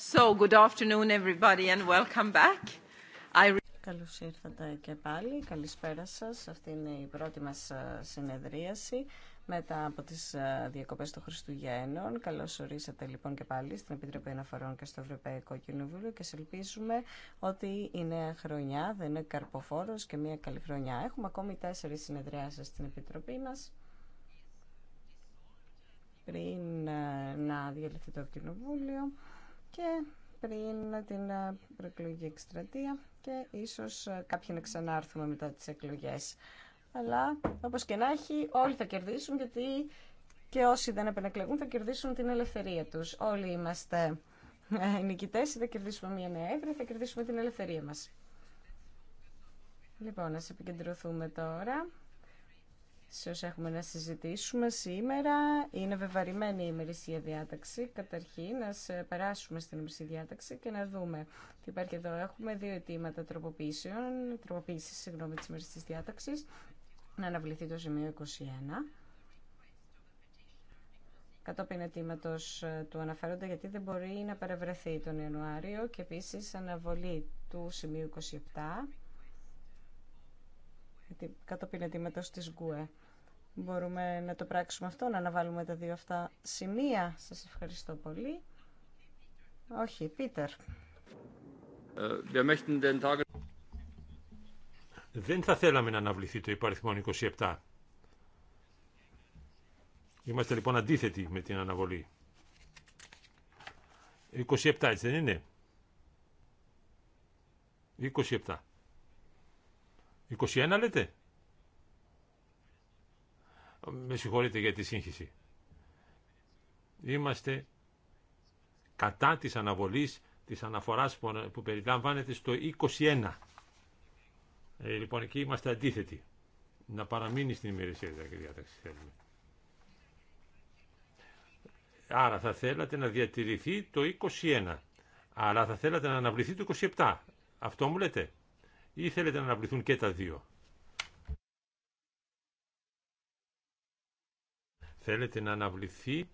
So, good afternoon everybody and welcome back. Καλώς ήρθατε και πάλι. Καλησπέρα σας. Αυτή είναι η πρώτη μας ε, συνεδρίαση μετά από τις ε, διακοπές των Χριστουγέννων. Καλώς ορίσατε λοιπόν και πάλι στην Επιτροπή Αναφορών και στο Ευρωπαϊκό Κοινοβούλιο και ελπίζουμε ότι η νέα χρονιά δεν είναι καρποφόρος και μια καλή χρονιά. Έχουμε ακόμη τέσσερις συνεδριάσεις στην Επιτροπή μας πριν ε, να διαλυθεί το Κοινοβούλιο και πριν την ε, προεκλογική εκστρατεία και ίσως ε, κάποιοι να ξανάρθουμε μετά τις εκλογές. Αλλά όπως και να έχει όλοι θα κερδίσουν γιατί και όσοι δεν επενεκλεγούν θα κερδίσουν την ελευθερία τους. Όλοι είμαστε ε, νικητές, θα κερδίσουμε μια νέα έδρα, θα κερδίσουμε την ελευθερία μας. Λοιπόν, να επικεντρωθούμε τώρα σε όσα έχουμε να συζητήσουμε σήμερα. Είναι βεβαρημένη η ημερήσια διάταξη. Καταρχήν, να περάσουμε στην ημερήσια διάταξη και να δούμε τι υπάρχει εδώ. Έχουμε δύο αιτήματα τροποποίησεων, τροποποίηση συγγνώμη, της ημερήσιας διάταξης, να αναβληθεί το σημείο 21. Κατόπιν αιτήματο ε, του αναφέροντα γιατί δεν μπορεί να παρευρεθεί τον Ιανουάριο και επίση αναβολή του σημείου 27 κατόπιν αιτήματος της ΓΚΟΕ. Μπορούμε να το πράξουμε αυτό, να αναβάλουμε τα δύο αυτά σημεία. Σας ευχαριστώ πολύ. Όχι, Πίτερ. Ε, δεν θα θέλαμε να αναβληθεί το υπαριθμό 27. Είμαστε λοιπόν αντίθετοι με την αναβολή. 27 έτσι δεν είναι. 27. 21 λέτε. Με συγχωρείτε για τη σύγχυση. Είμαστε κατά της αναβολής της αναφοράς που περιλαμβάνεται στο 21. Ε, λοιπόν, εκεί είμαστε αντίθετοι. Να παραμείνει στην ημερησία διάταξη θέλουμε. Άρα θα θέλατε να διατηρηθεί το 21. Αλλά θα θέλατε να αναβληθεί το 27. Αυτό μου λέτε ή θέλετε να αναβληθούν και τα δύο. Θέλετε να αναβληθεί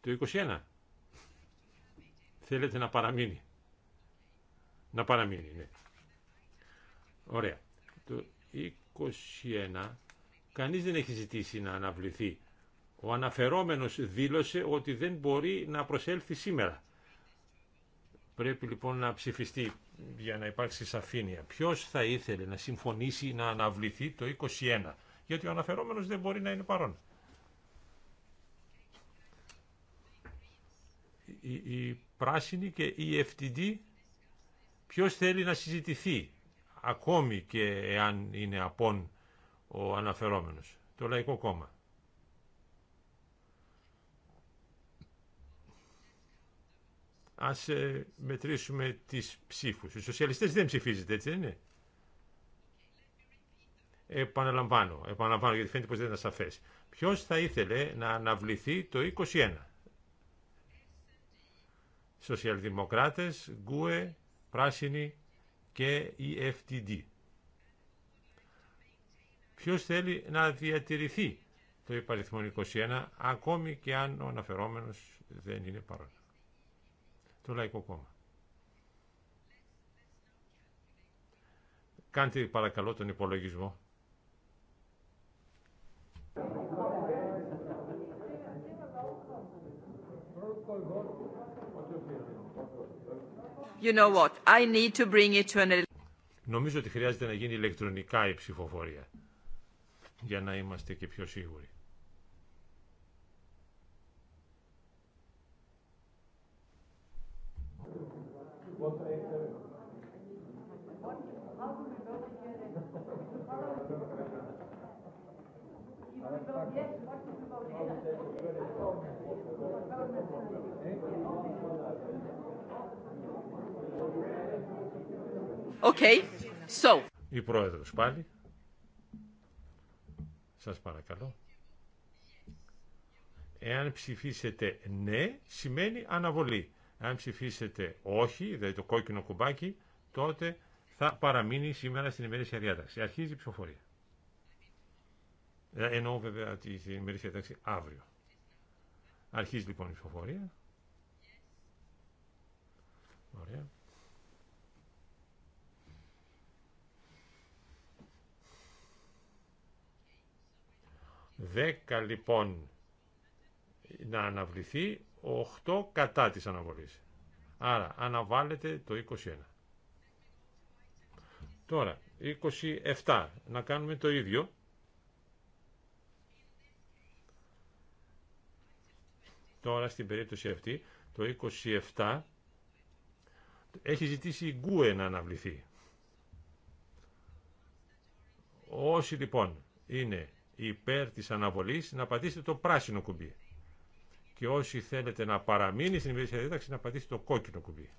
το 21. Θέλετε να παραμείνει. Να παραμείνει, ναι. Ωραία. Το 21 κανείς δεν έχει ζητήσει να αναβληθεί. Ο αναφερόμενος δήλωσε ότι δεν μπορεί να προσέλθει σήμερα. Πρέπει λοιπόν να ψηφιστεί για να υπάρξει σαφήνεια. Ποιο θα ήθελε να συμφωνήσει να αναβληθεί το 21, γιατί ο αναφερόμενος δεν μπορεί να είναι παρόν. Η πράσινη και η FTD ποιο θέλει να συζητηθεί ακόμη και εάν είναι απόν ο αναφερόμενος, το Λαϊκό Κόμμα. Ας ε, μετρήσουμε τις ψήφους. Οι σοσιαλιστές δεν ψηφίζετε, έτσι δεν είναι. Επαναλαμβάνω, επαναλαμβάνω γιατί φαίνεται πως δεν είναι σαφές. Ποιος θα ήθελε να αναβληθεί το 21. Σοσιαλδημοκράτες, Γκουε, Πράσινη και η FTD. Ποιος θέλει να διατηρηθεί το υπαριθμό 21, ακόμη και αν ο αναφερόμενος δεν είναι παρόν το Λαϊκό Κόμμα. Κάντε παρακαλώ τον υπολογισμό. You know what? I need to bring it to an... Νομίζω ότι χρειάζεται να γίνει ηλεκτρονικά η ψηφοφορία για να είμαστε και πιο σίγουροι. Okay. So. Η πρόεδρος πάλι. Σας παρακαλώ. Εάν ψηφίσετε ναι, σημαίνει αναβολή. Αν ψηφίσετε όχι, δηλαδή το κόκκινο κουμπάκι, τότε θα παραμείνει σήμερα στην ημερήσια διάταξη. Αρχίζει η ψηφοφορία. Ε, εννοώ βέβαια την ημερήσια διάταξη αύριο. Αρχίζει λοιπόν η ψηφοφορία. Ωραία. Δέκα λοιπόν να αναβληθεί 8 κατά της αναβολής. Άρα αναβάλλεται το 21. Τώρα, 27. Να κάνουμε το ίδιο. Τώρα στην περίπτωση αυτή, το 27 έχει ζητήσει η Γκουε να αναβληθεί. Όσοι λοιπόν είναι υπέρ της αναβολής, να πατήσετε το πράσινο κουμπί και όσοι θέλετε να παραμείνει στην ημερήσια διάταξη να πατήσετε το κόκκινο κουμπί.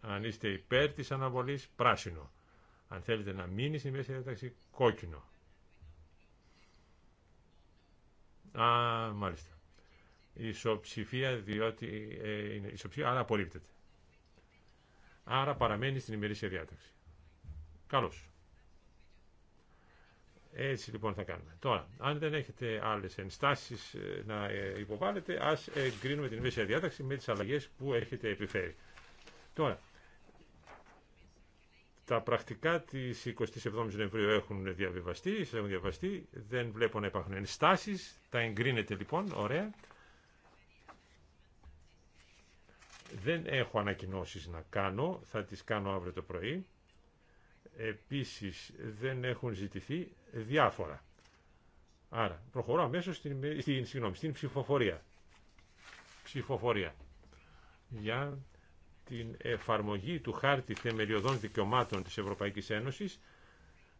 Αν είστε υπέρ της αναβολής, πράσινο. Αν θέλετε να μείνει στην ημερήσια διάταξη, κόκκινο. Α, μάλιστα. Ισοψηφία, διότι ε, είναι ισοψηφία, άρα απορρίπτεται. Άρα παραμένει στην ημερήσια διάταξη. Καλώς. Έτσι λοιπόν θα κάνουμε. Τώρα, αν δεν έχετε άλλε ενστάσεις ε, να ε, υποβάλλετε, ας εγκρίνουμε την μέση διάταξη με τις αλλαγέ που έχετε επιφέρει. Τώρα, τα πρακτικά της 27 η Νοεμβρίου έχουν διαβιβαστεί, έχουν διαβαστεί, δεν βλέπω να υπάρχουν ενστάσεις, τα εγκρίνετε λοιπόν, ωραία. Δεν έχω ανακοινώσεις να κάνω, θα τις κάνω αύριο το πρωί. Επίσης δεν έχουν ζητηθεί διάφορα. Άρα, προχωρώ αμέσως στην, στην, στην ψηφοφορία. Ψηφοφορία. Για την εφαρμογή του χάρτη θεμελιωδών δικαιωμάτων της Ευρωπαϊκής Ένωσης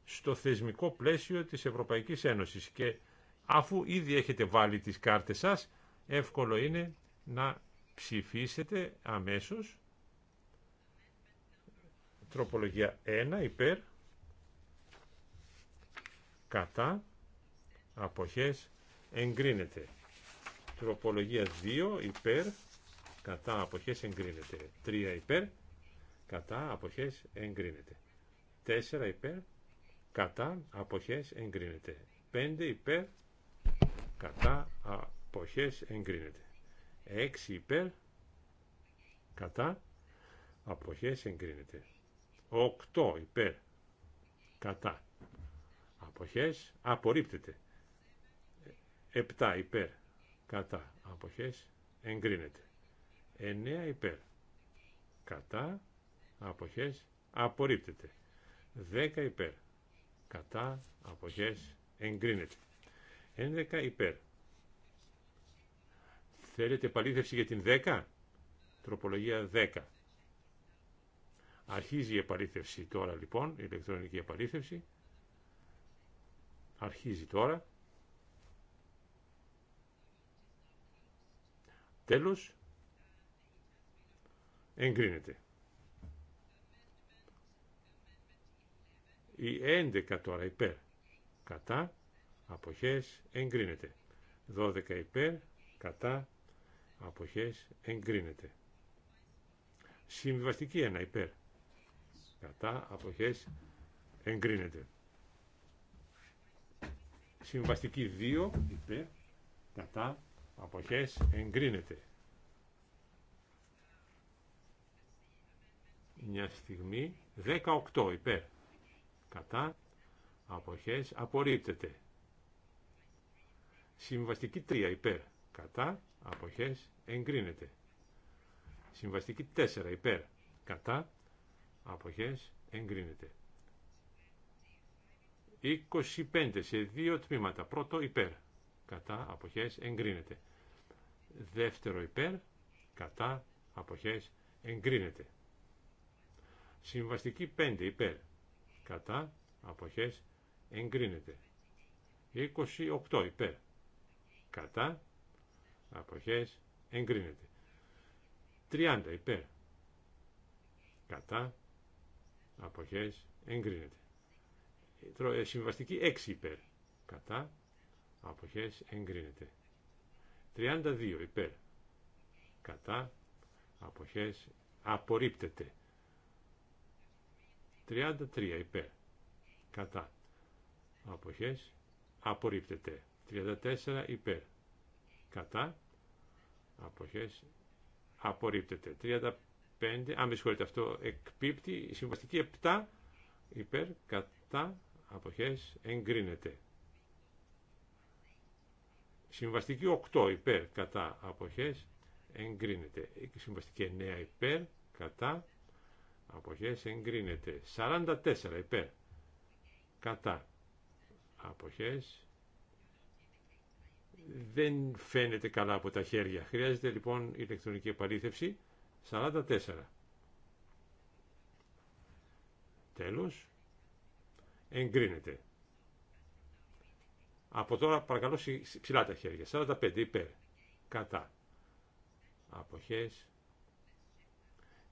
στο θεσμικό πλαίσιο της Ευρωπαϊκής Ένωσης. Και αφού ήδη έχετε βάλει τις κάρτες σας, εύκολο είναι να ψηφίσετε αμέσως. Τροπολογία 1 υπέρ κατά αποχές εγκρίνεται. Τροπολογία 2 υπέρ κατά αποχές εγκρίνεται. 3 υπέρ κατά αποχές εγκρίνεται. 4 υπέρ κατά αποχές εγκρίνεται. 5 υπέρ κατά αποχές εγκρίνεται. 6 υπέρ κατά αποχές εγκρίνεται. 8 υπέρ κατά αποχές απορρίπτεται 7 υπέρ κατά αποχές εγκρίνεται 9 υπέρ κατά αποχές απορρίπτεται 10 υπέρ κατά αποχές εγκρίνεται 11 υπέρ Θέλετε επαλήθευση για την 10 τροπολογία 10 Αρχίζει η επαλήθευση τώρα λοιπόν, η ηλεκτρονική επαλήθευση. Αρχίζει τώρα. Τέλος. Εγκρίνεται. Η 11 τώρα υπέρ. Κατά. Αποχές. Εγκρίνεται. 12 υπέρ. Κατά. Αποχές. Εγκρίνεται. Συμβιβαστική 1 υπέρ. Κατά. Αποχές. Εγκρίνεται. Συμβαστική 2 υπέρ κατά αποχές εγκρίνεται. Μια στιγμή 18 υπέρ κατά αποχές απορρίπτεται. Συμβαστική 3 υπέρ κατά αποχές εγκρίνεται. Συμβαστική 4 υπέρ κατά αποχές εγκρίνεται. 25 σε δύο τμήματα. Πρώτο υπέρ. Κατά αποχές εγκρίνεται. Δεύτερο υπέρ. Κατά αποχές εγκρίνεται. Συμβαστική 5 υπέρ. Κατά αποχές εγκρίνεται. 28 υπέρ. Κατά αποχές εγκρίνεται. 30 υπέρ. Κατά αποχές εγκρίνεται. Ε, συμβαστική 6 υπέρ. Κατά. Αποχές εγκρίνεται. 32 υπέρ. Κατά. Αποχές απορρίπτεται. 33 υπέρ. Κατά. Αποχές απορρίπτεται. 34 υπέρ. Κατά. Αποχές απορρίπτεται. 35, αν με συγχωρείτε αυτό εκπίπτει, συμβαστική 7 υπέρ, κατά, αποχές εγκρίνεται. Συμβαστική 8 υπέρ κατά αποχές εγκρίνεται. Συμβαστική 9 υπέρ κατά αποχές εγκρίνεται. 44 υπέρ κατά αποχές δεν φαίνεται καλά από τα χέρια. Χρειάζεται λοιπόν ηλεκτρονική επαλήθευση 44. Τέλος εγκρίνεται. Από τώρα παρακαλώ ψηλά τα χέρια. 45 υπέρ. Κατά. Αποχές.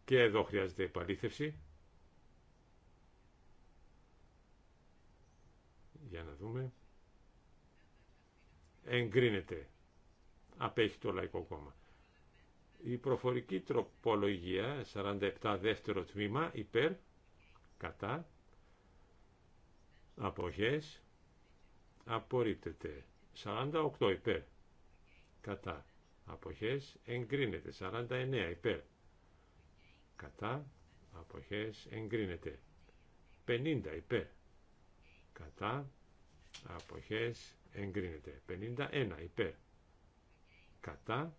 Και εδώ χρειάζεται επαλήθευση. Για να δούμε. Εγκρίνεται. Απέχει το Λαϊκό Κόμμα. Η προφορική τροπολογία 47 δεύτερο τμήμα υπέρ. Κατά αποχές απορρίπτεται 48 υπέρ κατά αποχές εγκρίνεται 49 υπέρ κατά αποχές εγκρίνεται 50 υπέρ κατά αποχές εγκρίνεται 51 υπέρ κατά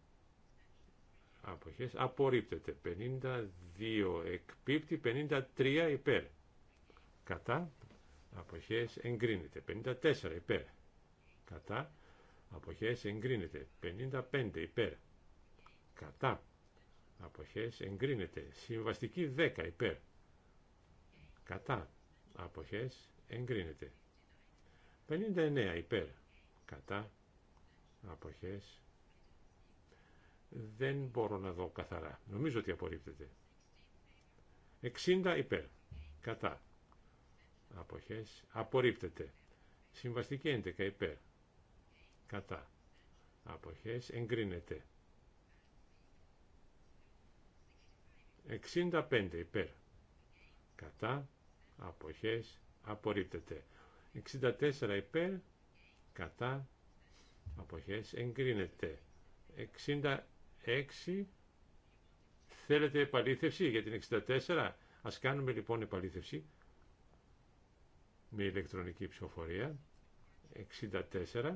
αποχές απορρίπτεται 52 εκπίπτει 53 υπέρ κατά αποχές εγκρίνεται 54 υπέρ κατά αποχές εγκρίνεται 55 υπέρ κατά αποχές εγκρίνεται συμβαστική 10 υπέρ κατά αποχές εγκρίνεται 59 υπέρ κατά αποχές δεν μπορώ να δω καθαρά νομίζω ότι απορρίπτεται 60 υπέρ κατά αποχές απορρίπτεται. Συμβαστική 11 υπέρ κατά αποχές εγκρίνεται. 65 υπέρ κατά αποχές απορρίπτεται. 64 υπέρ κατά αποχές εγκρίνεται. 66 θέλετε επαλήθευση για την 64. Ας κάνουμε λοιπόν επαλήθευση με ηλεκτρονική ψηφοφορία. 64.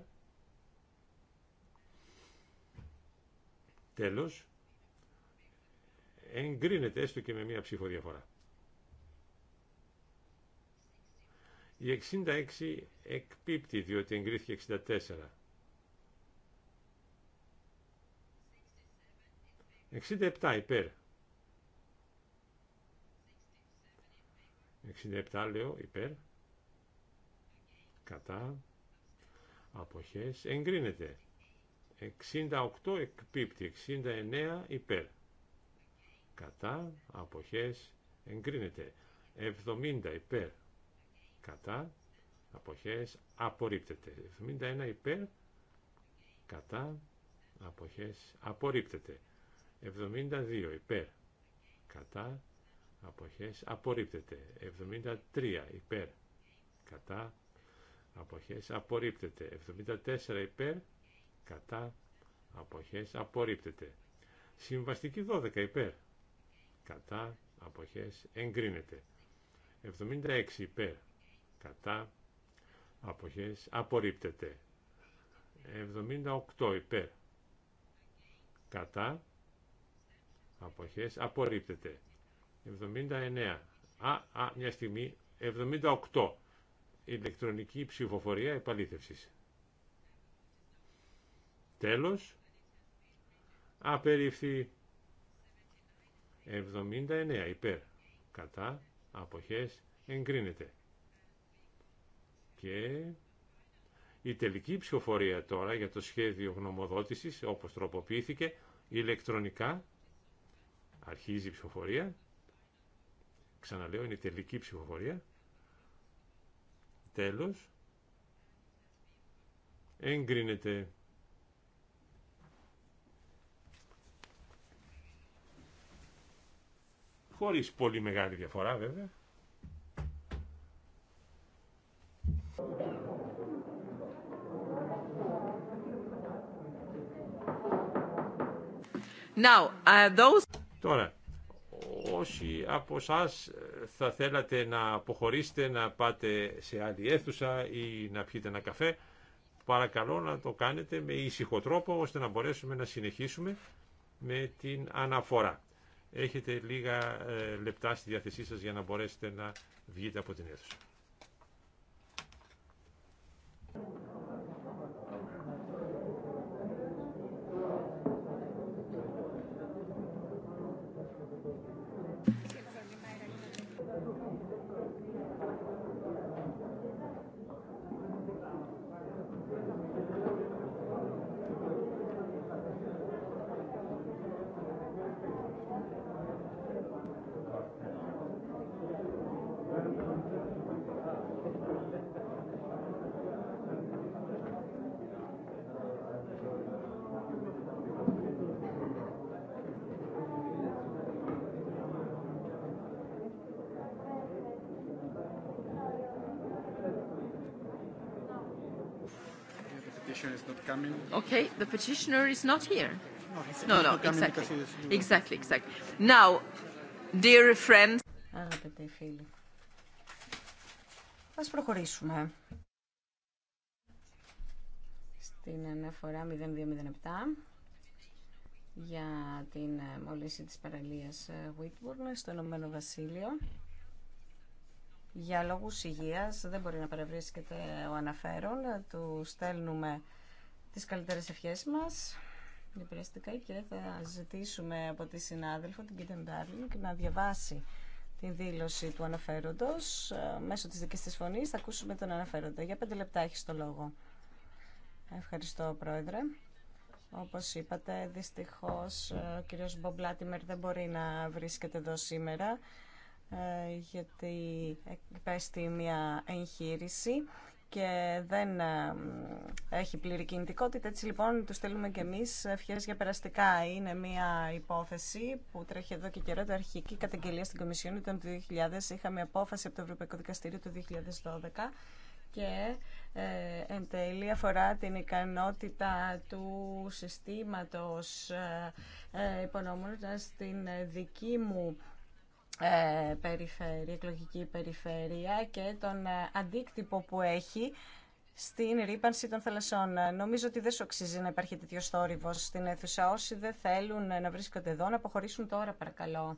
Τέλος. Εγκρίνεται έστω και με μία ψήφο διαφορά. Η 66 εκπίπτει διότι εγκρίθηκε 64. 67 υπέρ. 67 λέω υπέρ κατά αποχές εγκρίνεται 68 εκπίπτει 69 υπέρ κατά αποχές εγκρίνεται 70 υπέρ κατά αποχές απορρίπτεται 71 υπέρ κατά αποχές απορρίπτεται 72 υπέρ κατά αποχές απορρίπτεται 73 υπέρ κατά αποχές απορρίπτεται 74 υπέρ κατά αποχές απορρίπτεται συμβαστική 12 υπέρ κατά αποχές εγκρίνεται 76 υπέρ κατά αποχές απορρίπτεται 78 υπέρ κατά αποχές απορρίπτεται 79 α, α μια στιγμή 78 ηλεκτρονική ψηφοφορία επαλήθευσης. Τέλος, απερίφθη 79 υπέρ, κατά, αποχές, εγκρίνεται. Και η τελική ψηφοφορία τώρα για το σχέδιο γνωμοδότησης, όπως τροποποιήθηκε, ηλεκτρονικά, αρχίζει η ψηφοφορία, ξαναλέω είναι η τελική ψηφοφορία, Τέλος. Εγκρίνεται. Χωρίς πολύ μεγάλη διαφορά βέβαια. Now, uh, those... Τώρα, Όσοι από εσά ε, θα θέλατε να αποχωρήσετε, να πάτε σε άλλη αίθουσα ή να πιείτε ένα καφέ, παρακαλώ να το κάνετε με ήσυχο τρόπο, ώστε να μπορέσουμε να συνεχίσουμε με την αναφορά. Έχετε λίγα ε, λεπτά στη διάθεσή σας για να μπορέσετε να βγείτε από την αίθουσα. coming. Okay, the petitioner is not here. No, no, exactly. Exactly, exactly. Now, dear friends. Αγαπητοί φίλοι, ας προχωρήσουμε. Στην αναφορά 0207 για την ε, μόλυνση της παραλίας ε, Whitburn στο Ηνωμένο Βασίλειο. Για λόγους υγείας δεν μπορεί να παρευρίσκεται ο αναφέρον. Του στέλνουμε τις καλύτερες ευχές μας διαπηρεαστικά και θα ζητήσουμε από τη συνάδελφο την Κίτεν Ντάρλινγκ να διαβάσει την δήλωση του αναφέροντος ε, μέσω της δική τη φωνής θα ακούσουμε τον αναφέροντα για πέντε λεπτά έχει το λόγο Ευχαριστώ Πρόεδρε όπως είπατε, δυστυχώς ε, ο κύριος Μπομπλάτιμερ δεν μπορεί να βρίσκεται εδώ σήμερα ε, γιατί πέστη μια εγχείρηση και δεν ε, έχει πλήρη κινητικότητα. Έτσι λοιπόν του στέλνουμε και εμείς ευχές για περαστικά. Είναι μια υπόθεση που τρέχει εδώ και καιρό. Το αρχική καταγγελία στην Κομισιόν ήταν το 2000. Είχαμε απόφαση από το Ευρωπαϊκό Δικαστήριο το 2012 και ε, εν τέλει αφορά την ικανότητα του συστήματος ε, ε, ε στην δική μου ε, περιφέρεια, εκλογική περιφέρεια και τον ε, αντίκτυπο που έχει στην ρήπανση των θαλασσών. Νομίζω ότι δεν σου αξίζει να υπάρχει τέτοιο θόρυβο στην αίθουσα. Όσοι δεν θέλουν ε, να βρίσκονται εδώ, να αποχωρήσουν τώρα, παρακαλώ.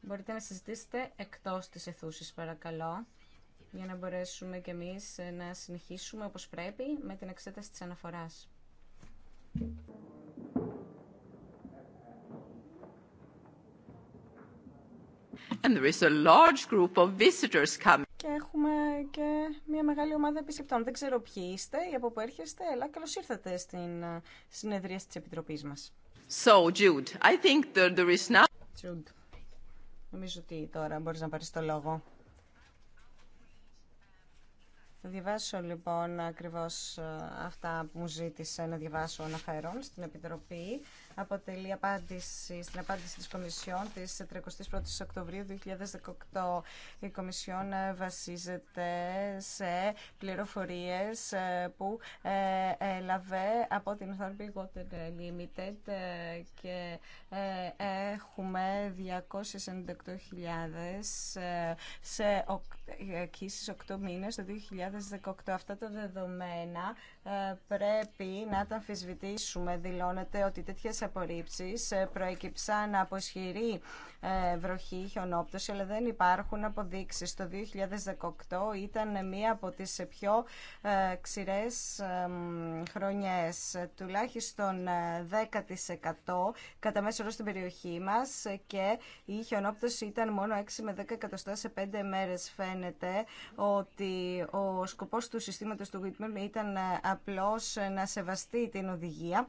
Μπορείτε να συζητήσετε εκτός της αιθούσης, παρακαλώ, για να μπορέσουμε κι εμείς να συνεχίσουμε όπως πρέπει με την εξέταση της αναφοράς. And there is a large group of visitors coming. Και έχουμε και μια μεγάλη ομάδα επισκεπτών. Δεν ξέρω ποιοι είστε ή από πού έρχεστε, αλλά καλώ ήρθατε στην ε, συνεδρία τη Επιτροπή μα. So, Jude, I think that there is now. Jude, νομίζω ότι τώρα μπορεί να πάρει το λόγο. Θα διαβάσω λοιπόν ακριβώς ε, αυτά που μου ζήτησε να διαβάσω αναφέρον στην Επιτροπή αποτελεί απάντηση στην απάντηση της Κομισιόν της 31 Οκτωβρίου 2018. Η Κομισιόν ε, βασίζεται σε πληροφορίες ε, που ε, έλαβε από την Authority Water Limited και έχουμε 298.000 σε 8 μήνες το 2018. Αυτά τα δεδομένα ε, πρέπει να τα αμφισβητήσουμε. Δηλώνεται ότι τέτοιες απορρίψεις ε, προέκυψαν από ισχυρή ε, βροχή χιονόπτωση, αλλά δεν υπάρχουν αποδείξεις. Το 2018 ήταν μία από τις πιο ξηρές χρονιές, τουλάχιστον 10% κατά μέσο όρο στην περιοχή μας και η χιονόπτωση ήταν μόνο 6 με 10 εκατοστά σε 5 μέρες. Φαίνεται ότι ο σκοπός του συστήματος του Whitman ήταν απλώς να σεβαστεί την οδηγία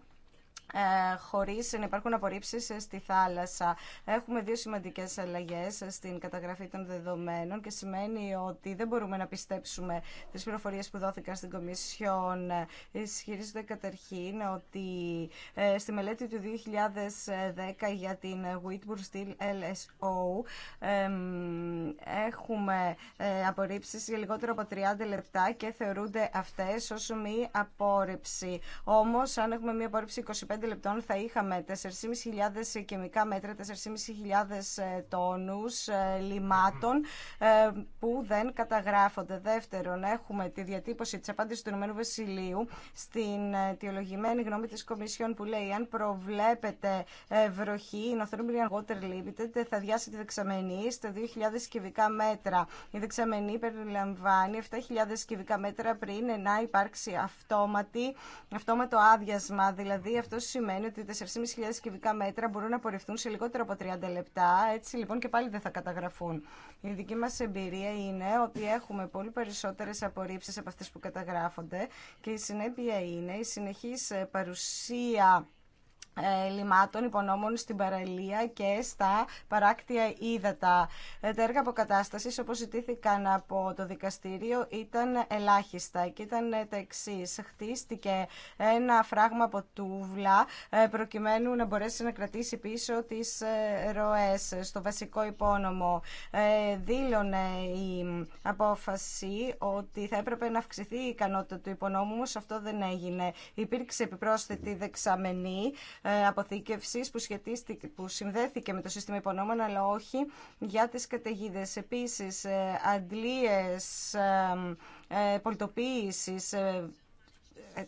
ε, χωρίς να υπάρχουν απορρίψεις στη θάλασσα. Έχουμε δύο σημαντικές αλλαγές στην καταγραφή των δεδομένων και σημαίνει ότι δεν μπορούμε να πιστέψουμε τις πληροφορίες που δόθηκαν στην Κομισιόν. Ισχυρίζονται καταρχήν ότι ε, στη μελέτη του 2010 για την Whitburn Steel LSO έχουμε ε, απορρίψεις για λιγότερο από 30 λεπτά και θεωρούνται αυτές όσο μη απόρριψη. Όμως, αν έχουμε μία απόρριψη 25 5 λεπτών θα είχαμε 4.500 ε, κεμικά μέτρα, 4.500 ε, τόνους ε, λιμάτων που δεν καταγράφονται. Δεύτερον, έχουμε τη διατύπωση της απάντησης του Ηνωμένου Βασιλείου στην αιτιολογημένη γνώμη της Κομισιόν που λέει αν προβλέπετε βροχή, η Northumbrian Water Limited θα διάσει τη δεξαμενή στα 2.000 κυβικά μέτρα. Η δεξαμενή περιλαμβάνει 7.000 κυβικά μέτρα πριν να υπάρξει αυτόματη, αυτόματο άδειασμα, δηλαδή αυτό σημαίνει ότι 4.500 κυβικά μέτρα μπορούν να απορριφθούν σε λιγότερο από 30 λεπτά. Έτσι λοιπόν και πάλι δεν θα καταγραφούν. Η δική μας εμπειρία είναι ότι έχουμε πολύ περισσότερες απορρίψεις από αυτές που καταγράφονται και η συνέπεια είναι η συνεχής ε, παρουσία ε, λιμάτων υπονόμων στην παραλία και στα παράκτια ύδατα. Ε, τα έργα αποκατάσταση, όπω ζητήθηκαν από το δικαστήριο, ήταν ελάχιστα και ήταν ε, τα εξή. Χτίστηκε ένα φράγμα από τούβλα προκειμένου να μπορέσει να κρατήσει πίσω τι ροέ στο βασικό υπόνομο. Δήλωνε η απόφαση ότι θα έπρεπε να αυξηθεί η ικανότητα του υπονόμου, όμω αυτό δεν έγινε. Υπήρξε επιπρόσθετη δεξαμενή ε, αποθήκευσης που, που συνδέθηκε με το σύστημα υπονόμων, αλλά όχι για τις καταιγίδε. Επίσης, ε, αντλίες ε, πολιτοποίησης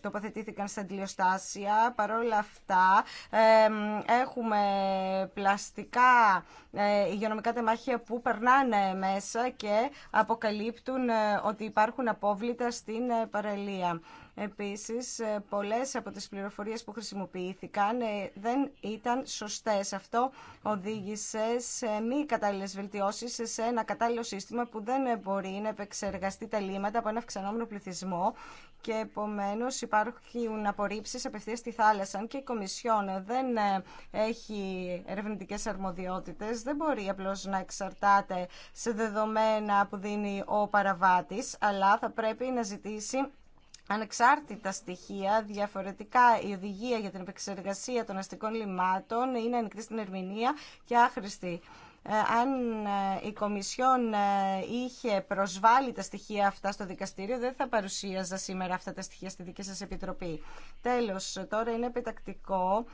τοποθετήθηκαν στα αντιλιοστάσια. Παρόλα αυτά έχουμε πλαστικά υγειονομικά τεμάχια που περνάνε μέσα και αποκαλύπτουν ότι υπάρχουν απόβλητα στην παραλία. Επίσης, ε, πολλές από τις πληροφορίες που χρησιμοποιήθηκαν ε, δεν ήταν σωστές. Αυτό οδήγησε σε μη κατάλληλες βελτιώσεις σε ένα κατάλληλο σύστημα που δεν μπορεί να επεξεργαστεί τα λύματα από ένα αυξανόμενο πληθυσμό και επομένως υπάρχουν απορρίψεις απευθείας στη θάλασσα. Αν και η Κομισιόν δεν ε, έχει ερευνητικές αρμοδιότητες, δεν μπορεί απλώς να εξαρτάται σε δεδομένα που δίνει ο παραβάτης, αλλά θα πρέπει να ζητήσει ανεξάρτητα στοιχεία, διαφορετικά η οδηγία για την επεξεργασία των αστικών λιμάτων είναι ανοιχτή στην ερμηνεία και άχρηστη. Ε, αν ε, η Κομισιόν ε, είχε προσβάλει τα στοιχεία αυτά στο δικαστήριο, δεν θα παρουσίαζα σήμερα αυτά τα στοιχεία στη δική σας Επιτροπή. Τέλος, τώρα είναι επιτακτικό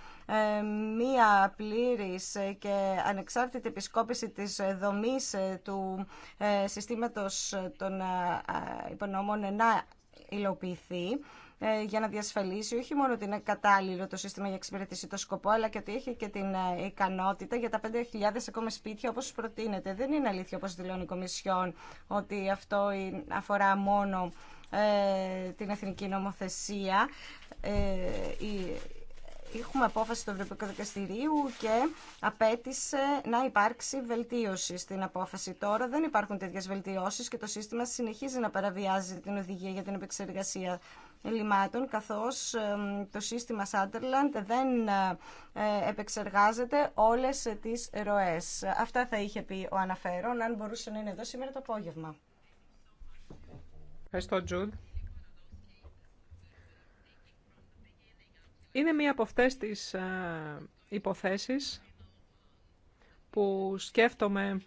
μία πλήρης και ανεξάρτητη επισκόπηση της δομής του συστήματος των υπονομών υλοποιηθεί ε, για να διασφαλίσει όχι μόνο ότι είναι κατάλληλο το σύστημα για εξυπηρετήσει το σκοπό, αλλά και ότι έχει και την ε, ικανότητα για τα 5.000 ακόμα σπίτια όπω προτείνεται. Δεν είναι αλήθεια όπω δηλώνει η Κομισιόν ότι αυτό αφορά μόνο ε, την εθνική νομοθεσία. Έχουμε απόφαση του Ευρωπαϊκού Δικαστηρίου και απέτησε να υπάρξει βελτίωση στην απόφαση. Τώρα δεν υπάρχουν τέτοιες βελτιώσεις και το σύστημα συνεχίζει να παραβιάζει την οδηγία για την επεξεργασία λιμάτων, καθώς το σύστημα Σάντερλαντ δεν ε, ε, επεξεργάζεται όλες τις ροές. Αυτά θα είχε πει ο αναφέρον, αν μπορούσε να είναι εδώ σήμερα το απόγευμα. Ευχαριστώ, Τζούντ. Είναι μία από αυτές τις υποθέσεις που σκέφτομαι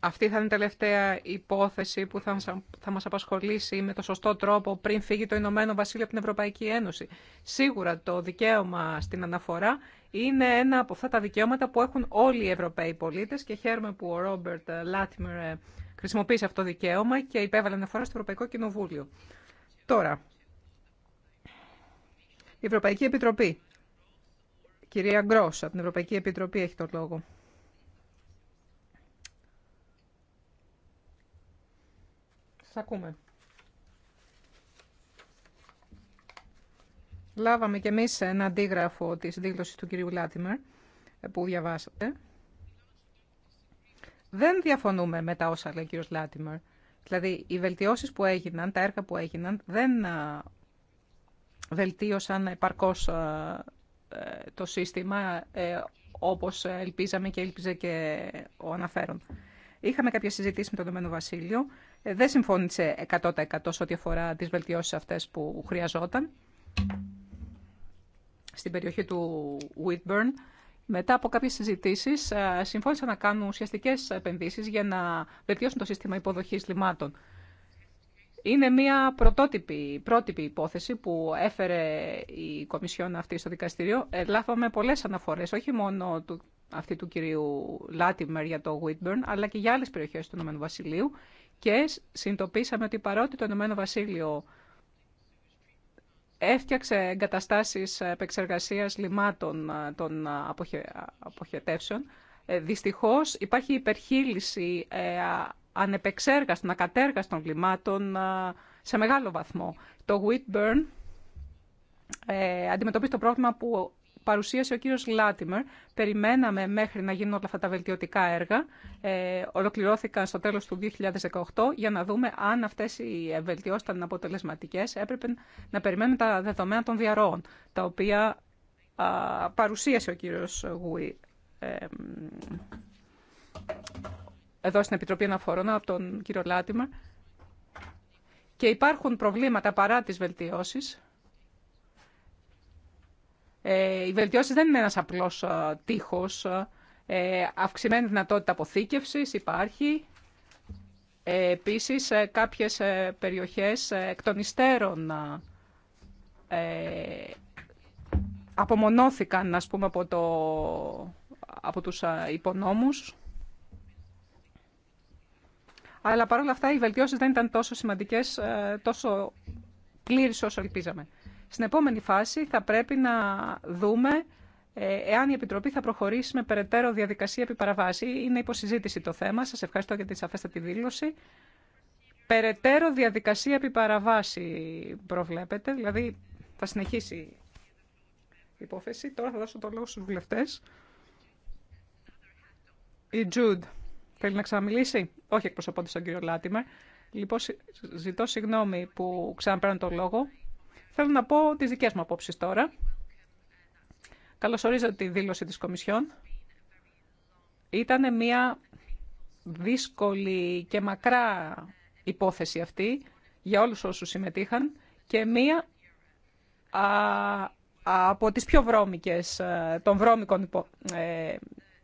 αυτή θα είναι η τελευταία υπόθεση που θα, θα μας απασχολήσει με το σωστό τρόπο πριν φύγει το Ηνωμένο Βασίλειο από την Ευρωπαϊκή Ένωση. Σίγουρα το δικαίωμα στην αναφορά είναι ένα από αυτά τα δικαιώματα που έχουν όλοι οι Ευρωπαίοι πολίτες και χαίρομαι που ο Ρόμπερτ Λάτιμερ χρησιμοποίησε αυτό το δικαίωμα και υπέβαλε αναφορά στο Ευρωπαϊκό Κοινοβούλιο. Τώρα, η Ευρωπαϊκή Επιτροπή. Κυρία Γκρός, από την Ευρωπαϊκή Επιτροπή έχει το λόγο. Σας ακούμε. Λάβαμε κι εμείς ένα αντίγραφο της δήλωσης του κυρίου Λάτιμερ ε, που διαβάσατε. Δεν διαφωνούμε με τα όσα λέει ο κύριος Λάτιμερ. Δηλαδή, οι βελτιώσεις που έγιναν, τα έργα που έγιναν, δεν βελτίωσαν επαρκώς ε, ε, το σύστημα ε, όπως ελπίζαμε και ελπίζε και ο αναφέρον. Είχαμε κάποια συζητήσει με τον Δωμένο Βασίλειο. Δεν συμφώνησε 100% σε ό,τι αφορά τις βελτιώσεις αυτές που χρειαζόταν στην περιοχή του Whitburn. Μετά από κάποιες συζητήσεις συμφώνησαν να κάνουν ουσιαστικές επενδύσεις για να βελτιώσουν το σύστημα υποδοχής λιμάτων είναι μια πρωτότυπη, πρότυπη υπόθεση που έφερε η Κομισιόν αυτή στο δικαστήριο. Ε, λάβαμε πολλές αναφορές, όχι μόνο του, αυτή του κυρίου Λάτιμερ για το Whitburn, αλλά και για άλλες περιοχές του Ηνωμένου Βασιλείου και συνειδητοποίησαμε ότι παρότι το Ηνωμένο Βασίλειο έφτιαξε εγκαταστάσεις επεξεργασίας λιμάτων ε, των ε, αποχε... αποχετεύσεων, δυστυχώς υπάρχει υπερχείληση ανεπεξέργαστων, ακατέργαστων κλιμάτων σε μεγάλο βαθμό. Το Whitburn ε, αντιμετωπίζει το πρόβλημα που παρουσίασε ο κύριος Λάτιμερ. Περιμέναμε μέχρι να γίνουν όλα αυτά τα βελτιωτικά έργα. Ε, ολοκληρώθηκαν στο τέλος του 2018 για να δούμε αν αυτές οι ε, βελτιώσεις ήταν αποτελεσματικές. Έπρεπε να περιμένουμε τα δεδομένα των διαρροών, τα οποία α, παρουσίασε ο κύριος Γουί. Ε, εδώ στην Επιτροπή Αναφορών από τον κύριο Λάτιμα. Και υπάρχουν προβλήματα παρά τις βελτιώσεις. Ε, οι βελτιώσεις δεν είναι ένας απλός ε, τείχος. Ε, αυξημένη δυνατότητα αποθήκευσης υπάρχει. Ε, επίσης, ε, κάποιες ε, περιοχές εκ των υστέρων απομονώθηκαν, ας πούμε, από, το, από τους υπονόμους αλλά παρόλα αυτά οι βελτιώσεις δεν ήταν τόσο σημαντικές, ε, τόσο πλήρε όσο ελπίζαμε. Στην επόμενη φάση θα πρέπει να δούμε ε, εάν η Επιτροπή θα προχωρήσει με περαιτέρω διαδικασία επιπαραβάση. Είναι υποσυζήτηση το θέμα. Σας ευχαριστώ για τη σαφέστατη δήλωση. Περαιτέρω διαδικασία επιπαραβάση προβλέπετε, προβλέπεται, δηλαδή θα συνεχίσει η υπόθεση. Τώρα θα δώσω το λόγο στους βουλευτές. Η Θέλει να ξαναμιλήσει. Όχι εκπροσωπώντα τον κύριο Λάτιμερ. Λοιπόν, ζητώ συγγνώμη που ξαναπέραν το λόγο. Θέλω να πω τις δικέ μου απόψει τώρα. Καλωσορίζω τη δήλωση της Κομισιόν. Ήταν μια δύσκολη και μακρά υπόθεση αυτή για όλους όσους συμμετείχαν και μία από τις πιο βρώμικες ε, των βρώμικων ε,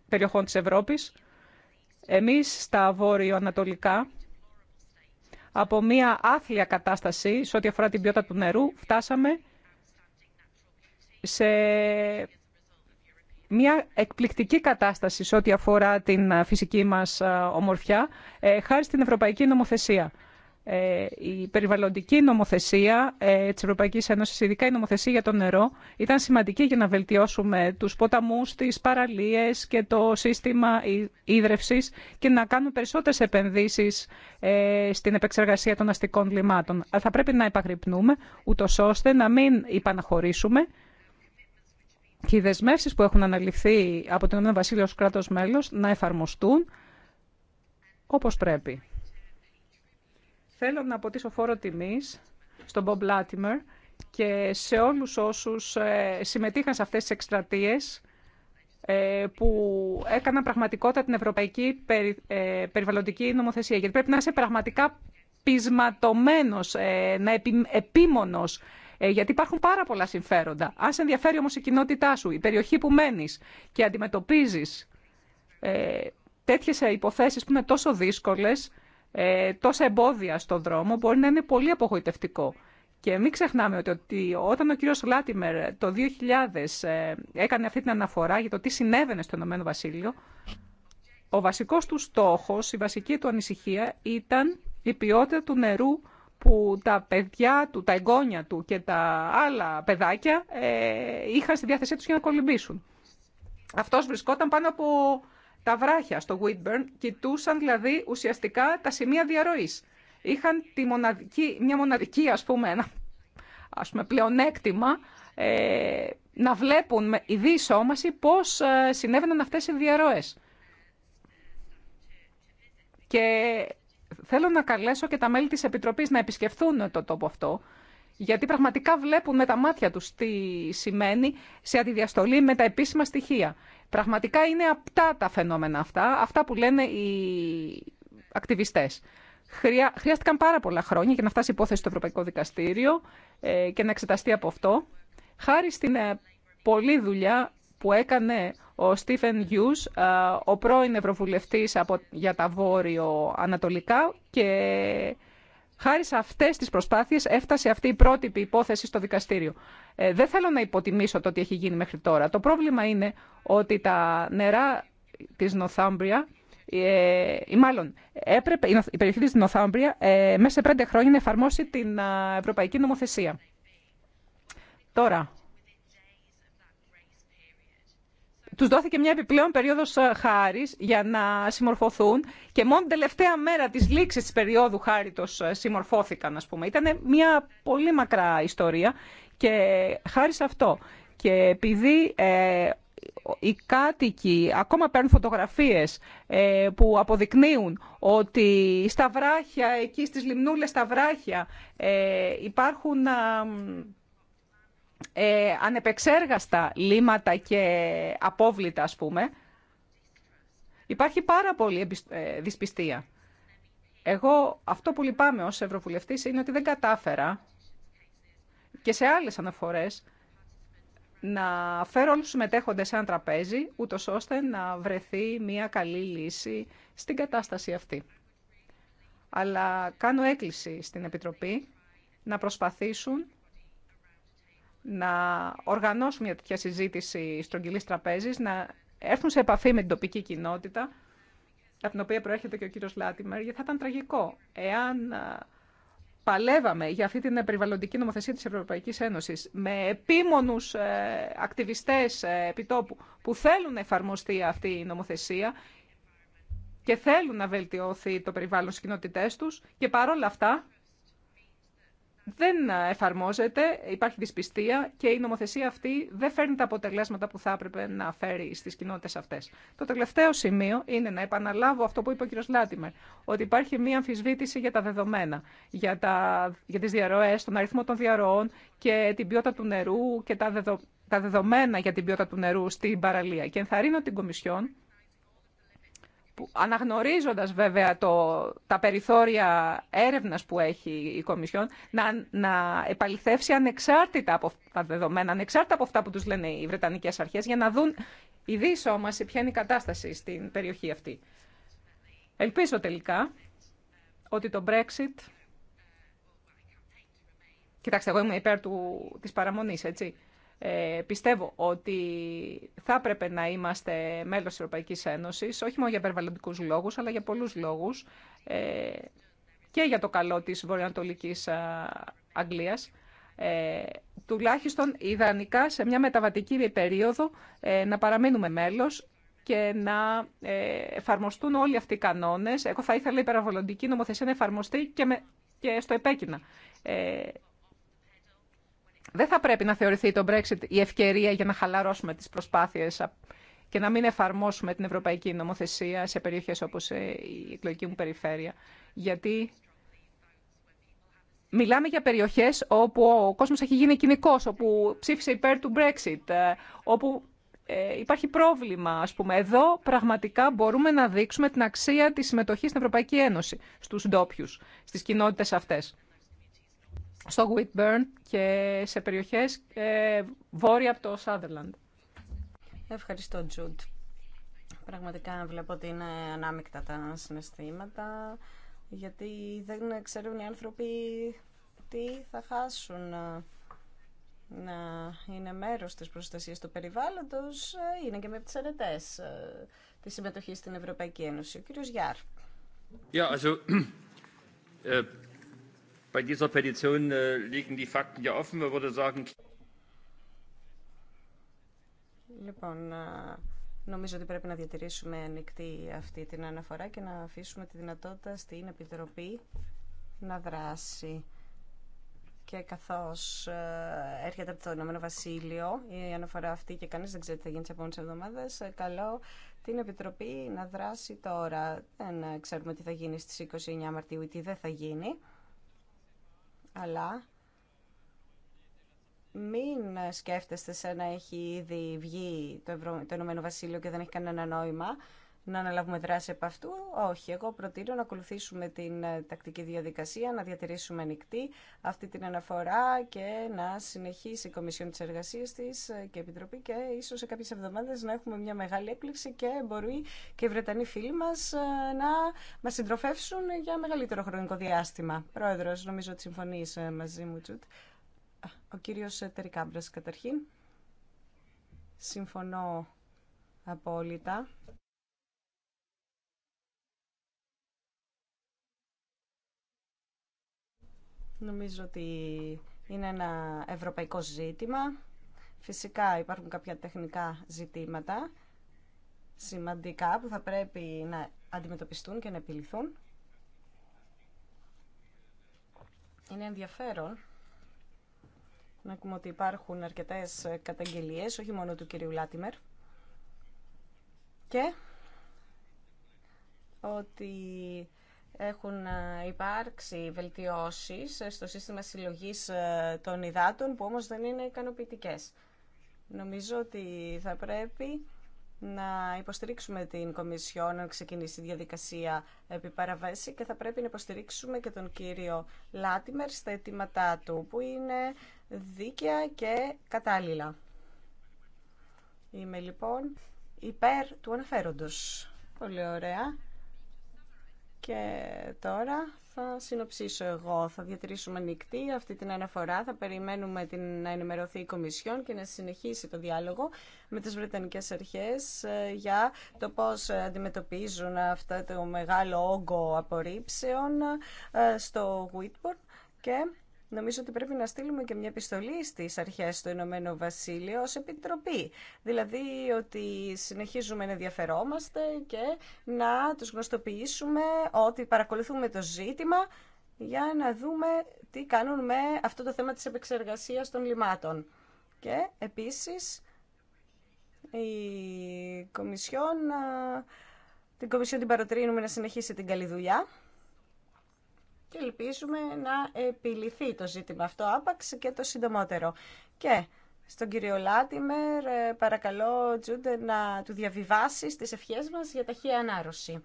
περιοχών της Ευρώπης. Εμείς στα βόρειο-ανατολικά, από μια άθλια κατάσταση σε ό,τι αφορά την ποιότητα του νερού, φτάσαμε σε μια εκπληκτική κατάσταση σε ό,τι αφορά την φυσική μας ομορφιά, ε, χάρη στην Ευρωπαϊκή Νομοθεσία. Ε, η περιβαλλοντική νομοθεσία ε, της Ευρωπαϊκή Ένωση, ειδικά η νομοθεσία για το νερό, ήταν σημαντική για να βελτιώσουμε τους ποταμούς, τις παραλίες και το σύστημα ίδρευσης και να κάνουμε περισσότερες επενδύσεις ε, στην επεξεργασία των αστικών λιμάτων. θα πρέπει να επαγρυπνούμε, ούτω ώστε να μην υπαναχωρήσουμε και οι δεσμεύσεις που έχουν αναλυφθεί από την ΕΒ ως κράτος μέλος να εφαρμοστούν όπως πρέπει. Θέλω να αποτίσω φόρο τιμής στον Bob Λάτιμερ και σε όλους όσους ε, συμμετείχαν σε αυτές τις εκστρατείες ε, που έκαναν πραγματικότητα την ευρωπαϊκή ε, περιβαλλοντική νομοθεσία. Γιατί πρέπει να είσαι πραγματικά πεισματωμένος, να επι, επίμονος, γιατί υπάρχουν πάρα πολλά συμφέροντα. Αν σε ενδιαφέρει όμως η κοινότητά σου, η περιοχή που μένεις και αντιμετωπίζεις τέτοιες υποθέσεις που είναι τόσο δύσκολες, ε, τόσα εμπόδια στον δρόμο μπορεί να είναι πολύ απογοητευτικό. Και μην ξεχνάμε ότι, ότι όταν ο κύριος Λάτιμερ το 2000 ε, έκανε αυτή την αναφορά για το τι συνέβαινε στο Ηνωμένο Βασίλειο, ο βασικός του στόχος, η βασική του ανησυχία ήταν η ποιότητα του νερού που τα παιδιά του, τα εγγόνια του και τα άλλα παιδάκια ε, είχαν στη διάθεσή τους για να κολυμπήσουν. Αυτός βρισκόταν πάνω από τα βράχια στο Whitburn κοιτούσαν δηλαδή ουσιαστικά τα σημεία διαρροής. Είχαν τη μοναδική, μια μοναδική ας πούμε, ένα, ας πούμε πλεονέκτημα ε, να βλέπουν οι δύο σώμαση πώς ε, συνέβαιναν αυτές οι διαρροές. Και θέλω να καλέσω και τα μέλη της Επιτροπής να επισκεφθούν το τόπο αυτό, γιατί πραγματικά βλέπουν με τα μάτια τους τι σημαίνει σε αντιδιαστολή με τα επίσημα στοιχεία. Πραγματικά είναι αυτά τα φαινόμενα αυτά, αυτά που λένε οι ακτιβιστές. Χρειά, χρειάστηκαν πάρα πολλά χρόνια για να φτάσει η υπόθεση στο Ευρωπαϊκό Δικαστήριο ε, και να εξεταστεί από αυτό. Χάρη στην ε, πολλή δουλειά που έκανε ο Στίφεν Γιούς, ε, ο πρώην Ευρωβουλευτής από, για τα Βόρειο Ανατολικά και Χάρη σε αυτέ τι προσπάθειε έφτασε αυτή η πρότυπη υπόθεση στο δικαστήριο. Ε, δεν θέλω να υποτιμήσω το τι έχει γίνει μέχρι τώρα. Το πρόβλημα είναι ότι τα νερά τη Νοθάμπρια, ε, ή μάλλον έπρεπε η περιοχή της Νοθάμπρια ε, μέσα σε πέντε χρόνια να εφαρμόσει την Ευρωπαϊκή Νομοθεσία. Τώρα, τους δόθηκε μια επιπλέον περίοδος ε, χάρης για να συμμορφωθούν και μόνο την τελευταία μέρα της λήξης της περίοδου χάριτος ε, συμμορφώθηκαν, ας πούμε. Ήταν μια πολύ μακρά ιστορία και χάρη σε αυτό. Και επειδή ε, οι κάτοικοι ακόμα παίρνουν φωτογραφίες ε, που αποδεικνύουν ότι στα βράχια, εκεί στις λιμνούλες στα βράχια ε, υπάρχουν ε, ανεπεξέργαστα λύματα και απόβλητα, ας πούμε, υπάρχει πάρα πολύ ε, δυσπιστία. Εγώ αυτό που λυπάμαι ως Ευρωβουλευτής είναι ότι δεν κατάφερα και σε άλλες αναφορές να φέρω όλους τους συμμετέχοντες σε ένα τραπέζι, ούτω ώστε να βρεθεί μια καλή λύση στην κατάσταση αυτή. Αλλά κάνω έκκληση στην Επιτροπή να προσπαθήσουν να οργανώσουν μια τέτοια συζήτηση στρογγυλή τραπέζης, να έρθουν σε επαφή με την τοπική κοινότητα, από την οποία προέρχεται και ο κύριο Λάτιμερ, γιατί θα ήταν τραγικό εάν παλεύαμε για αυτή την περιβαλλοντική νομοθεσία της Ευρωπαϊκής Ένωσης με επίμονους ε, ε επιτόπου που θέλουν να εφαρμοστεί αυτή η νομοθεσία και θέλουν να βελτιώθει το περιβάλλον στις κοινότητές τους και παρόλα αυτά δεν εφαρμόζεται, υπάρχει δυσπιστία και η νομοθεσία αυτή δεν φέρνει τα αποτελέσματα που θα έπρεπε να φέρει στι κοινότητε αυτέ. Το τελευταίο σημείο είναι να επαναλάβω αυτό που είπε ο κ. Λάτιμερ, ότι υπάρχει μία αμφισβήτηση για τα δεδομένα, για, τα, για τι διαρροέ, τον αριθμό των διαρροών και την ποιότητα του νερού και τα, τα δεδομένα για την ποιότητα του νερού στην παραλία. Και ενθαρρύνω την Κομισιόν αναγνωρίζοντας βέβαια το, τα περιθώρια έρευνας που έχει η Κομισιόν, να, να επαληθεύσει ανεξάρτητα από τα δεδομένα, ανεξάρτητα από αυτά που τους λένε οι Βρετανικές αρχές, για να δουν η δίσο μας ποια είναι η κατάσταση στην περιοχή αυτή. Ελπίζω τελικά ότι το Brexit... Κοιτάξτε, εγώ είμαι υπέρ του, της παραμονής, έτσι. Ε, πιστεύω ότι θα έπρεπε να είμαστε μέλος της Ευρωπαϊκής Ένωσης, όχι μόνο για περιβαλλοντικούς λόγους, αλλά για πολλούς λόγους ε, και για το καλό της βορειοανατολικής Αγγλίας. Ε, τουλάχιστον ιδανικά σε μια μεταβατική περίοδο ε, να παραμείνουμε μέλος και να ε, εφαρμοστούν όλοι αυτοί οι κανόνες. Εγώ θα ήθελα η περιβαλλοντική νομοθεσία να εφαρμοστεί και, και στο επέκεινα. Δεν θα πρέπει να θεωρηθεί το Brexit η ευκαιρία για να χαλαρώσουμε τις προσπάθειες και να μην εφαρμόσουμε την ευρωπαϊκή νομοθεσία σε περιοχές όπως ε, η εκλογική μου περιφέρεια. Γιατί μιλάμε για περιοχές όπου ο κόσμος έχει γίνει κοινικός, όπου ψήφισε υπέρ του Brexit, ε, όπου ε, υπάρχει πρόβλημα, ας πούμε. Εδώ πραγματικά μπορούμε να δείξουμε την αξία της συμμετοχής στην Ευρωπαϊκή Ένωση, στους ντόπιου, στις κοινότητες αυτές στο Whitburn και σε περιοχές ε, βόρεια από το Sutherland. Ευχαριστώ, Τζουντ. Πραγματικά βλέπω ότι είναι ανάμεικτα τα συναισθήματα, γιατί δεν ξέρουν οι άνθρωποι τι θα χάσουν ε, να είναι μέρος της προστασίας του περιβάλλοντος, ε, είναι και με τις αρετές της ε, συμμετοχή στην Ευρωπαϊκή Ένωση. Ο κύριος Γιάρ. Yeah, Bei dieser Petition äh, liegen die Fakten ja offen. würde sagen... Λοιπόν, ε, νομίζω ότι πρέπει να διατηρήσουμε ανοιχτή αυτή την αναφορά και να αφήσουμε τη δυνατότητα στην Επιτροπή να δράσει. Και καθώς ε, έρχεται από το Ηνωμένο Βασίλειο η αναφορά αυτή και κανείς δεν ξέρει τι θα γίνει τις επόμενες εβδομάδες, ε, καλό την Επιτροπή να δράσει τώρα. Δεν ξέρουμε τι θα γίνει στις 29 Μαρτίου ή τι δεν θα γίνει αλλά μην σκέφτεστε σαν να έχει ήδη βγει το, Ευρω... το Ηνωμένο Βασίλειο και δεν έχει κανένα νόημα να αναλάβουμε δράση από αυτού. Όχι, εγώ προτείνω να ακολουθήσουμε την ε, τακτική διαδικασία, να διατηρήσουμε ανοιχτή αυτή την αναφορά και να συνεχίσει η Κομισιόν της Εργασίας της ε, και η Επιτροπή και ίσως σε κάποιες εβδομάδες να έχουμε μια μεγάλη έκπληξη και μπορεί και οι Βρετανοί φίλοι μας ε, να μας συντροφεύσουν για μεγαλύτερο χρονικό διάστημα. Πρόεδρος, νομίζω ότι συμφωνείς μαζί μου, Τσουτ. Ο κύριος Τερικάμπρας, καταρχήν. Συμφωνώ απόλυτα Νομίζω ότι είναι ένα ευρωπαϊκό ζήτημα. Φυσικά υπάρχουν κάποια τεχνικά ζητήματα σημαντικά που θα πρέπει να αντιμετωπιστούν και να επιληθούν. Είναι ενδιαφέρον να ακούμε ότι υπάρχουν αρκετές καταγγελίες, όχι μόνο του κυρίου Λάτιμερ. Και ότι έχουν ε, υπάρξει βελτιώσεις ε, στο σύστημα συλλογής ε, των υδάτων που όμως δεν είναι ικανοποιητικές. Νομίζω ότι θα πρέπει να υποστηρίξουμε την Κομισιόν να ξεκινήσει η διαδικασία επί παραβέση και θα πρέπει να υποστηρίξουμε και τον κύριο Λάτιμερ στα αιτήματά του που είναι δίκαια και κατάλληλα. Είμαι λοιπόν υπέρ του αναφέροντος. Πολύ ωραία. Και τώρα θα συνοψίσω εγώ. Θα διατηρήσουμε ανοιχτή αυτή την αναφορά. Θα περιμένουμε την, να ενημερωθεί η Κομισιόν και να συνεχίσει το διάλογο με τις Βρετανικές Αρχές ε, για το πώς αντιμετωπίζουν αυτό το μεγάλο όγκο απορρίψεων ε, στο Whitburn και νομίζω ότι πρέπει να στείλουμε και μια επιστολή στις αρχές του Ηνωμένου Βασίλειου ω επιτροπή. Δηλαδή ότι συνεχίζουμε να ενδιαφερόμαστε και να τους γνωστοποιήσουμε ότι παρακολουθούμε το ζήτημα για να δούμε τι κάνουν με αυτό το θέμα της επεξεργασίας των λιμάτων. Και επίσης η Κομισιόν, την Κομισιόν την παροτρύνουμε να συνεχίσει την καλή δουλειά και ελπίζουμε να επιληθεί το ζήτημα αυτό άπαξ και το συντομότερο. Και στον κύριο Λάτιμερ ε, παρακαλώ Τζούντε να του διαβιβάσει τις ευχές μας για ταχεία ανάρρωση.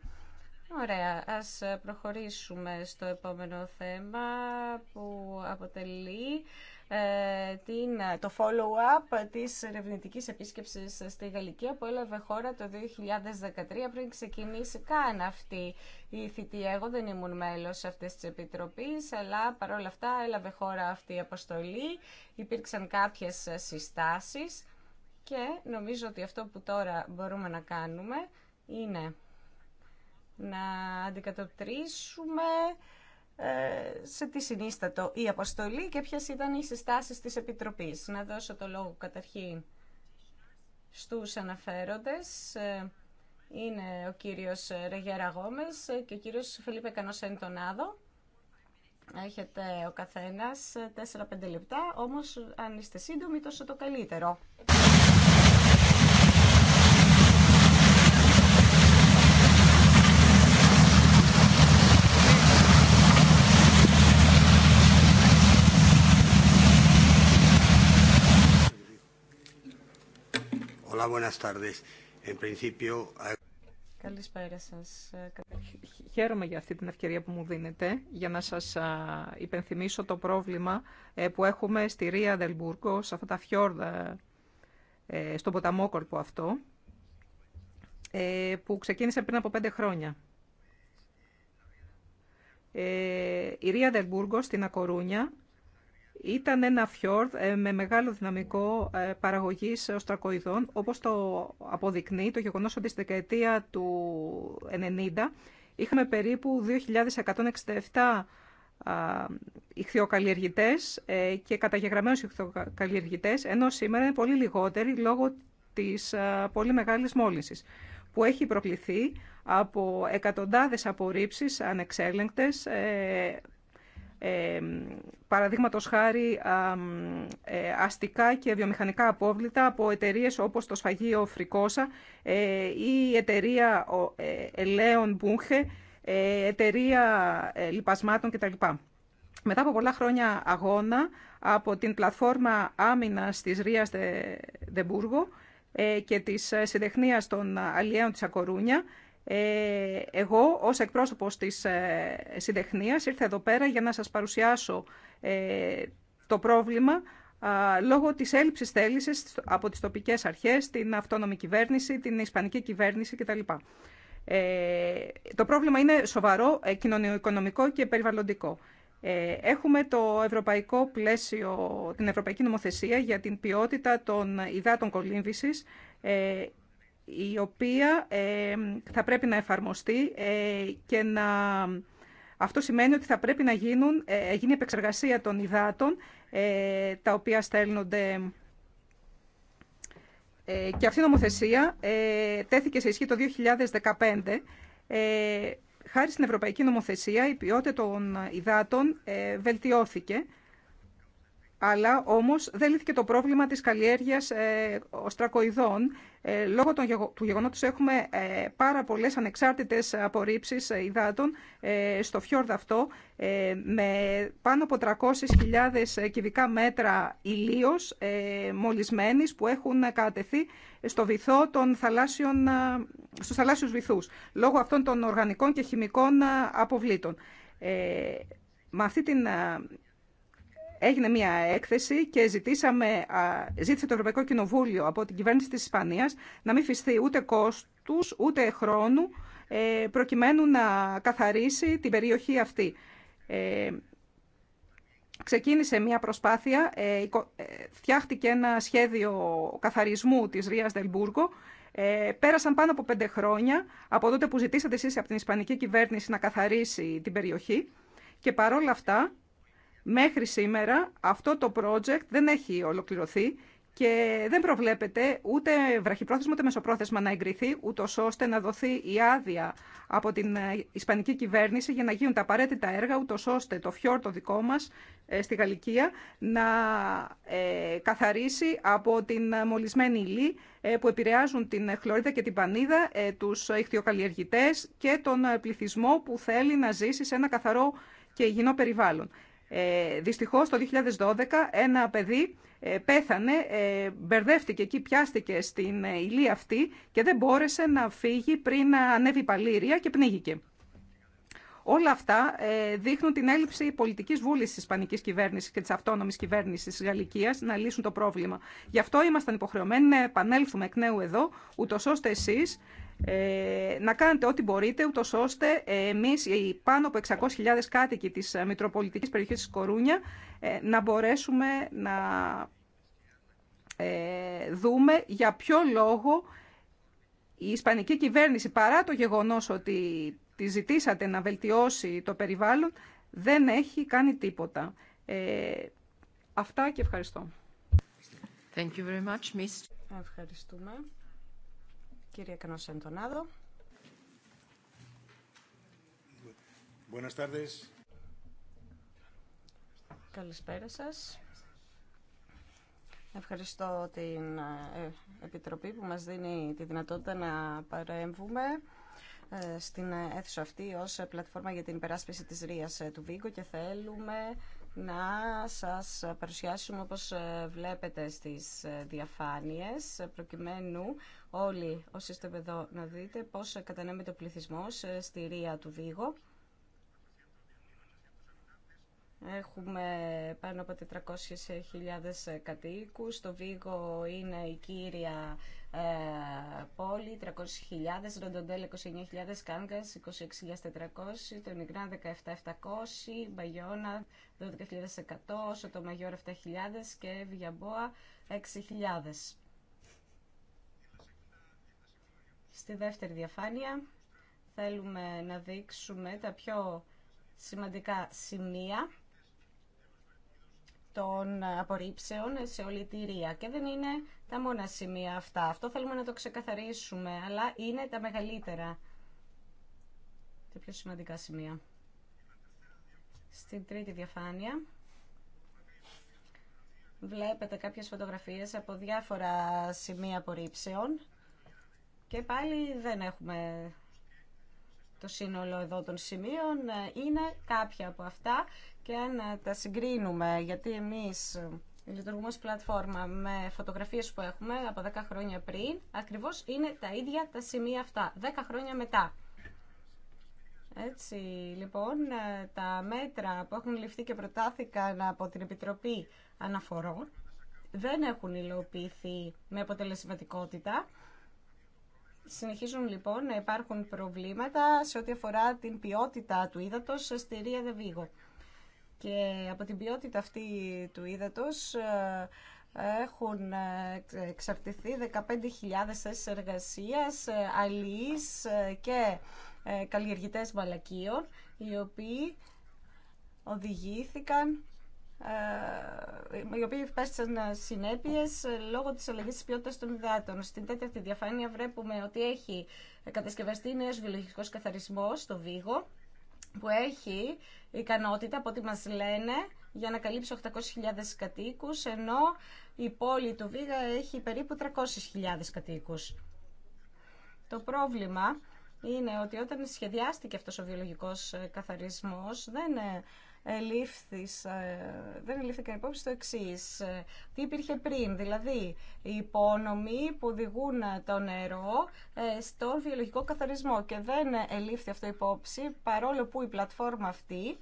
Ωραία, ας προχωρήσουμε στο επόμενο θέμα που αποτελεί ε, την, το follow-up της ερευνητική επίσκεψης στη Γαλλική που έλαβε χώρα το 2013 πριν ξεκινήσει καν αυτή η θητεία. Εγώ δεν ήμουν μέλος αυτής της επιτροπής, αλλά παρόλα αυτά έλαβε χώρα αυτή η αποστολή. Υπήρξαν κάποιες συστάσεις και νομίζω ότι αυτό που τώρα μπορούμε να κάνουμε είναι να αντικατοπτρίσουμε ε, σε τι συνίστατο η αποστολή και ποιες ήταν οι συστάσεις της Επιτροπής. Να δώσω το λόγο καταρχήν στους αναφέροντες. Ε, είναι ο κύριος Ρεγέρα Γόμες και ο κύριος Φελίπε Κανός Εντονάδο. Έχετε ο καθένας 4-5 λεπτά, όμως αν είστε σύντομοι τόσο το καλύτερο. Hola, buenas tardes. En principio... Eh, Καλησπέρα σας. Χαίρομαι για αυτή την ευκαιρία που μου δίνετε για να σας υπενθυμίσω το πρόβλημα ε, που έχουμε στη Ρία Δελμπούργκο, σε αυτά τα φιόρδα, ε, στον ποταμόκορπο αυτό, ε, που ξεκίνησε πριν από πέντε χρόνια. Η Ρία Δελμπούργκο στην Ακορούνια ήταν ένα φιόρδ ε, με μεγάλο δυναμικό ε, παραγωγής οστρακοειδών, όπως το αποδεικνύει το γεγονός ότι στη δεκαετία του 90 είχαμε περίπου 2.167 ηχθειοκαλλιεργητές ε, και καταγεγραμμένους ηχθειοκαλλιεργητές, ενώ σήμερα είναι πολύ λιγότεροι λόγω της πολύ μεγάλης μόλυνσης που έχει προκληθεί από εκατοντάδες απορρίψεις ανεξέλεγκτες ε, παραδείγματος χάρη ε, αστικά και βιομηχανικά απόβλητα από εταιρείες όπως το σφαγείο Φρικόσα η ε, εταιρεία ε, Ελέον Μπούχε εταιρεία λιπασμάτων κτλ. Μετά από πολλά χρόνια αγώνα από την πλατφόρμα άμυνας της Ρίας Δεμπούργο και της συντεχνίας των αλλιέων της Ακορούνια, ε, εγώ ως εκπρόσωπος της ε, συντεχνίας ήρθα εδώ πέρα για να σας παρουσιάσω ε, το πρόβλημα λόγω της έλλειψης θέλησης από τις τοπικές αρχές, την αυτόνομη κυβέρνηση, την ισπανική κυβέρνηση κτλ. Το πρόβλημα είναι σοβαρό, κοινωνιοοικονομικό και περιβαλλοντικό. Έχουμε το ευρωπαϊκό πλαίσιο, την ευρωπαϊκή νομοθεσία για την ποιότητα των υδάτων κολύμβησης η οποία θα πρέπει να εφαρμοστεί ε, και να... Αυτό σημαίνει ότι θα πρέπει να γίνουν, ε, γίνει επεξεργασία των υδάτων, ε, τα οποία στέλνονται και αυτή η νομοθεσία τέθηκε σε ισχύ το 2015. χάρη στην Ευρωπαϊκή Νομοθεσία η ποιότητα των υδάτων βελτιώθηκε αλλά όμως δεν λύθηκε το πρόβλημα της καλλιέργειας ε, οστρακοειδών. Ε, λόγω του γεγονότος έχουμε ε, πάρα πολλές ανεξάρτητες απορρίψεις ε, υδάτων στο φιόρδο αυτό, με πάνω από 300.000 κυβικά μέτρα ηλίως μολυσμένης που έχουν κατεθεί στο βυθό των θαλάσσιων, στους θαλάσσιους βυθούς, λόγω αυτών των οργανικών και χημικών αποβλήτων. Με αυτή την έγινε μια έκθεση και ζητήσαμε, ζήτησε το Ευρωπαϊκό Κοινοβούλιο από την κυβέρνηση της Ισπανίας να μην φυστεί ούτε κόστους ούτε χρόνου ε, προκειμένου να καθαρίσει την περιοχή αυτή. Ε, ξεκίνησε μια προσπάθεια, ε, φτιάχτηκε ένα σχέδιο καθαρισμού της Ρίας Δελμπούργο πέρασαν πάνω από πέντε χρόνια από τότε που ζητήσατε εσείς από την Ισπανική κυβέρνηση να καθαρίσει την περιοχή και παρόλα αυτά Μέχρι σήμερα αυτό το project δεν έχει ολοκληρωθεί και δεν προβλέπεται ούτε βραχυπρόθεσμα ούτε μεσοπρόθεσμα να εγκριθεί, ούτω ώστε να δοθεί η άδεια από την ε, Ισπανική κυβέρνηση για να γίνουν τα απαραίτητα έργα, ούτω ώστε το φιόρτο δικό μα ε, στη Γαλλικία να ε, καθαρίσει από την μολυσμένη ύλη που επηρεάζουν την χλωρίδα και την πανίδα, τους ηχθειοκαλλιεργητές και τον πληθυσμό που θέλει να ζήσει σε ένα καθαρό και υγιεινό περιβάλλον. Ε, δυστυχώς το 2012 ένα παιδί ε, πέθανε, ε, μπερδεύτηκε εκεί, πιάστηκε στην ε, ηλία αυτή και δεν μπόρεσε να φύγει πριν να ανέβει η παλήρια και πνίγηκε. Όλα αυτά ε, δείχνουν την έλλειψη πολιτική βούληση τη Ισπανική κυβέρνηση και τη αυτόνομη κυβέρνηση τη Γαλλικία να λύσουν το πρόβλημα. Γι' αυτό ήμασταν υποχρεωμένοι να επανέλθουμε εκ νέου εδώ, ούτω ώστε εσεί ε, να κάνετε ό,τι μπορείτε, ούτω ώστε ε, εμεί, οι πάνω από 600.000 κάτοικοι της ε, Μητροπολιτική Περιοχής τη Κορούνια να μπορέσουμε να δούμε για ποιο λόγο η Ισπανική κυβέρνηση, παρά το γεγονός ότι τη ζητήσατε να βελτιώσει το περιβάλλον, δεν έχει κάνει τίποτα. αυτά και ευχαριστώ. Thank you very much, Κύριε Κανός Εντοναδο. Καλησπέρα σας. Ευχαριστώ την ε, Επιτροπή που μας δίνει τη δυνατότητα να παρέμβουμε ε, στην αίθουσα αυτή ως πλατφόρμα για την υπεράσπιση της Ρίας ε, του Βίγκο και θέλουμε να σας παρουσιάσουμε όπως ε, βλέπετε στις ε, διαφάνειες προκειμένου όλοι όσοι είστε εδώ να δείτε πώς κατανέμεται ο πληθυσμός ε, στη Ρία του Βίγο. Έχουμε πάνω από 400.000 κατοίκους. Το Βίγο είναι η κύρια ε, πόλη, 300.000, Ροντοντέλ 29.000, Κάνγκας 26.400, Τονιγρά 17.700, Μπαγιώνα 12.100, μαγιόρ 7.000 και Βιαμπόα 6.000. Στη δεύτερη διαφάνεια θέλουμε να δείξουμε τα πιο σημαντικά σημεία των απορρίψεων σε ολιτηρία. Και δεν είναι τα μόνα σημεία αυτά. Αυτό θέλουμε να το ξεκαθαρίσουμε, αλλά είναι τα μεγαλύτερα. Τα πιο σημαντικά σημεία. Στην τρίτη διαφάνεια βλέπετε κάποιες φωτογραφίες από διάφορα σημεία απορρίψεων και πάλι δεν έχουμε το σύνολο εδώ των σημείων είναι κάποια από αυτά και αν τα συγκρίνουμε, γιατί εμείς λειτουργούμε ως πλατφόρμα με φωτογραφίες που έχουμε από 10 χρόνια πριν, ακριβώς είναι τα ίδια τα σημεία αυτά, 10 χρόνια μετά. Έτσι, λοιπόν, τα μέτρα που έχουν ληφθεί και προτάθηκαν από την Επιτροπή Αναφορών δεν έχουν υλοποιηθεί με αποτελεσματικότητα. Συνεχίζουν λοιπόν να υπάρχουν προβλήματα σε ό,τι αφορά την ποιότητα του ύδατος στη Ρία Δεβίγο. Και από την ποιότητα αυτή του ύδατος ε, έχουν ε, εξαρτηθεί 15.000 θέσει εργασία, ε, αλληλείς και καλλιεργητές μαλακίων, οι οποίοι οδηγήθηκαν οι οποίοι υπέστησαν συνέπειε λόγω τη αλλαγή τη ποιότητα των υδάτων. Στην τέταρτη διαφάνεια βλέπουμε ότι έχει κατασκευαστεί νέο βιολογικό καθαρισμό στο Βίγο που έχει ικανότητα από ό,τι μας λένε για να καλύψει 800.000 κατοίκους, ενώ η πόλη του Βίγα έχει περίπου 300.000 κατοίκους. Το πρόβλημα είναι ότι όταν σχεδιάστηκε αυτός ο βιολογικός ε, καθαρισμός δεν ε, ελήφθης, ε, δεν ελήφθηκαν υπόψη το εξή. Ε, τι υπήρχε πριν, δηλαδή οι υπόνομοι που οδηγούν το νερό ε, στον βιολογικό καθαρισμό και δεν ελήφθη αυτό υπόψη παρόλο που η πλατφόρμα αυτή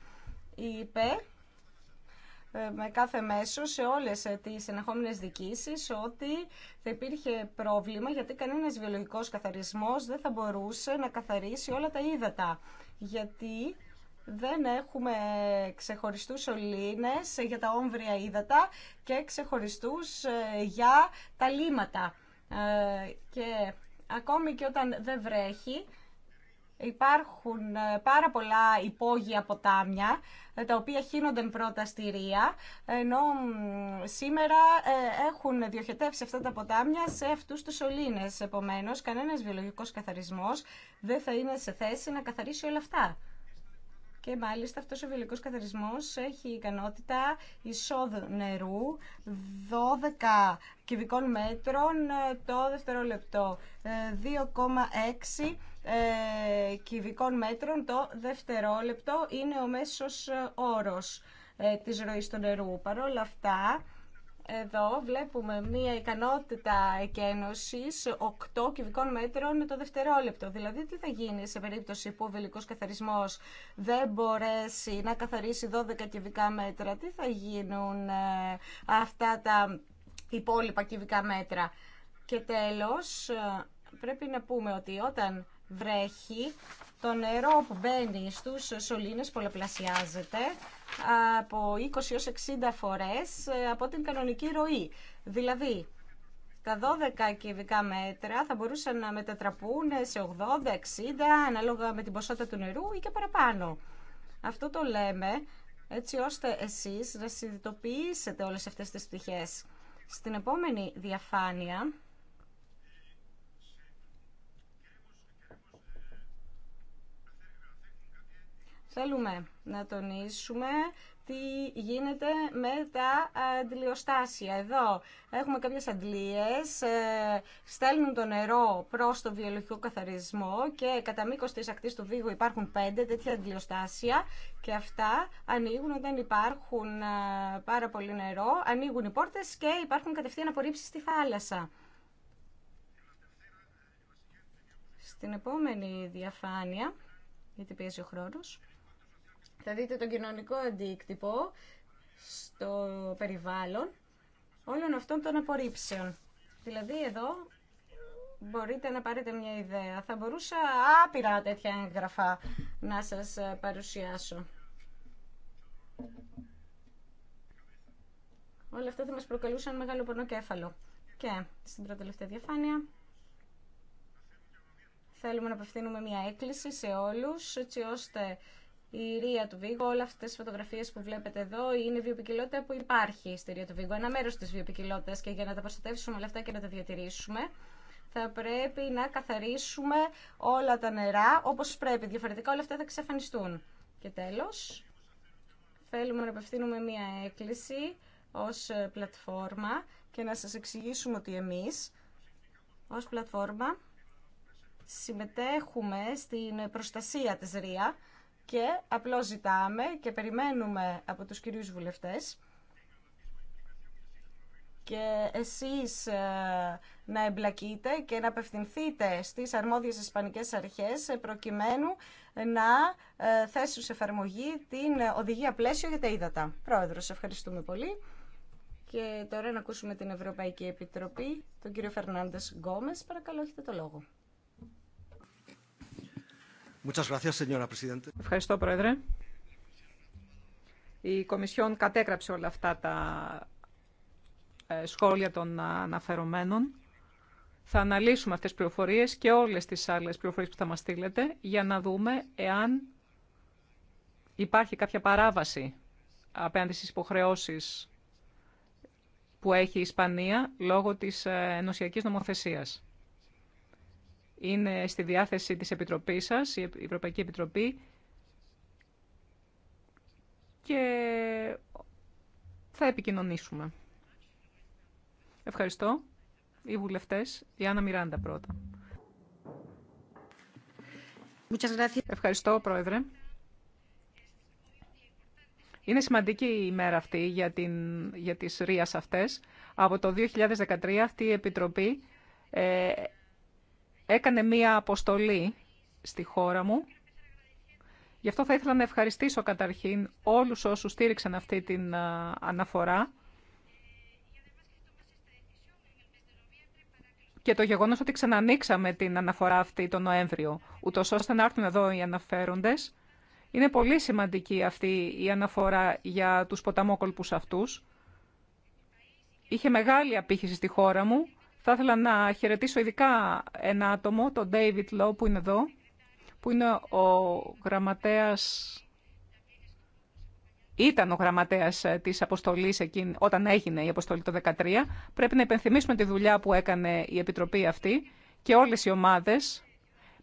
είπε με κάθε μέσο σε όλες τις ενεχόμενες δικήσεις ότι θα υπήρχε πρόβλημα γιατί κανένας βιολογικός καθαρισμός δεν θα μπορούσε να καθαρίσει όλα τα ύδατα. Γιατί δεν έχουμε ξεχωριστούς σωλήνες για τα όμβρια ύδατα και ξεχωριστούς ε, για τα λίματα. Ε, και ακόμη και όταν δεν βρέχει, υπάρχουν ε, πάρα πολλά υπόγεια ποτάμια, τα οποία χύνονται πρώτα στη Ρία, ενώ σήμερα έχουν διοχετεύσει αυτά τα ποτάμια σε αυτούς τους σωλήνες. Επομένως, κανένας βιολογικός καθαρισμός δεν θα είναι σε θέση να καθαρίσει όλα αυτά. Και μάλιστα αυτός ο βιολογικός καθαρισμός έχει ικανότητα εισόδου νερού 12 κυβικών μέτρων ε, το δευτερόλεπτο, 2,6 ε, ε, κυβικών μέτρων το δευτερόλεπτο είναι ο μέσος όρος της ροής του νερού. Παρ' αυτά, εδώ βλέπουμε μία ικανότητα εκένωση 8 κυβικών μέτρων το δευτερόλεπτο. Δηλαδή τι θα γίνει σε περίπτωση που ο βελικό καθαρισμό δεν μπορέσει να καθαρίσει 12 κυβικά μέτρα. Τι θα γίνουν ε, αυτά τα υπόλοιπα κυβικά μέτρα. Και τέλος ε, πρέπει να πούμε ότι όταν βρέχει το νερό που μπαίνει στους σωλήνες πολλαπλασιάζεται από 20 έως 60 φορές ε, από την κανονική ροή. Δηλαδή, τα 12 κυβικά μέτρα θα μπορούσαν να μετατραπούν σε 80, 60, ανάλογα με την ποσότητα του νερού ή και παραπάνω. Αυτό το λέμε έτσι ώστε εσείς να συνειδητοποιήσετε όλες αυτές τις πτυχές. Στην επόμενη διαφάνεια Θέλουμε να τονίσουμε τι γίνεται με τα αντιλιοστάσια. Εδώ έχουμε κάποιες αντλίες, ε, στέλνουν το νερό προς το βιολογικό καθαρισμό και κατά μήκος της ακτής του Βίγου υπάρχουν πέντε τέτοια αντιλιοστάσια και αυτά ανοίγουν όταν υπάρχουν ε, πάρα πολύ νερό, ανοίγουν οι πόρτες και υπάρχουν κατευθείαν απορρίψεις στη θάλασσα. Στην επόμενη διαφάνεια, γιατί πιέζει ο χρόνος θα δείτε τον κοινωνικό αντίκτυπο στο περιβάλλον όλων αυτών των απορρίψεων. Δηλαδή εδώ μπορείτε να πάρετε μια ιδέα. Θα μπορούσα άπειρα τέτοια έγγραφα να σας παρουσιάσω. Όλα αυτά θα μας προκαλούσαν μεγάλο πονοκέφαλο. Και στην πρώτη τελευταία διαφάνεια θέλουμε να απευθύνουμε μια έκκληση σε όλους έτσι ώστε η Ρία του Βίγκο, όλε αυτέ τι φωτογραφίε που βλέπετε εδώ είναι βιοπικιλότητα που υπάρχει στη Ρία του Βίγκο. Ένα μέρο τη βιοπικιλότητα και για να τα προστατεύσουμε όλα αυτά και να τα διατηρήσουμε, θα πρέπει να καθαρίσουμε όλα τα νερά όπω πρέπει. Διαφορετικά όλα αυτά θα ξεφανιστούν. Και τέλο, θέλουμε να απευθύνουμε μία έκκληση ως πλατφόρμα και να σας εξηγήσουμε ότι εμείς ως πλατφόρμα συμμετέχουμε στην προστασία της ΡΙΑ και απλώς ζητάμε και περιμένουμε από τους κυρίους βουλευτές και εσείς ε, να εμπλακείτε και να απευθυνθείτε στις αρμόδιες ισπανικές αρχές προκειμένου να ε, θέσουν σε εφαρμογή την οδηγία πλαίσιο για τα ύδατα. Πρόεδρος, ευχαριστούμε πολύ. Και τώρα να ακούσουμε την Ευρωπαϊκή Επιτροπή, τον κύριο Φερνάντες Γκόμες. Παρακαλώ, έχετε το λόγο. Ευχαριστώ, Πρόεδρε. Η Κομισιόν κατέγραψε όλα αυτά τα ε, σχόλια των αναφερομένων. Θα αναλύσουμε αυτές τις πληροφορίες και όλες τις άλλες πληροφορίες που θα μας στείλετε για να δούμε εάν υπάρχει κάποια παράβαση απέναντι στις υποχρεώσεις που έχει η Ισπανία λόγω της ε, ενωσιακής νομοθεσίας είναι στη διάθεση της Επιτροπής σας, η Ευρωπαϊκή Επιτροπή. Και θα επικοινωνήσουμε. Ευχαριστώ. Οι βουλευτές, η Άννα Μιράντα πρώτα. Ευχαριστώ, Πρόεδρε. Είναι σημαντική η μέρα αυτή για, την, για τις ρίας αυτές. Από το 2013 αυτή η Επιτροπή ε, έκανε μία αποστολή στη χώρα μου. Γι' αυτό θα ήθελα να ευχαριστήσω καταρχήν όλους όσους στήριξαν αυτή την αναφορά. Και το γεγονός ότι ξανανοίξαμε την αναφορά αυτή τον Νοέμβριο, ούτω ώστε να έρθουν εδώ οι αναφέροντες, είναι πολύ σημαντική αυτή η αναφορά για τους ποταμόκολπους αυτούς. Είχε μεγάλη απήχηση στη χώρα μου θα ήθελα να χαιρετήσω ειδικά ένα άτομο, τον David Λό, που είναι εδώ, που είναι ο γραμματέας, ήταν ο γραμματέας ε, της αποστολής εκείνη, όταν έγινε η αποστολή το 2013. Πρέπει να υπενθυμίσουμε τη δουλειά που έκανε η Επιτροπή αυτή και όλες οι ομάδες.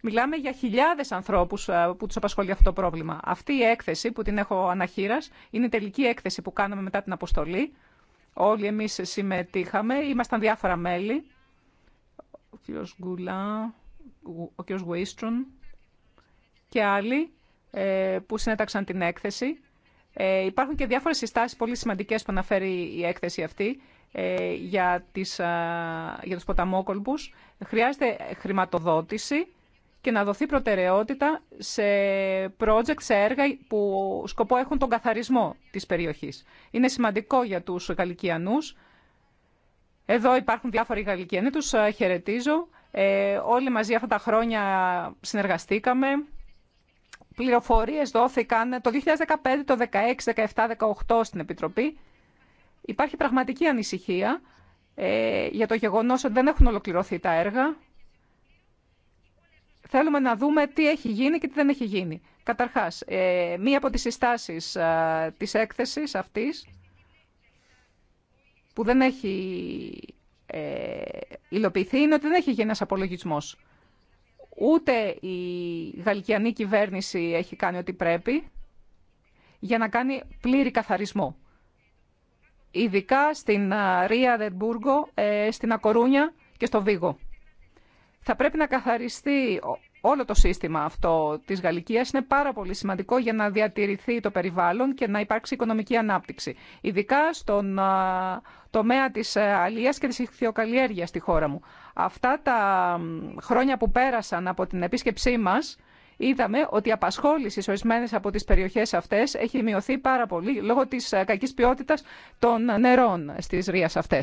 Μιλάμε για χιλιάδες ανθρώπους ε, που τους απασχολεί αυτό το πρόβλημα. Αυτή η έκθεση που την έχω αναχείρας είναι η τελική έκθεση που κάναμε μετά την αποστολή. Όλοι εμείς συμμετείχαμε, ήμασταν διάφορα μέλη. Ο κ. Γκουλά, ο κ. Γουίστρον και άλλοι ε, που συνέταξαν την έκθεση. Ε, υπάρχουν και διάφορες συστάσεις πολύ σημαντικές που αναφέρει η έκθεση αυτή ε, για, τις, για τους ποταμόκολπους. Χρειάζεται χρηματοδότηση και να δοθεί προτεραιότητα σε project, σε έργα που σκοπό έχουν τον καθαρισμό της περιοχής. Είναι σημαντικό για τους Γαλλικιανούς. Εδώ υπάρχουν διάφοροι Γαλλικιανοί, τους ε, χαιρετίζω. Ε, όλοι μαζί αυτά τα χρόνια συνεργαστήκαμε. Πληροφορίες δόθηκαν το 2015, το 2016, 2017, 2018 στην Επιτροπή. Υπάρχει πραγματική ανησυχία ε, για το γεγονός ότι δεν έχουν ολοκληρωθεί τα έργα θέλουμε να δούμε τι έχει γίνει και τι δεν έχει γίνει. Καταρχάς, ε, μία από τις συστάσεις ε, της έκθεσης αυτής, που δεν έχει ε, υλοποιηθεί, είναι ότι δεν έχει γίνει ένας απολογισμός. Ούτε η γαλλικιανή κυβέρνηση έχει κάνει ό,τι πρέπει για να κάνει πλήρη καθαρισμό. Ειδικά στην Ρία Δερμπούργο, στην Ακορούνια και στο Βίγο. Θα πρέπει να καθαριστεί όλο το σύστημα αυτό της Γαλλικίας. Είναι πάρα πολύ σημαντικό για να διατηρηθεί το περιβάλλον και να υπάρξει οικονομική ανάπτυξη. Ειδικά στον τομέα της ε, αλίας και της ηχθειοκαλλιέργειας στη χώρα μου. Αυτά τα χρόνια που πέρασαν από την επίσκεψή μας, είδαμε ότι η απασχόληση σε ορισμένε από τι περιοχέ αυτέ έχει μειωθεί πάρα πολύ λόγω τη ε, κακή ποιότητα των νερών στι ρίε αυτέ.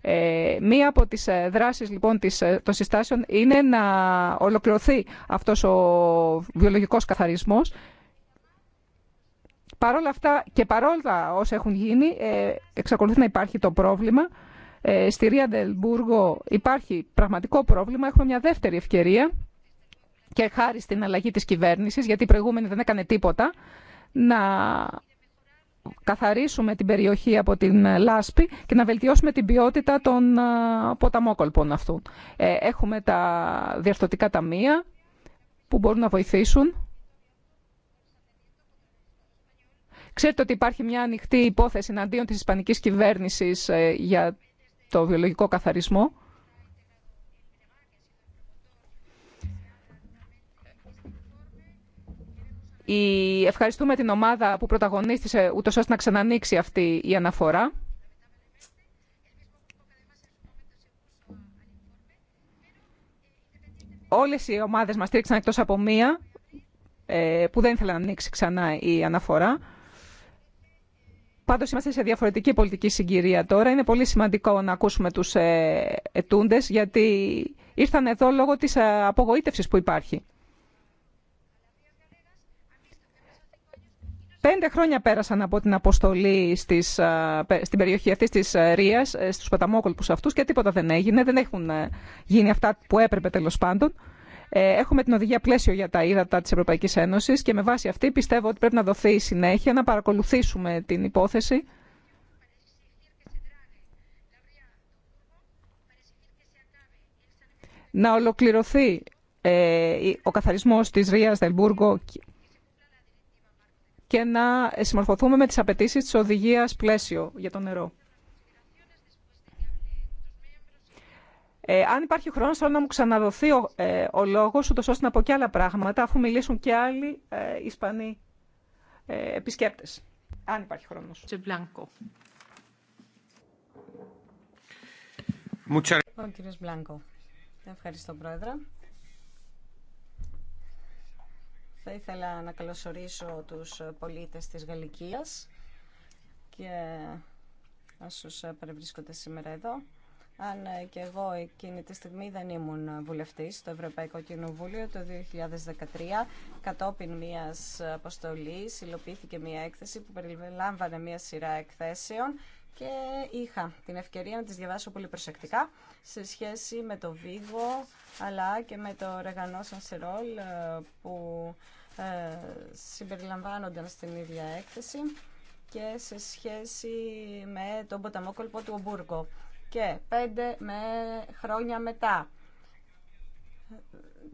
Ε, μία από τις ε, δράσεις λοιπόν ε, των συστάσεων είναι να ολοκληρωθεί αυτός ο βιολογικός καθαρισμός. Παρόλα αυτά και παρόλα όσα έχουν γίνει, εξακολουθεί να υπάρχει το πρόβλημα. Στη Ριαντελμπούργο υπάρχει πραγματικό πρόβλημα. Έχουμε μια δεύτερη ευκαιρία και χάρη στην αλλαγή της κυβέρνησης, γιατί η προηγούμενη δεν έκανε τίποτα, να καθαρίσουμε την περιοχή από την ε, λάσπη και να βελτιώσουμε την ποιότητα των ε, ποταμόκολπων αυτού. Ε, έχουμε τα διαρθωτικά ταμεία που μπορούν να βοηθήσουν. Ξέρετε ότι υπάρχει μια ανοιχτή υπόθεση εναντίον της ισπανικής κυβέρνησης για το βιολογικό καθαρισμό. Ευχαριστούμε την ομάδα που πρωταγωνίστησε ούτως ώστε να ξανανοίξει αυτή η αναφορά. Όλες οι ομάδες μας στήριξαν εκτός από μία ε, που δεν ήθελε να ανοίξει ξανά η αναφορά. Πάντως είμαστε σε διαφορετική πολιτική συγκυρία τώρα. Είναι πολύ σημαντικό να ακούσουμε του ε, ετούντες γιατί ήρθαν εδώ λόγω της ε, απογοήτευσης που υπάρχει. Πέντε χρόνια πέρασαν από την αποστολή στις, στην περιοχή αυτή τη Ρία, ε, στους παταμόκολπους αυτούς και τίποτα δεν έγινε, δεν έχουν ε, γίνει αυτά που έπρεπε τέλο πάντων. Ε, έχουμε την οδηγία πλαίσιο για τα ύδατα της Ευρωπαϊκής Ένωσης και με βάση αυτή πιστεύω ότι πρέπει να δοθεί η συνέχεια, να παρακολουθήσουμε την υπόθεση. Να ολοκληρωθεί ο καθαρισμός της Ρίας, Δελμπούργο και να συμμορφωθούμε με τις απαιτήσεις της οδηγίας πλαίσιο για το νερό. Ε, αν υπάρχει χρόνο, θέλω να μου ξαναδοθεί ο, ε, ο λόγος, ούτως ώστε να πω και άλλα πράγματα, αφού μιλήσουν και άλλοι ε, Ισπανοί ε, επισκέπτες. Αν υπάρχει χρόνος. Ο κύριος Μπλάνκο. Ευχαριστώ, Πρόεδρε. Θα ήθελα να καλωσορίσω τους πολίτες της Γαλλικίας και όσους παρευρίσκονται σήμερα εδώ. Αν και εγώ εκείνη τη στιγμή δεν ήμουν βουλευτής στο Ευρωπαϊκό Κοινοβούλιο το 2013, κατόπιν μιας αποστολής υλοποιήθηκε μια έκθεση που περιλάμβανε μια σειρά εκθέσεων και είχα την ευκαιρία να τις διαβάσω πολύ προσεκτικά σε σχέση με το Βίγο αλλά και με το Ρεγανό Σανσερόλ που ε, συμπεριλαμβάνονταν στην ίδια έκθεση και σε σχέση με τον κολπό του Ομπούργο και πέντε με χρόνια μετά.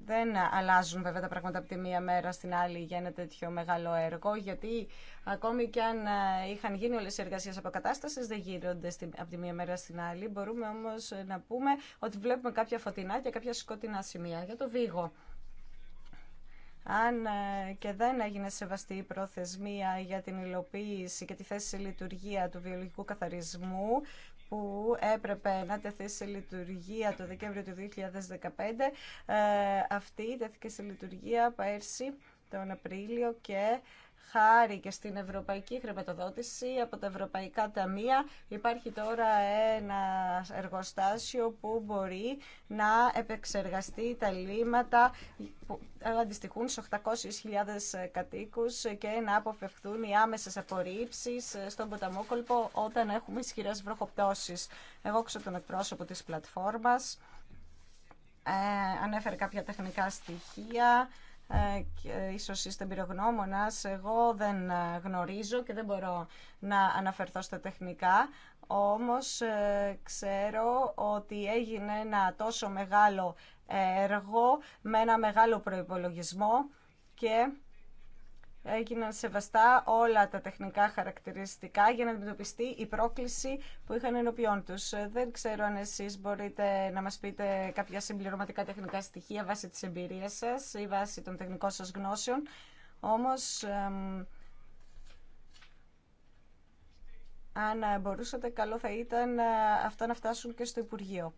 Δεν αλλάζουν βέβαια τα πράγματα από τη μία μέρα στην άλλη για ένα τέτοιο μεγάλο έργο, γιατί ακόμη και αν ε, είχαν γίνει όλες οι εργασίες αποκατάστασης, δεν στην από τη μία μέρα στην άλλη. Μπορούμε όμως να πούμε ότι βλέπουμε κάποια φωτεινά και κάποια σκοτεινά σημεία για το Βίγο αν ε, και δεν έγινε σεβαστή η προθεσμία για την υλοποίηση και τη θέση σε λειτουργία του βιολογικού καθαρισμού που έπρεπε να τεθεί σε λειτουργία το Δεκέμβριο του 2015, ε, αυτή τέθηκε σε λειτουργία πέρσι τον Απρίλιο και χάρη και στην ευρωπαϊκή χρηματοδότηση από τα ευρωπαϊκά ταμεία υπάρχει τώρα ένα εργοστάσιο που μπορεί να επεξεργαστεί τα λίματα που αντιστοιχούν στους 800.000 κατοίκους και να αποφευχθούν οι άμεσες απορρίψεις στον ποταμόκολπο όταν έχουμε ισχυρές βροχοπτώσεις. Εγώ ξέρω τον εκπρόσωπο της πλατφόρμας. Ε, ανέφερε κάποια τεχνικά στοιχεία ε, ίσως είστε εμπειρογνώμονας, εγώ δεν ε, γνωρίζω και δεν μπορώ να αναφερθώ στα τεχνικά, όμως ε, ξέρω ότι έγινε ένα τόσο μεγάλο έργο με ένα μεγάλο προϋπολογισμό και έγιναν σεβαστά όλα τα τεχνικά χαρακτηριστικά για να αντιμετωπιστεί η πρόκληση που είχαν ενώπιόν του. Ε, δεν ξέρω αν εσεί μπορείτε να μα πείτε κάποια συμπληρωματικά τεχνικά στοιχεία βάσει τη εμπειρία σα ή βάσει των τεχνικών σα γνώσεων. Όμω, αν μπορούσατε, καλό θα ήταν ε, αυτά να φτάσουν και στο Υπουργείο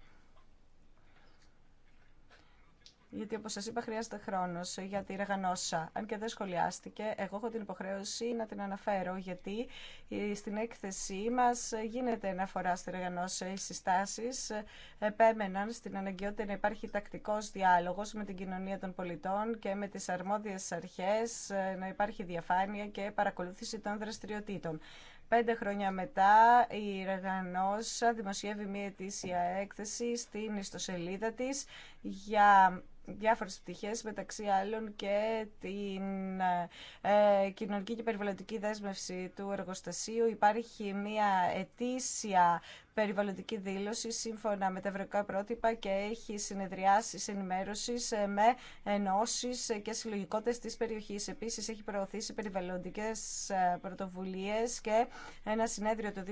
γιατί όπως σας είπα χρειάζεται χρόνος για τη Ρεγανόσα. Αν και δεν σχολιάστηκε, εγώ έχω την υποχρέωση να την αναφέρω, γιατί ε, στην έκθεσή μας γίνεται αναφορά στη Ρεγανόσα. Οι συστάσεις επέμεναν στην αναγκαιότητα να υπάρχει τακτικός διάλογος με την κοινωνία των πολιτών και με τις αρμόδιες αρχές, ε, να υπάρχει διαφάνεια και παρακολούθηση των δραστηριοτήτων. Πέντε χρόνια μετά η Ρεγανόσα δημοσιεύει μία ετήσια έκθεση στην ιστοσελίδα της για διάφορες πτυχές μεταξύ άλλων και την ε, κοινωνική και περιβαλλοντική δέσμευση του εργοστασίου. Υπάρχει μια ετήσια περιβαλλοντική δήλωση σύμφωνα με τα ευρωπαϊκά πρότυπα και έχει συνεδριάσει ενημέρωση ε, με ενώσει και συλλογικότητε τη περιοχή. Επίση, έχει προωθήσει περιβαλλοντικέ ε, πρωτοβουλίε και ένα συνέδριο το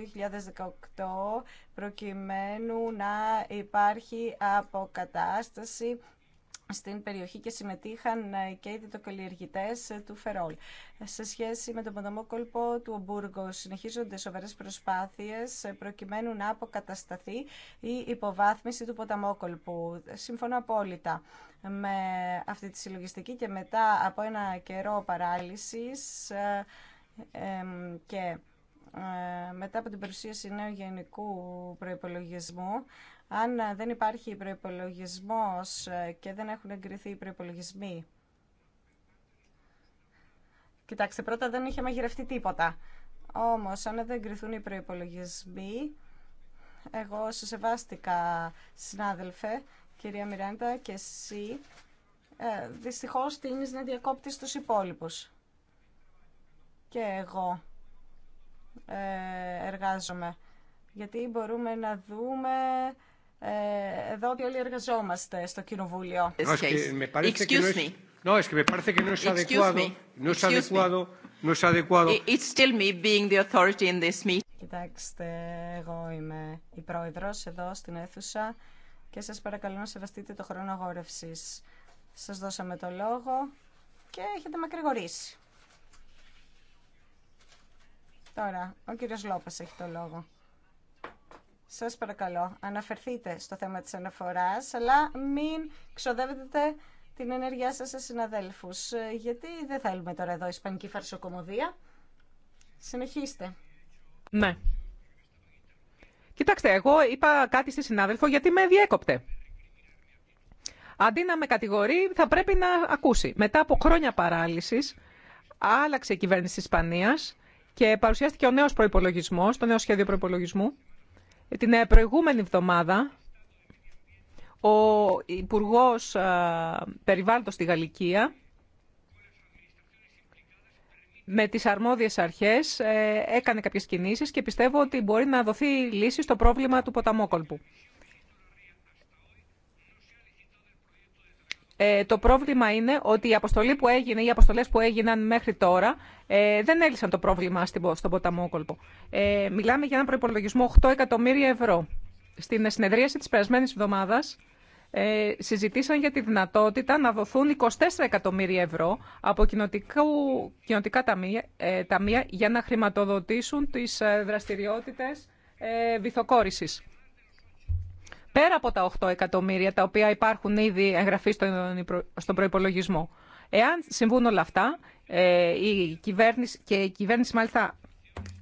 2018 προκειμένου να υπάρχει αποκατάσταση στην περιοχή και συμμετείχαν ε, και οι διτοκαλλιεργητές ε, του Φερόλ. Σε σχέση με τον ποταμό κόλπο του Ομπούργο συνεχίζονται σοβαρές προσπάθειες ε, προκειμένου να αποκατασταθεί η υποβάθμιση του ποταμόκολπου. Συμφωνώ απόλυτα με αυτή τη συλλογιστική και μετά από ένα καιρό παράλυσης και μετά από την παρουσίαση νέου γενικού προϋπολογισμού αν δεν υπάρχει προπολογισμό ε, και δεν έχουν εγκριθεί οι προπολογισμοί. Κοιτάξτε, πρώτα δεν είχε μαγειρευτεί τίποτα. Όμως, αν δεν εγκριθούν οι προπολογισμοί, εγώ σε σεβάστηκα, συνάδελφε, κυρία Μιράντα, και εσύ, ε, δυστυχώς τείνεις να διακόπτεις τους υπόλοιπου. Και εγώ ε, εργάζομαι. Γιατί μπορούμε να δούμε ε, εδώ ότι όλοι εργαζόμαστε στο Κοινοβούλιο. Κοιτάξτε, εγώ είμαι η πρόεδρος εδώ στην αίθουσα και σας παρακαλώ να σεβαστείτε το χρόνο αγόρευσης. Σας δώσαμε το λόγο και έχετε μακρηγορήσει. Τώρα, ο κύριος Λόπας έχει το λόγο. Σας παρακαλώ, αναφερθείτε στο θέμα της αναφοράς, αλλά μην ξοδεύετε την ενέργειά σας σε συναδέλφους, ε, γιατί δεν θέλουμε τώρα εδώ ισπανική φαρσοκομωδία. Συνεχίστε. Ναι. Κοιτάξτε, εγώ είπα κάτι στη συνάδελφο γιατί με διέκοπτε. Αντί να με κατηγορεί, θα πρέπει να ακούσει. Μετά από χρόνια παράλυσης, άλλαξε η κυβέρνηση της Ισπανίας και παρουσιάστηκε ο νέος προϋπολογισμός, το νέο σχέδιο προπολογισμού την ε, προηγούμενη εβδομάδα ο υπουργό ε, Περιβάλλοντος στη Γαλλικία με τις αρμόδιες αρχές ε, έκανε κάποιες κινήσεις και πιστεύω ότι μπορεί να δοθεί λύση στο πρόβλημα του ποταμόκολπου. Ε, το πρόβλημα είναι ότι η αποστολή που έγινε, οι αποστολέ που έγιναν μέχρι τώρα ε, δεν έλυσαν το πρόβλημα στην, στον ποταμόκολπο. Ε, μιλάμε για έναν προϋπολογισμό 8 εκατομμύρια ευρώ. Στην συνεδρίαση της περασμένη εβδομάδας ε, συζητήσαν για τη δυνατότητα να δοθούν 24 εκατομμύρια ευρώ από κοινοτικά ταμεία, ε, ταμεία για να χρηματοδοτήσουν τις δραστηριότητες βυθοκόρησης πέρα από τα 8 εκατομμύρια τα οποία υπάρχουν ήδη εγγραφή στον προϋπολογισμό. Εάν συμβούν όλα αυτά, ε, η κυβέρνηση, και η κυβέρνηση μάλιστα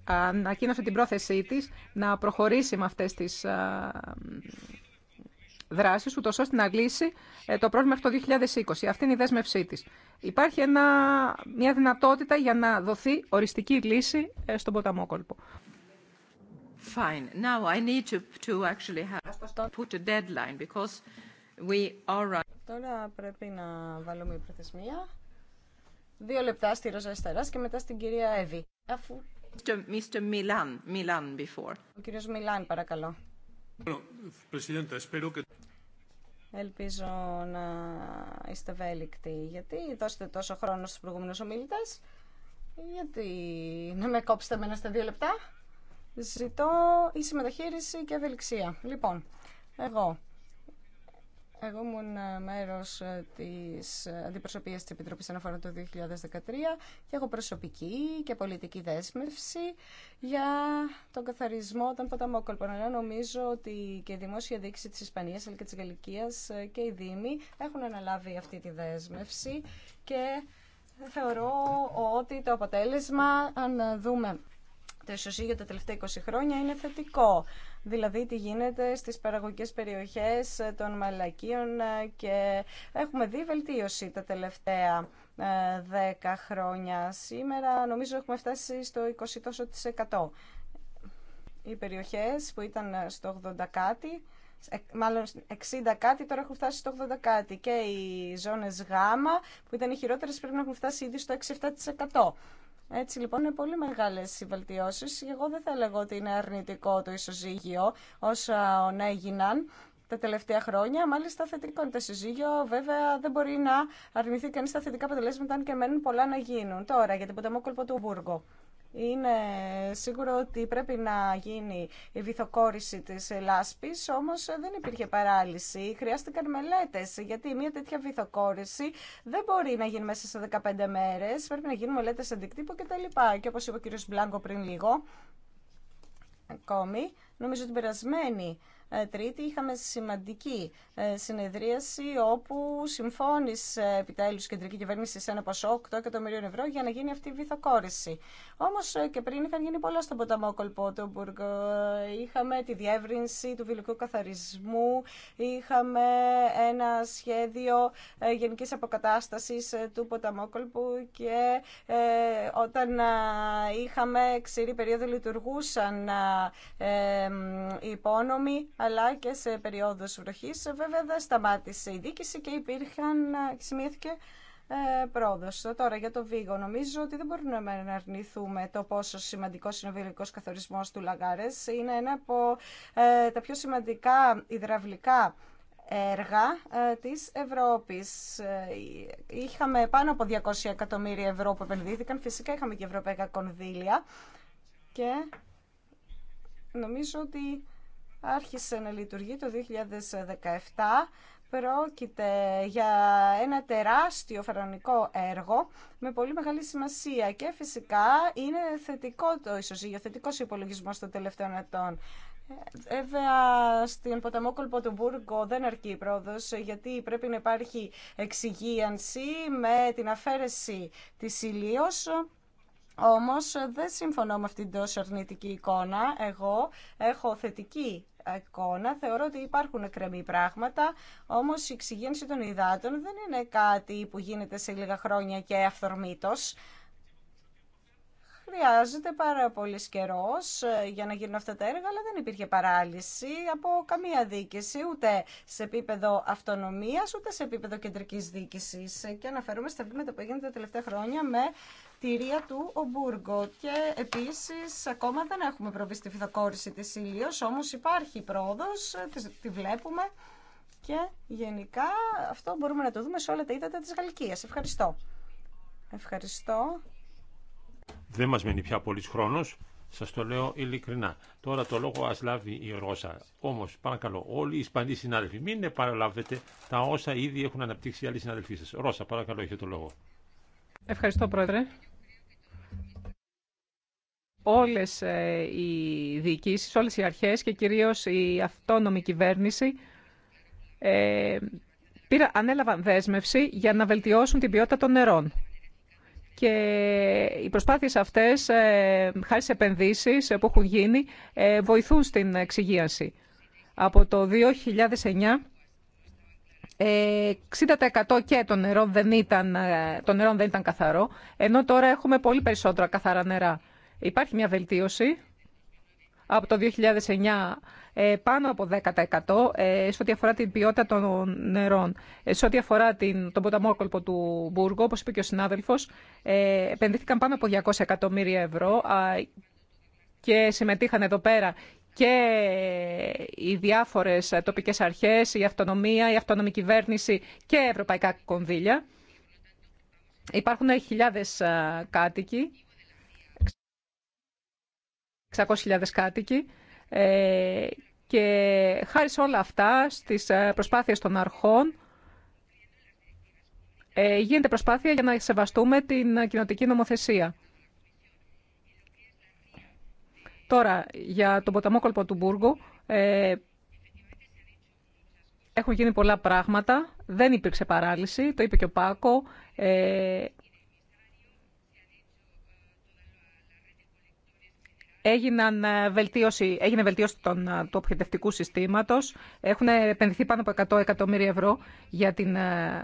ανακοίνωσε την πρόθεσή τη να προχωρήσει με αυτές τις δράσεις, ούτως ώστε να λύσει ε, το πρόβλημα μέχρι το 2020. Αυτή είναι η δέσμευσή τη. Υπάρχει μια δυνατότητα για να δοθεί οριστική λύση ε, στον ποταμόκολπο. Fine. Now I need to, to actually have put a deadline because we are Τώρα πρέπει να βάλουμε προθεσμία. Δύο λεπτά στη Ροζα και μετά στην κυρία Εύη. Αφού... Mr. Milan, Milan before. Ο κύριος Μιλάν, παρακαλώ. Ελπίζω να είστε ευέλικτοι, γιατί δώσετε τόσο χρόνο στους προηγούμενους ομιλητές. Γιατί να με κόψετε μένα στα δύο λεπτά. Ζητώ η συμμεταχείριση και ευελιξία. Λοιπόν, εγώ εγώ ήμουν ε, μέρο ε, τη αντιπροσωπεία τη Επιτροπή Αναφορά το 2013 και έχω προσωπική και πολιτική δέσμευση για τον καθαρισμό των ποταμόκολπων. Αλλά νομίζω ότι και η δημόσια Δίκηση τη Ισπανία αλλά και τη Γαλλικία ε, και οι Δήμοι έχουν αναλάβει αυτή τη δέσμευση και θεωρώ ότι το αποτέλεσμα, αν δούμε το ισοσύγιο τα τελευταία 20 χρόνια είναι θετικό. Δηλαδή τι γίνεται στις παραγωγικές περιοχές ε, των μαλακίων ε, και έχουμε δει βελτίωση τα τελευταία 10 ε, χρόνια. Σήμερα νομίζω έχουμε φτάσει στο 20% Οι περιοχές που ήταν στο 80 κάτι, μάλλον 60 κάτι, τώρα έχουν φτάσει στο 80 κάτι και οι ζώνες γάμα που ήταν οι χειρότερες πρέπει να έχουν φτάσει ήδη στο 6-7%. Έτσι λοιπόν είναι πολύ μεγάλες οι βελτιώσεις. Εγώ δεν θα έλεγα ότι είναι αρνητικό το ισοζύγιο όσα να έγιναν τα τελευταία χρόνια. Μάλιστα, θετικό είναι το συζύγιο. Βέβαια, δεν μπορεί να αρνηθεί κανεί τα θετικά αποτελέσματα, αν και μένουν πολλά να γίνουν. Τώρα, για την ποταμόκολπο του Βούργο. Είναι σίγουρο ότι πρέπει να γίνει η βυθοκόρηση της λάσπης, όμως δεν υπήρχε παράλυση. Χρειάστηκαν μελέτες, γιατί μια τέτοια βυθοκόρηση δεν μπορεί να γίνει μέσα σε 15 μέρες. Πρέπει να γίνουν μελέτες αντικτύπου κτλ. Και όπως είπε ο κ. Μπλάνκο πριν λίγο, ακόμη, νομίζω την περασμένη ε, τρίτη είχαμε σημαντική ε, συνεδρίαση όπου συμφώνησε επιτέλους η κεντρική κυβέρνηση σε ένα ποσό 8 εκατομμυρίων ευρώ για να γίνει αυτή η βυθοκόρηση. Όμως ε, και πριν είχαν γίνει πολλά στον ποταμό Κολπότομπουργκ. Είχαμε τη διεύρυνση του βιλικού καθαρισμού, είχαμε ένα σχέδιο γενικής αποκατάστασης του ποταμό Κολπού και όταν είχαμε ξηρή περίοδο λειτουργούσαν οι υπόνομοι αλλά και σε περιόδου βροχή Βέβαια δεν σταμάτησε η δίκηση και υπήρχαν, σημείωθηκε πρόοδο. Τώρα για το Βίγο νομίζω ότι δεν μπορούμε να αρνηθούμε το πόσο σημαντικό είναι ο βιολογικό καθορισμό του Λαγάρες. Είναι ένα από ε, τα πιο σημαντικά υδραυλικά έργα ε, της Ευρώπης. Ε, είχαμε πάνω από 200 εκατομμύρια ευρώ που επενδύθηκαν. Φυσικά είχαμε και ευρωπαϊκά κονδύλια και νομίζω ότι άρχισε να λειτουργεί το 2017. Πρόκειται για ένα τεράστιο φαρανικό έργο με πολύ μεγάλη σημασία και φυσικά είναι θετικό το για θετικός υπολογισμός των τελευταίων ετών. Βέβαια, στην του Μπούργκο δεν αρκεί η πρόοδο, γιατί πρέπει να υπάρχει εξυγίανση με την αφαίρεση της ηλίω. Όμως δεν συμφωνώ με αυτήν την τόσο αρνητική εικόνα. Εγώ έχω θετική εικόνα. Θεωρώ ότι υπάρχουν κρεμή πράγματα, όμως η εξυγένση των υδάτων δεν είναι κάτι που γίνεται σε λίγα χρόνια και αυθορμήτω. Χρειάζεται πάρα πολύ καιρό ε, για να γίνουν αυτά τα έργα, αλλά δεν υπήρχε παράλυση από καμία δίκηση, ούτε σε επίπεδο αυτονομία, ούτε σε επίπεδο κεντρική δίκηση. Ε, και αναφέρομαι στα βήματα που έγιναν τα τελευταία χρόνια με κτίρια του Ομπούργο. Και επίσης ακόμα δεν έχουμε προβεί στη φιδοκόρηση της ήλιος, όμως υπάρχει πρόοδος, τη βλέπουμε και γενικά αυτό μπορούμε να το δούμε σε όλα τα ύδατα της Γαλλικίας. Ευχαριστώ. Ευχαριστώ. Δεν μας μένει πια πολύς χρόνος. Σας το λέω ειλικρινά. Τώρα το λόγο ας λάβει η Ρώσα. Όμως, παρακαλώ, όλοι οι Ισπανοί συνάδελφοι, μην παραλάβετε τα όσα ήδη έχουν αναπτύξει οι άλλοι συνάδελφοί σας. Ρώσα, παρακαλώ, έχετε το λόγο. Ευχαριστώ, Πρόεδρε όλες ε, οι διοικήσεις, όλες οι αρχές και κυρίως η αυτόνομη κυβέρνηση ε, πήρα, ανέλαβαν δέσμευση για να βελτιώσουν την ποιότητα των νερών. Και οι προσπάθειες αυτές, ε, χάρη σε επενδύσεις που έχουν γίνει, βοηθούν στην εξυγίαση. Από το 2009... 60% και των νερό, δεν ήταν, το νερό δεν ήταν καθαρό, ενώ τώρα έχουμε πολύ περισσότερα καθαρά νερά. Υπάρχει μια βελτίωση από το 2009 ε, πάνω από 10% ε, σε ό,τι αφορά την ποιότητα των νερών. Ε, σε ό,τι αφορά την, τον ποταμόκολπο του Μπούργου, όπως είπε και ο συνάδελφος, επενδύθηκαν πάνω από 200 εκατομμύρια ευρώ και συμμετείχαν εδώ πέρα και οι διάφορες τοπικές αρχές, η αυτονομία, η αυτονομική κυβέρνηση και ευρωπαϊκά κονδύλια. Υπάρχουν χιλιάδες κάτοικοι 600.000 κάτοικοι ε, και χάρη σε όλα αυτά, στις ε, προσπάθειες των αρχών, ε, γίνεται προσπάθεια για να σεβαστούμε την κοινοτική νομοθεσία. Τώρα, για τον ποταμό του ε, έχουν γίνει πολλά πράγματα. Δεν υπήρξε παράλυση, το είπε και ο Πάκο. Ε, έγιναν ε, βελτίωση, έγινε βελτίωση των, ε, του αποχαιρετευτικού συστήματος. Έχουν επενδυθεί πάνω από 100 εκατομμύρια ευρώ για την, ε,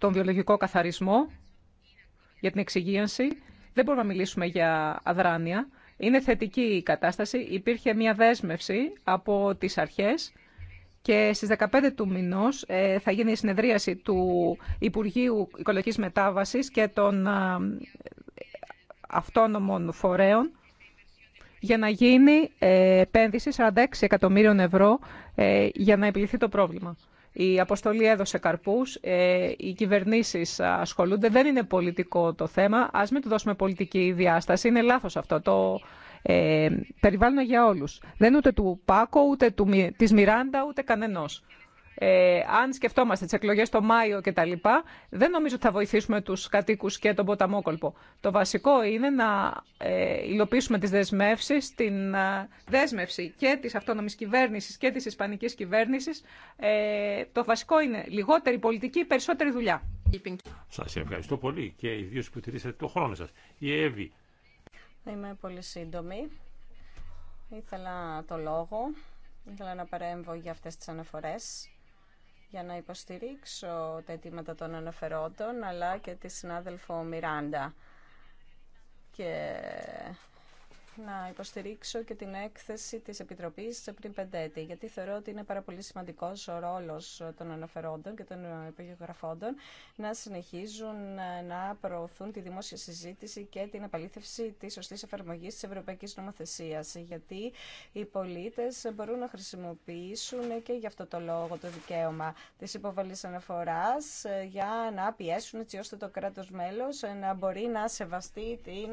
τον βιολογικό καθαρισμό, για την εξυγίανση. Δεν μπορούμε να μιλήσουμε για αδράνεια. Είναι θετική η κατάσταση. Υπήρχε μια δέσμευση από τις αρχές και στις 15 του μηνός θα γίνει η συνεδρίαση του Υπουργείου Οικολογικής Μετάβασης και των αυτόνομων φορέων για να γίνει ε, επένδυση 46 εκατομμύριων ευρώ ε, για να επιληθεί το πρόβλημα. Η αποστολή έδωσε καρπούς, ε, οι κυβερνήσει ασχολούνται, δεν είναι πολιτικό το θέμα, ας μην του δώσουμε πολιτική διάσταση, είναι λάθο αυτό. Το περιβάλλον για όλους. Δεν ούτε του Πάκο, ούτε τη της Μιράντα, ούτε κανενός ε, αν σκεφτόμαστε τι εκλογέ το Μάιο και δεν νομίζω ότι θα βοηθήσουμε του κατοίκου και τον ποταμόκολπο. Το βασικό είναι να ε, υλοποιήσουμε τι δεσμεύσει την ε, δέσμευση και τη αυτόνομη κυβέρνηση και τη ισπανική κυβέρνηση. Ε, το βασικό είναι λιγότερη πολιτική, περισσότερη δουλειά. Σα ευχαριστώ πολύ και ιδίω που τηρήσατε το χρόνο σα. Η Εύη. Είμαι πολύ σύντομη. Ήθελα το λόγο. Ήθελα να παρέμβω για αυτές τις αναφορές για να υποστηρίξω τα αιτήματα των αναφερόντων αλλά και τη συνάδελφο Μιράντα. Και να υποστηρίξω και την έκθεση της Επιτροπής πριν πεντέτη, γιατί θεωρώ ότι είναι πάρα πολύ σημαντικός ο ρόλος των αναφερόντων και των υπογεγραφόντων να συνεχίζουν να προωθούν τη δημόσια συζήτηση και την επαλήθευση της σωστής εφαρμογής της Ευρωπαϊκής Νομοθεσίας, γιατί οι πολίτες μπορούν να χρησιμοποιήσουν και γι' αυτό το λόγο το δικαίωμα της υποβολής αναφοράς για να πιέσουν έτσι ώστε το κράτος μέλος να μπορεί να σεβαστεί την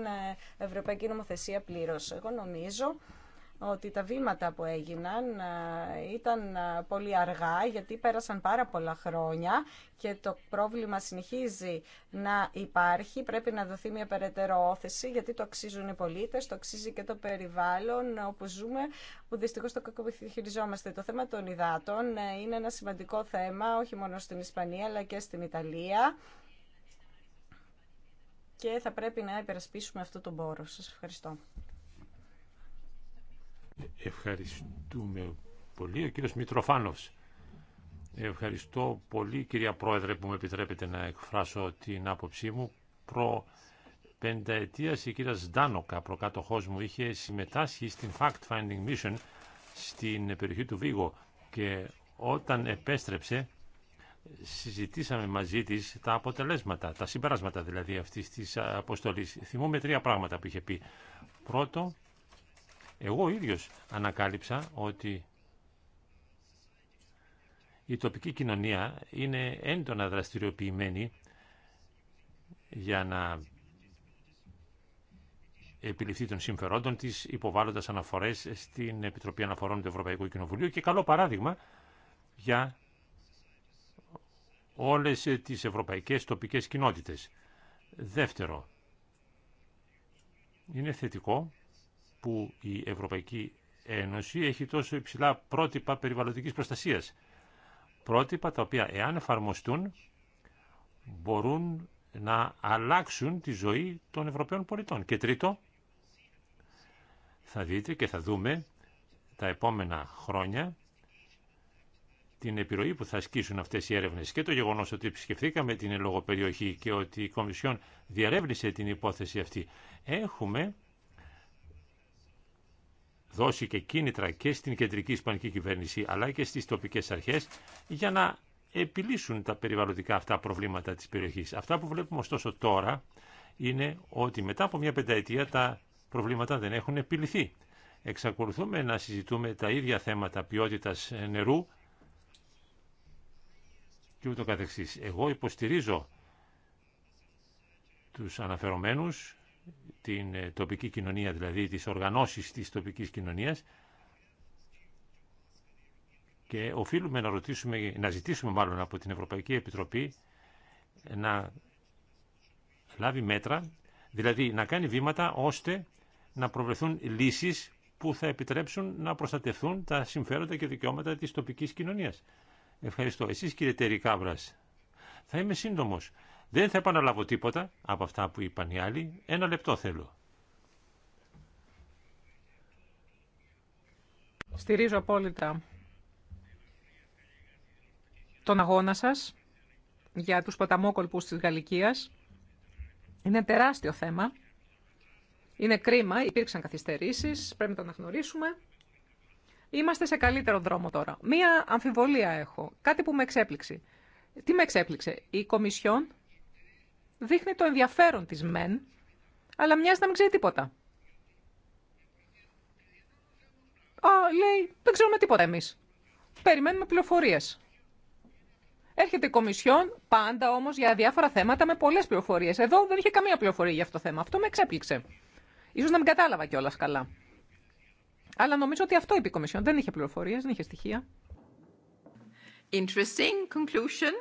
Ευρωπαϊκή Νομοθεσία πλήρω. Εγώ νομίζω ότι τα βήματα που έγιναν ε, ήταν ε, πολύ αργά γιατί πέρασαν πάρα πολλά χρόνια και το πρόβλημα συνεχίζει να υπάρχει. Πρέπει να δοθεί μια περαιτέρω όθεση γιατί το αξίζουν οι πολίτες, το αξίζει και το περιβάλλον όπου ζούμε, που δυστυχώς το κακοχειριζόμαστε. Το θέμα των υδάτων ε, είναι ένα σημαντικό θέμα όχι μόνο στην Ισπανία αλλά και στην Ιταλία και θα πρέπει να υπερασπίσουμε αυτό το πόρο. Σας ευχαριστώ. Ευχαριστούμε πολύ. Ο κύριος Μητροφάνος. Ευχαριστώ πολύ κυρία Πρόεδρε που με επιτρέπετε να εκφράσω την άποψή μου. Προ πενταετίας η κυρία Σντάνοκα, προκάτοχός μου, είχε συμμετάσχει στην fact-finding mission στην περιοχή του Βίγο και όταν επέστρεψε συζητήσαμε μαζί της τα αποτελέσματα, τα συμπεράσματα δηλαδή αυτής της αποστολής. Θυμούμε τρία πράγματα που είχε πει. Πρώτο, εγώ ίδιος ανακάλυψα ότι η τοπική κοινωνία είναι έντονα δραστηριοποιημένη για να επιληφθεί των συμφερόντων της, υποβάλλοντας αναφορές στην Επιτροπή Αναφορών του Ευρωπαϊκού Κοινοβουλίου και καλό παράδειγμα για όλες τις ευρωπαϊκές τοπικές κοινότητες. Δεύτερο, είναι θετικό που η Ευρωπαϊκή Ένωση έχει τόσο υψηλά πρότυπα περιβαλλοντικής προστασίας. Πρότυπα τα οποία εάν εφαρμοστούν μπορούν να αλλάξουν τη ζωή των Ευρωπαίων πολιτών. Και τρίτο, θα δείτε και θα δούμε τα επόμενα χρόνια την επιρροή που θα ασκήσουν αυτές οι έρευνες και το γεγονός ότι επισκεφθήκαμε την ελόγω και ότι η Κομισιόν διαρεύνησε την υπόθεση αυτή. Έχουμε δώσει και κίνητρα και στην κεντρική ισπανική κυβέρνηση αλλά και στις τοπικές αρχές για να επιλύσουν τα περιβαλλοντικά αυτά προβλήματα της περιοχής. Αυτά που βλέπουμε ωστόσο τώρα είναι ότι μετά από μια πενταετία τα προβλήματα δεν έχουν επιληθεί. Εξακολουθούμε να συζητούμε τα ίδια θέματα ποιότητας νερού και ούτω καθεξής. Εγώ υποστηρίζω τους αναφερομένους την ε, τοπική κοινωνία, δηλαδή τις οργανώσεις της τοπικής κοινωνίας και οφείλουμε να, ρωτήσουμε, να ζητήσουμε μάλλον από την Ευρωπαϊκή Επιτροπή να λάβει μέτρα, δηλαδή να κάνει βήματα ώστε να προβλεφθούν λύσεις που θα επιτρέψουν να προστατευτούν τα συμφέροντα και δικαιώματα της τοπικής κοινωνίας. Ευχαριστώ. Εσείς κύριε Τερικάβρας. Θα είμαι σύντομος. Δεν θα επαναλάβω τίποτα από αυτά που είπαν οι άλλοι. Ένα λεπτό θέλω. Στηρίζω απόλυτα τον αγώνα σας για τους ποταμόκολπους της Γαλλικίας. Είναι τεράστιο θέμα. Είναι κρίμα, υπήρξαν καθυστερήσεις, πρέπει να το αναγνωρίσουμε. Είμαστε σε καλύτερο δρόμο τώρα. Μία αμφιβολία έχω, κάτι που με εξέπληξε. Τι με εξέπληξε, η Κομισιόν δείχνει το ενδιαφέρον της μεν, αλλά μοιάζει να μην ξέρει τίποτα. Α, λέει, δεν ξέρουμε τίποτα εμείς. Περιμένουμε πληροφορίες. Έρχεται η Κομισιόν, πάντα όμω για διάφορα θέματα με πολλέ πληροφορίε. Εδώ δεν είχε καμία πληροφορία για αυτό το θέμα. Αυτό με εξέπληξε. Ίσως να μην κατάλαβα κιόλα καλά. Αλλά νομίζω ότι αυτό είπε η Κομισιόν. Δεν είχε πληροφορίε, δεν είχε στοιχεία. Interesting conclusion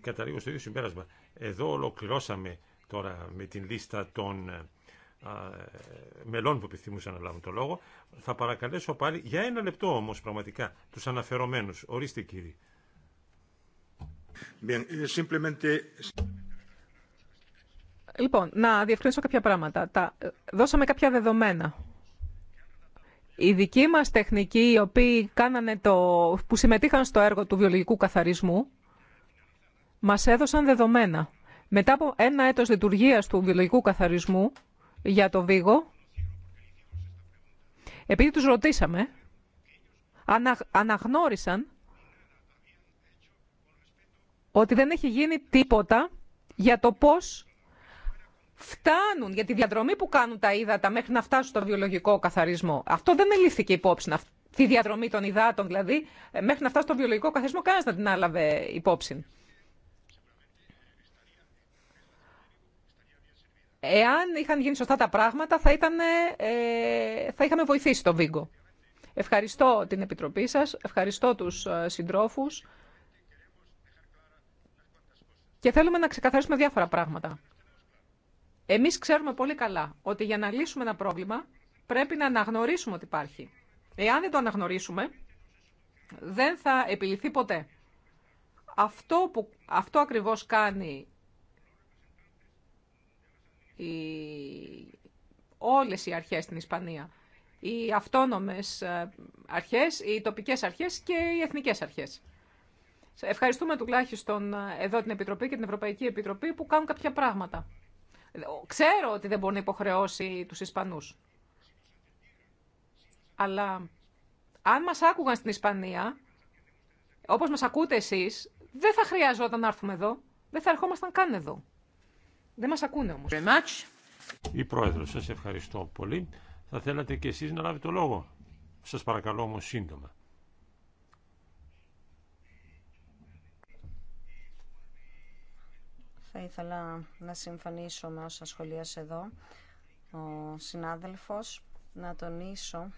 καταλήγω στο ίδιο συμπέρασμα. Εδώ ολοκληρώσαμε τώρα με την λίστα των ε, μελών που επιθυμούσαν να λάβουν το λόγο. Θα παρακαλέσω πάλι για ένα λεπτό όμως πραγματικά τους αναφερομένους. Ορίστε κύριε. Eh, λοιπόν, να διευκρινίσω κάποια πράγματα. Τα... Ε, δώσαμε κάποια δεδομένα. Οι δικοί μας τεχνικοί, οι οποίοι κάνανε το... που συμμετείχαν στο έργο του βιολογικού καθαρισμού, Μα έδωσαν δεδομένα. Μετά από ένα έτος λειτουργίας του βιολογικού καθαρισμού για το Βίγο, επειδή τους ρωτήσαμε, αναγνώρισαν ότι δεν έχει γίνει τίποτα για το πώς φτάνουν, για τη διαδρομή που κάνουν τα ύδατα μέχρι να φτάσουν στο βιολογικό καθαρισμό. Αυτό δεν ελήφθηκε υπόψη, τη διαδρομή των υδάτων δηλαδή, ε, μέχρι να φτάσουν στο βιολογικό καθαρισμό, κανένα δεν την άλαβε υπόψη. Εάν είχαν γίνει σωστά τα πράγματα, θα, ήταν, ε, θα είχαμε βοηθήσει τον Βίγκο. Ευχαριστώ την Επιτροπή σας, ευχαριστώ τους ε, συντρόφους και θέλουμε να ξεκαθαρίσουμε διάφορα πράγματα. Εμείς ξέρουμε πολύ καλά ότι για να λύσουμε ένα πρόβλημα πρέπει να αναγνωρίσουμε ότι υπάρχει. Εάν δεν το αναγνωρίσουμε, δεν θα επιληθεί ποτέ. Αυτό, που, αυτό ακριβώς κάνει οι, όλες οι αρχές στην Ισπανία. Οι αυτόνομες ε, αρχές, οι τοπικές αρχές και οι εθνικές αρχές. Ευχαριστούμε τουλάχιστον ε, εδώ την Επιτροπή και την Ευρωπαϊκή Επιτροπή που κάνουν κάποια πράγματα. Ξέρω ότι δεν μπορεί να υποχρεώσει τους Ισπανούς. Αλλά αν μας άκουγαν στην Ισπανία, όπως μας ακούτε εσείς, δεν θα χρειαζόταν να έρθουμε εδώ. Δεν θα ερχόμασταν καν εδώ. Δεν μας ακούνε όμως. Η πρόεδρο, σας ευχαριστώ πολύ. Θα θέλατε και εσείς να λάβετε το λόγο. Σας παρακαλώ όμως σύντομα. Θα ήθελα να συμφωνήσω με όσα σχολίασε εδώ ο συνάδελφος, να τονίσω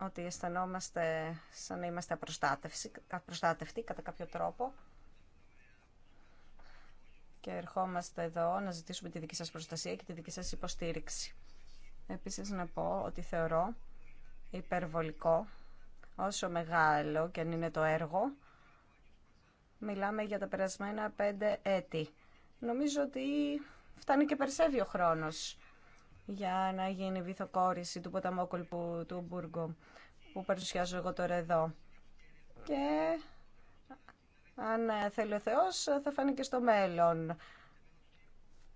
ότι αισθανόμαστε σαν να είμαστε απροστάτευτοι κατά κάποιο τρόπο και ερχόμαστε εδώ να ζητήσουμε τη δική σας προστασία και τη δική σας υποστήριξη. Επίσης να πω ότι θεωρώ υπερβολικό, όσο μεγάλο και αν είναι το έργο, μιλάμε για τα περασμένα πέντε έτη. Νομίζω ότι φτάνει και περσεύει ο χρόνος για να γίνει βυθοκόρηση του ποταμόκολπου του Μπούργκο που παρουσιάζω εγώ τώρα εδώ. Και αν θέλει ο Θεός, θα φανεί και στο μέλλον.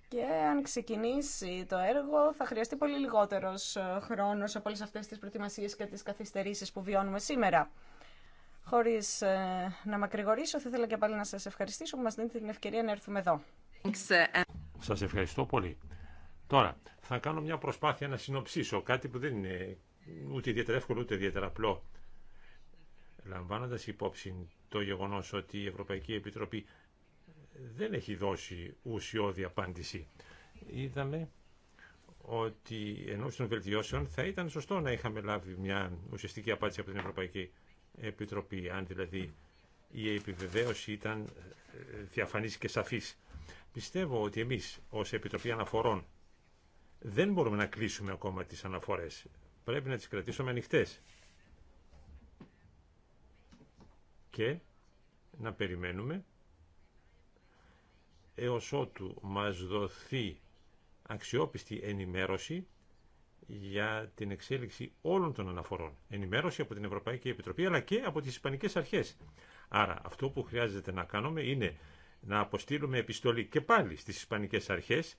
Και αν ξεκινήσει το έργο, θα χρειαστεί πολύ λιγότερος χρόνος από όλες αυτές τις προετοιμασίες και τις καθυστερήσεις που βιώνουμε σήμερα. Χωρίς ε, να μακρηγορήσω, θα ήθελα και πάλι να σας ευχαριστήσω που μας δίνετε την ευκαιρία να έρθουμε εδώ. Σας ευχαριστώ πολύ. Τώρα, θα κάνω μια προσπάθεια να συνοψίσω κάτι που δεν είναι ούτε ιδιαίτερα εύκολο ούτε ιδιαίτερα απλό. Λαμβάνοντας υπόψη το γεγονός ότι η Ευρωπαϊκή Επιτροπή δεν έχει δώσει ουσιώδη απάντηση. Είδαμε ότι ενώ των βελτιώσεων θα ήταν σωστό να είχαμε λάβει μια ουσιαστική απάντηση από την Ευρωπαϊκή Επιτροπή, αν δηλαδή η επιβεβαίωση ήταν ε, διαφανής και σαφής. Πιστεύω ότι εμείς ως Επιτροπή Αναφορών δεν μπορούμε να κλείσουμε ακόμα τις αναφορές. Πρέπει να τις κρατήσουμε ανοιχτές. και να περιμένουμε έως ότου μας δοθεί αξιόπιστη ενημέρωση για την εξέλιξη όλων των αναφορών. Ενημέρωση από την Ευρωπαϊκή Επιτροπή αλλά και από τις Ισπανικές Αρχές. Άρα αυτό που χρειάζεται να κάνουμε είναι να αποστείλουμε επιστολή και πάλι στις Ισπανικές Αρχές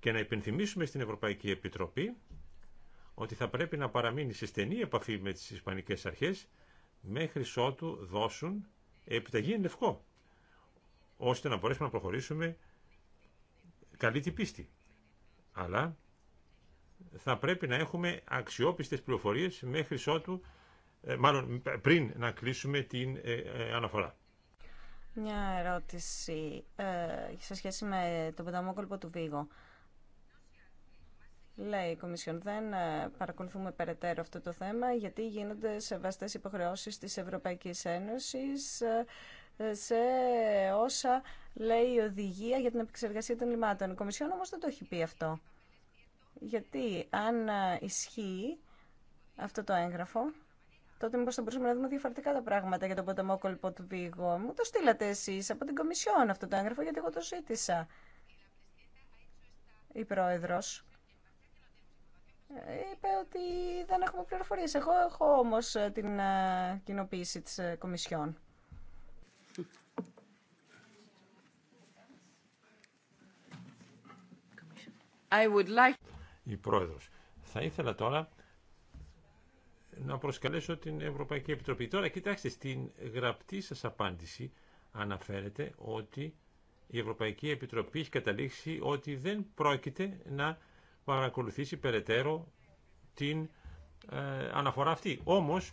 και να υπενθυμίσουμε στην Ευρωπαϊκή Επιτροπή ότι θα πρέπει να παραμείνει σε στενή επαφή με τις Ισπανικές Αρχές μέχρι ότου δώσουν επιταγή εν λευκό, ώστε να μπορέσουμε να προχωρήσουμε καλή την πίστη. Αλλά θα πρέπει να έχουμε αξιόπιστες πληροφορίες μέχρι ότου, ε, μάλλον πριν να κλείσουμε την ε, ε, αναφορά. Μια ερώτηση ε, σε σχέση με τον πενταμόκολπο του Βίγο. Λέει η Κομισιόν, δεν ε, παρακολουθούμε περαιτέρω αυτό το θέμα, γιατί γίνονται σεβαστέ υποχρεώσει τη Ευρωπαϊκή Ένωση ε, σε όσα λέει η οδηγία για την επεξεργασία των λιμάτων. Η Κομισιόν όμω δεν το έχει πει αυτό. Γιατί αν ε, ισχύει αυτό το έγγραφο, τότε μήπω θα μπορούσαμε να δούμε διαφορετικά τα πράγματα για τον ποταμό του Βίγο. Μου το στείλατε εσεί από την Κομισιόν αυτό το έγγραφο, γιατί εγώ το ζήτησα. Η Πρόεδρος είπε ότι δεν έχουμε πληροφορίε. Εγώ έχω όμως ε, την ε, κοινοποίηση της ε, Κομισιόν. I would like... Η Πρόεδρος. Θα ήθελα τώρα να προσκαλέσω την Ευρωπαϊκή Επιτροπή. Τώρα κοιτάξτε, στην γραπτή σας απάντηση αναφέρεται ότι η Ευρωπαϊκή Επιτροπή έχει καταλήξει ότι δεν πρόκειται να παρακολουθήσει περαιτέρω την ε, αναφορά αυτή. Όμως,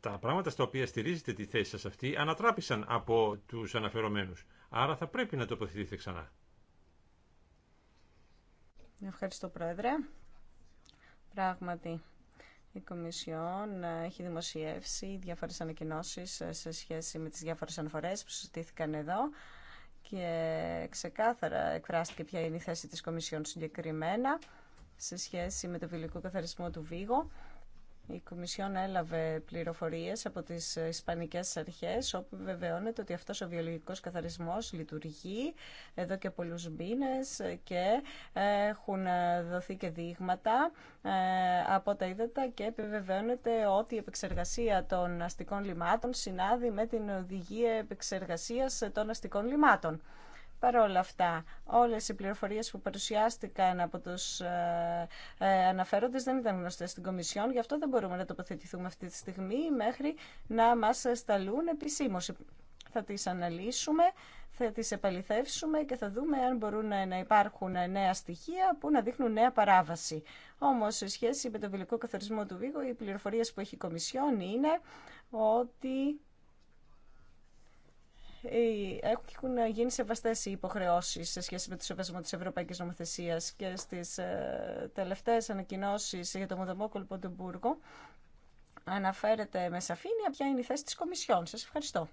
τα πράγματα στα οποία στηρίζετε τη θέση σας αυτή ανατράπησαν από τους αναφερομένους. Άρα θα πρέπει να τοποθετηθείτε ξανά. Ευχαριστώ, Πρόεδρε. Πράγματι, η Κομισιόν ε, έχει δημοσιεύσει διάφορες ανακοινώσεις ε, σε σχέση με τις διάφορες αναφορές που συζητήθηκαν εδώ και ξεκάθαρα εκφράστηκε ποια είναι η θέση της Κομισιόν συγκεκριμένα σε σχέση με το φιλικό καθαρισμό του Βίγο η Κομισιόν έλαβε πληροφορίες από τις Ισπανικές Αρχές όπου βεβαιώνεται ότι αυτός ο βιολογικός καθαρισμός λειτουργεί εδώ και πολλού μήνε και έχουν δοθεί και δείγματα ε, από τα ύδατα και επιβεβαιώνεται ότι η επεξεργασία των αστικών λιμάτων συνάδει με την οδηγία επεξεργασία των αστικών λιμάτων. Παρ' όλα αυτά, όλες οι πληροφορίες που παρουσιάστηκαν από τους ε, ε, αναφέροντες δεν ήταν γνωστές στην Κομισιόν, γι' αυτό δεν μπορούμε να τοποθετηθούμε αυτή τη στιγμή μέχρι να μας σταλούν επισήμως. Θα τις αναλύσουμε, θα τις επαληθεύσουμε και θα δούμε αν μπορούν να υπάρχουν νέα στοιχεία που να δείχνουν νέα παράβαση. Όμως, σε σχέση με τον βιλικό καθορισμό του Βίγο, οι πληροφορίες που έχει η Κομισιόν είναι ότι ε, έχουν γίνει σεβαστές οι υποχρεώσεις σε σχέση με το σεβασμό της Ευρωπαϊκή Νομοθεσίας και στις ε, τελευταίες ανακοινώσει για το Μοδομόκολπο του αναφέρεται με σαφήνεια ποια είναι η θέση τη Κομισιόν. Σα ευχαριστώ.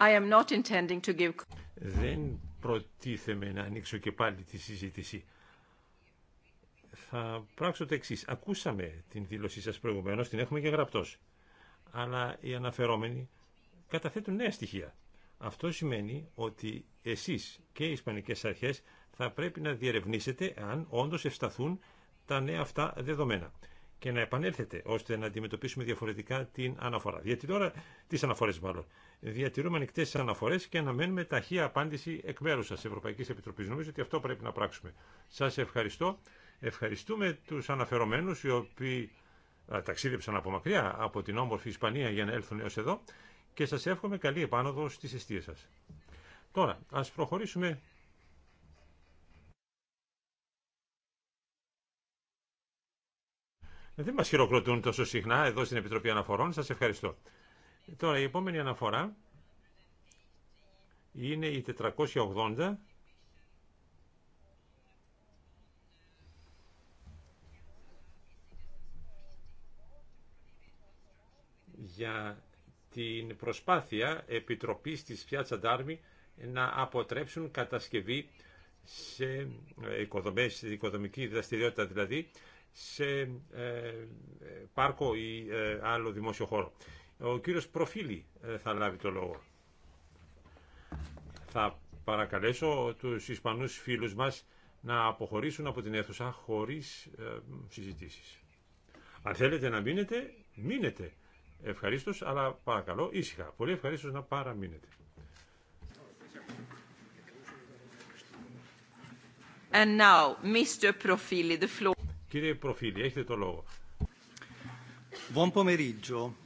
I am not intending to give... Δεν προτίθεμαι να ανοίξω και πάλι τη συζήτηση. Θα πράξω το εξή. Ακούσαμε την δήλωσή σα προηγουμένω, την έχουμε και γραπτώσει αλλά οι αναφερόμενοι καταθέτουν νέα στοιχεία. Αυτό σημαίνει ότι εσείς και οι Ισπανικές Αρχές θα πρέπει να διερευνήσετε αν όντως ευσταθούν τα νέα αυτά δεδομένα και να επανέλθετε ώστε να αντιμετωπίσουμε διαφορετικά την αναφορά. Γιατί τώρα τις αναφορές μάλλον. Διατηρούμε ανοιχτέ τι αναφορέ και αναμένουμε ταχεία απάντηση εκ μέρου σα, Ευρωπαϊκή Επιτροπή. Νομίζω ότι αυτό πρέπει να πράξουμε. Σα ευχαριστώ. Ευχαριστούμε του αναφερομένου οι οποίοι ταξίδεψαν από μακριά από την όμορφη Ισπανία για να έλθουν έως εδώ και σας εύχομαι καλή επάνωδο στις αιστείες σας. Τώρα, ας προχωρήσουμε ε, Δεν μας χειροκροτούν τόσο συχνά εδώ στην Επιτροπή Αναφορών. Σας ευχαριστώ. Τώρα η επόμενη αναφορά είναι η 480 για την προσπάθεια επιτροπής της Πιάτσα Ντάρμι να αποτρέψουν κατασκευή σε ε, οικοδομές, οικοδομική δραστηριότητα δηλαδή, σε ε, πάρκο ή ε, άλλο δημόσιο χώρο. Ο κύριος Προφίλη θα λάβει το λόγο. Θα παρακαλέσω τους Ισπανούς φίλους μας να αποχωρήσουν από την αίθουσα χωρίς συζητήσεις. Αν θέλετε να μείνετε, μείνετε. Ευχαριστώ, αλλά παρακαλώ ήσυχα. Πολύ ευχαρίστως να παραμείνετε. And now, Mr. Profili, the floor. Κύριε Προφίλη, έχετε το λόγο.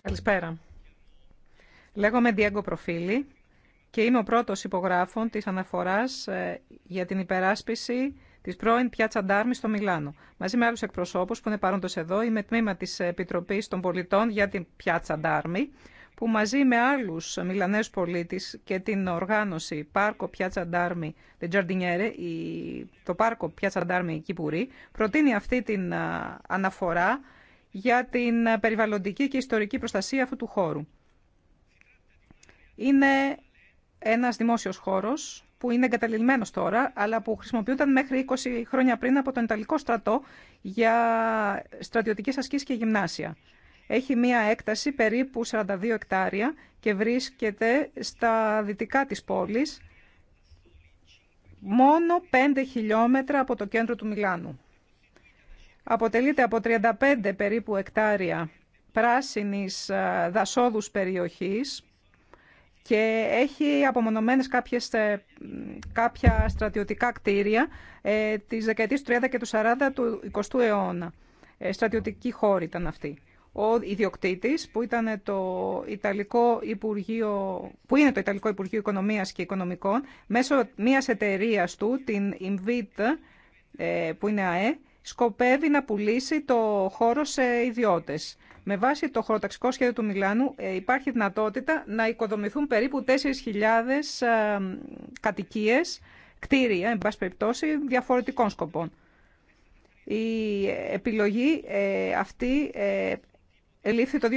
Καλησπέρα. Λέγομαι Διέγκο Προφίλη και είμαι ο πρώτος υπογράφων της αναφοράς ε, για την υπεράσπιση τη πρώην Πιάτσα Ντάρμι στο Μιλάνο. Μαζί με άλλου εκπροσώπου που είναι παρόντο εδώ, είμαι τμήμα τη Επιτροπή των Πολιτών για την Πιάτσα Ντάρμι, που μαζί με άλλου Μιλανέου πολίτε και την οργάνωση Πάρκο Πιάτσα Ντάρμι, το Πάρκο Πιάτσα Ντάρμι Κυπουρή, προτείνει αυτή την αναφορά για την περιβαλλοντική και ιστορική προστασία αυτού του χώρου. Είναι ένας δημόσιος χώρος που είναι εγκαταλειμμένος τώρα, αλλά που χρησιμοποιούνταν μέχρι 20 χρόνια πριν από τον Ιταλικό στρατό για στρατιωτικές ασκήσεις και γυμνάσια. Έχει μία έκταση περίπου 42 εκτάρια και βρίσκεται στα δυτικά της πόλης, μόνο 5 χιλιόμετρα από το κέντρο του Μιλάνου. Αποτελείται από 35 περίπου εκτάρια πράσινης ε, δασόδους περιοχής και έχει απομονωμένες κάποιες, ε, κάποια στρατιωτικά κτίρια ε, της δεκαετίας του 30 και του 40 του 20ου αιώνα. Ε, στρατιωτική χώρη ήταν αυτή. Ο ιδιοκτήτης που, το Ιταλικό που είναι το Ιταλικό Υπουργείο Οικονομίας και Οικονομικών μέσω μιας εταιρεία του, την Invit, ε, που είναι ΑΕ, σκοπεύει να πουλήσει το χώρο σε ιδιώτες. Με βάση το χωροταξικό σχέδιο του Μιλάνου ε, υπάρχει δυνατότητα να οικοδομηθούν περίπου 4.000 ε, κατοικίες, κτίρια, εν πάση περιπτώσει, διαφορετικών σκοπών. Η επιλογή ε, αυτή ελήφθη το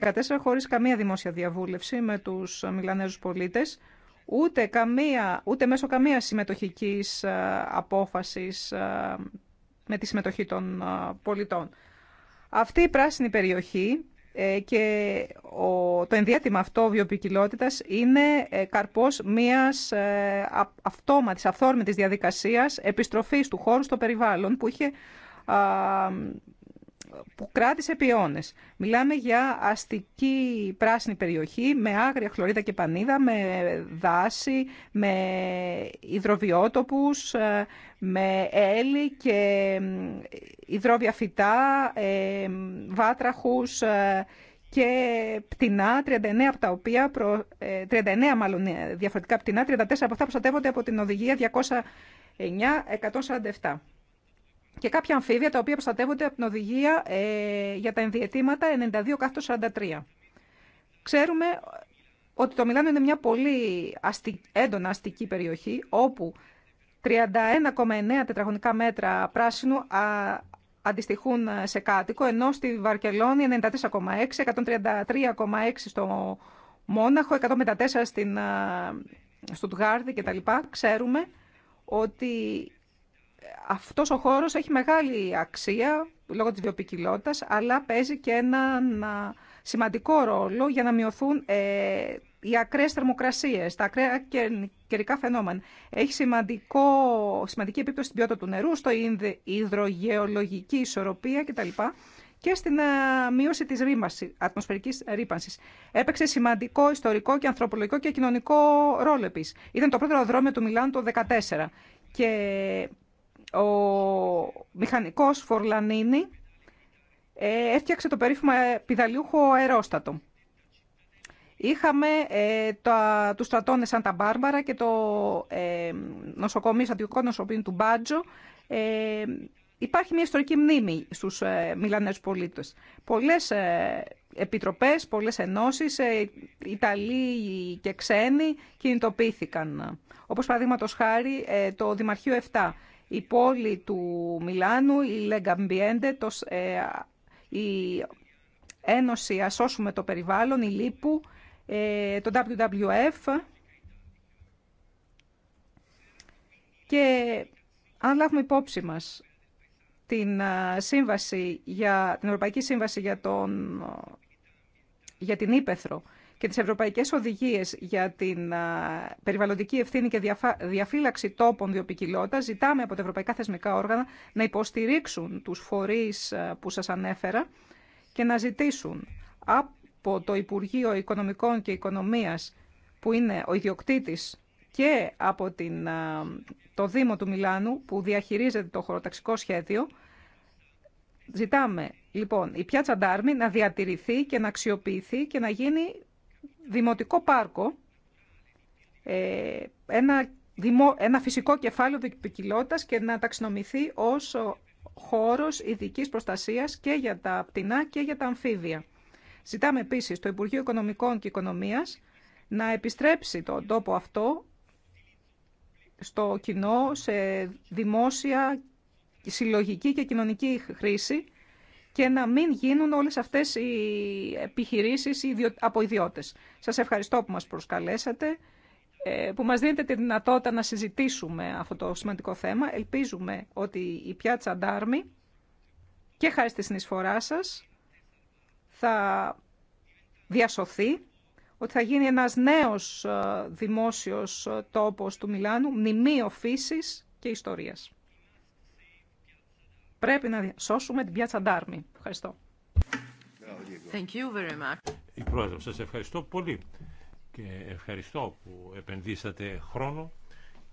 2014 χωρίς καμία δημόσια διαβούλευση με τους Μιλανέζους πολίτες, ούτε, καμία, ούτε μέσω καμία συμμετοχικής απόφασης με τη συμμετοχή των πολιτών. Αυτή η πράσινη περιοχή ε, και το ενδιάτημα αυτό βιοποικιλότητας είναι ε, καρπός μιας ε, αυτόματης, αυθόρμητης διαδικασίας επιστροφής του χώρου στο περιβάλλον που είχε που κράτησε επί Μιλάμε για αστική πράσινη περιοχή με άγρια χλωρίδα και πανίδα, με δάση, με υδροβιότοπους, ε, με έλι και ε, υδρόβια φυτά, ε, βάτραχους και πτηνά, 39 από τα οποία, 39 διαφορετικά πτηνά, 34 από αυτά προστατεύονται από την οδηγία 209-147 και κάποια αμφίβια τα οποία προστατεύονται από την οδηγία ε, για τα ενδιαιτήματα 92-43. Ξέρουμε ότι το Μιλάνο είναι μια πολύ έντονα αστική περιοχή όπου 31,9 τετραγωνικά μέτρα πράσινου αντιστοιχούν σε κάτοικο, ενώ στη Βαρκελόνη 94,6, 133,6 στο Μόναχο, 104 στην Στουτγάρδη κτλ. Ξέρουμε ότι αυτός ο χώρος έχει μεγάλη αξία λόγω της βιοπικιλότητας, αλλά παίζει και ένα σημαντικό ρόλο για να μειωθούν ε, οι ακραίες θερμοκρασίες, τα ακραία καιρικά φαινόμενα. Έχει σημαντικό, σημαντική επίπτωση στην ποιότητα του νερού, στο υδρογεολογική ισορροπία κτλ. και στην μείωση της ρήμασης, ατμοσφαιρικής Έπαιξε σημαντικό ιστορικό και ανθρωπολογικό και κοινωνικό ρόλο επίσης. Ήταν το πρώτο αεροδρόμιο του Μιλάνου το 2014 και ο μηχανικός Φορλανίνη ε, έφτιαξε το περίφημο πιδαλιούχο αερόστατο. Είχαμε ε, του τους στρατώνες τα Μπάρμπαρα και το ε, νοσοκομείο, στρατιωτικό νοσοκομείο του Μπάτζο. Ε, υπάρχει μια ιστορική μνήμη στους ε, Μιλανέους πολίτες. Πολλές ε, επιτροπές, πολλές ενώσεις, Ιταλοί και ξένοι κινητοποιήθηκαν. Όπως παραδείγματος χάρη το Δημαρχείο 7 η πόλη του Μιλάνου, η Λεγκαμπιέντε, το, ε, η Ένωση Ασώσουμε το Περιβάλλον, η ΛΥΠΟΥ, ε, το WWF. Και αν λάβουμε υπόψη μας την, ε, σύμβαση για, την Ευρωπαϊκή Σύμβαση για, τον, για την Ήπεθρο και τις ευρωπαϊκές οδηγίες για την περιβαλλοντική ευθύνη και διαφύλαξη τόπων διοπικιλότητα, ζητάμε από τα ευρωπαϊκά θεσμικά όργανα να υποστηρίξουν τους φορείς που σας ανέφερα και να ζητήσουν από το Υπουργείο Οικονομικών και Οικονομίας, που είναι ο ιδιοκτήτης και από την, το Δήμο του Μιλάνου, που διαχειρίζεται το χωροταξικό σχέδιο, Ζητάμε λοιπόν η πιάτσα Ντάρμι να διατηρηθεί και να αξιοποιηθεί και να γίνει δημοτικό πάρκο, ε, ένα, ένα φυσικό κεφάλαιο ποικιλότητας και να ταξινομηθεί ως χώρος ειδική προστασίας και για τα πτηνά και για τα αμφίβια. Ζητάμε επίσης το Υπουργείο Οικονομικών και Οικονομίας να επιστρέψει τον τόπο αυτό στο κοινό, σε δημόσια, συλλογική και κοινωνική χρήση και να μην γίνουν όλες αυτές οι επιχειρήσεις από ιδιώτες. Σας ευχαριστώ που μας προσκαλέσατε, ε, που μας δίνετε τη δυνατότητα να συζητήσουμε αυτό το σημαντικό θέμα. Ελπίζουμε ότι η πιάτσα Ντάρμι και χάρη στη συνεισφορά σας θα διασωθεί, ότι θα γίνει ένας νέος ε, δημόσιος ε, τόπος του Μιλάνου, μνημείο φύσης και ιστορίας. Πρέπει να σώσουμε την πιάτσα Ντάρμι. Ευχαριστώ. Thank you very much. Η Πρόεδρο, σας ευχαριστώ πολύ και ευχαριστώ που επενδύσατε χρόνο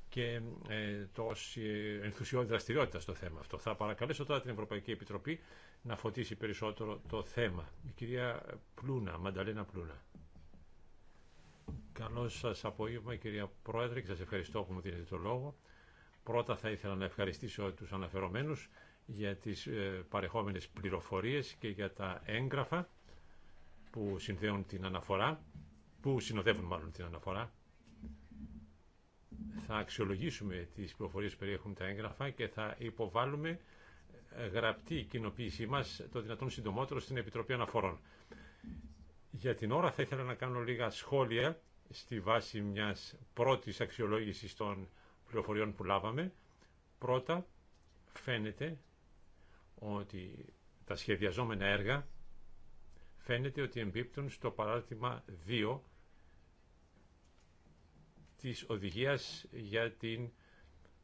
και ε, τόση ενθουσιώδη δραστηριότητα στο θέμα αυτό. Θα παρακαλέσω τώρα την Ευρωπαϊκή Επιτροπή να φωτίσει περισσότερο το θέμα. Η κυρία Πλούνα, Μανταλένα Πλούνα. Καλό σας απόγευμα κυρία Πρόεδρε και σας ευχαριστώ που μου δίνετε το λόγο. Πρώτα θα ήθελα να ευχαριστήσω τους αναφερομένους για τις ε, παρεχόμενες πληροφορίες και για τα έγγραφα που συνδέουν την αναφορά, που συνοδεύουν μάλλον την αναφορά. Θα αξιολογήσουμε τις πληροφορίες που περιέχουν τα έγγραφα και θα υποβάλουμε ε, γραπτή κοινοποίησή μας το δυνατόν συντομότερο στην Επιτροπή Αναφορών. Για την ώρα θα ήθελα να κάνω λίγα σχόλια στη βάση μιας πρώτης αξιολόγησης των πληροφοριών που λάβαμε. Πρώτα, φαίνεται ότι τα σχεδιαζόμενα έργα φαίνεται ότι εμπίπτουν στο παράρτημα 2 της οδηγίας για την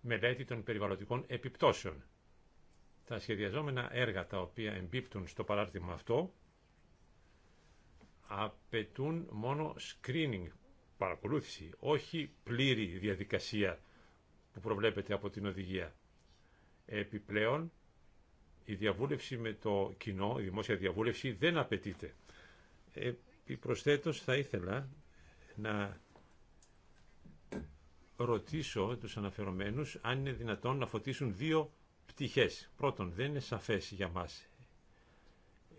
μελέτη των περιβαλλοντικών επιπτώσεων. Τα σχεδιαζόμενα έργα τα οποία εμπίπτουν στο παράρτημα αυτό απαιτούν μόνο screening, παρακολούθηση, όχι πλήρη διαδικασία που προβλέπεται από την οδηγία. Επιπλέον, η διαβούλευση με το κοινό, η δημόσια διαβούλευση δεν απαιτείται. Επιπροσθέτως θα ήθελα να ρωτήσω τους αναφερομένους αν είναι δυνατόν να φωτίσουν δύο πτυχές. Πρώτον, δεν είναι σαφές για μας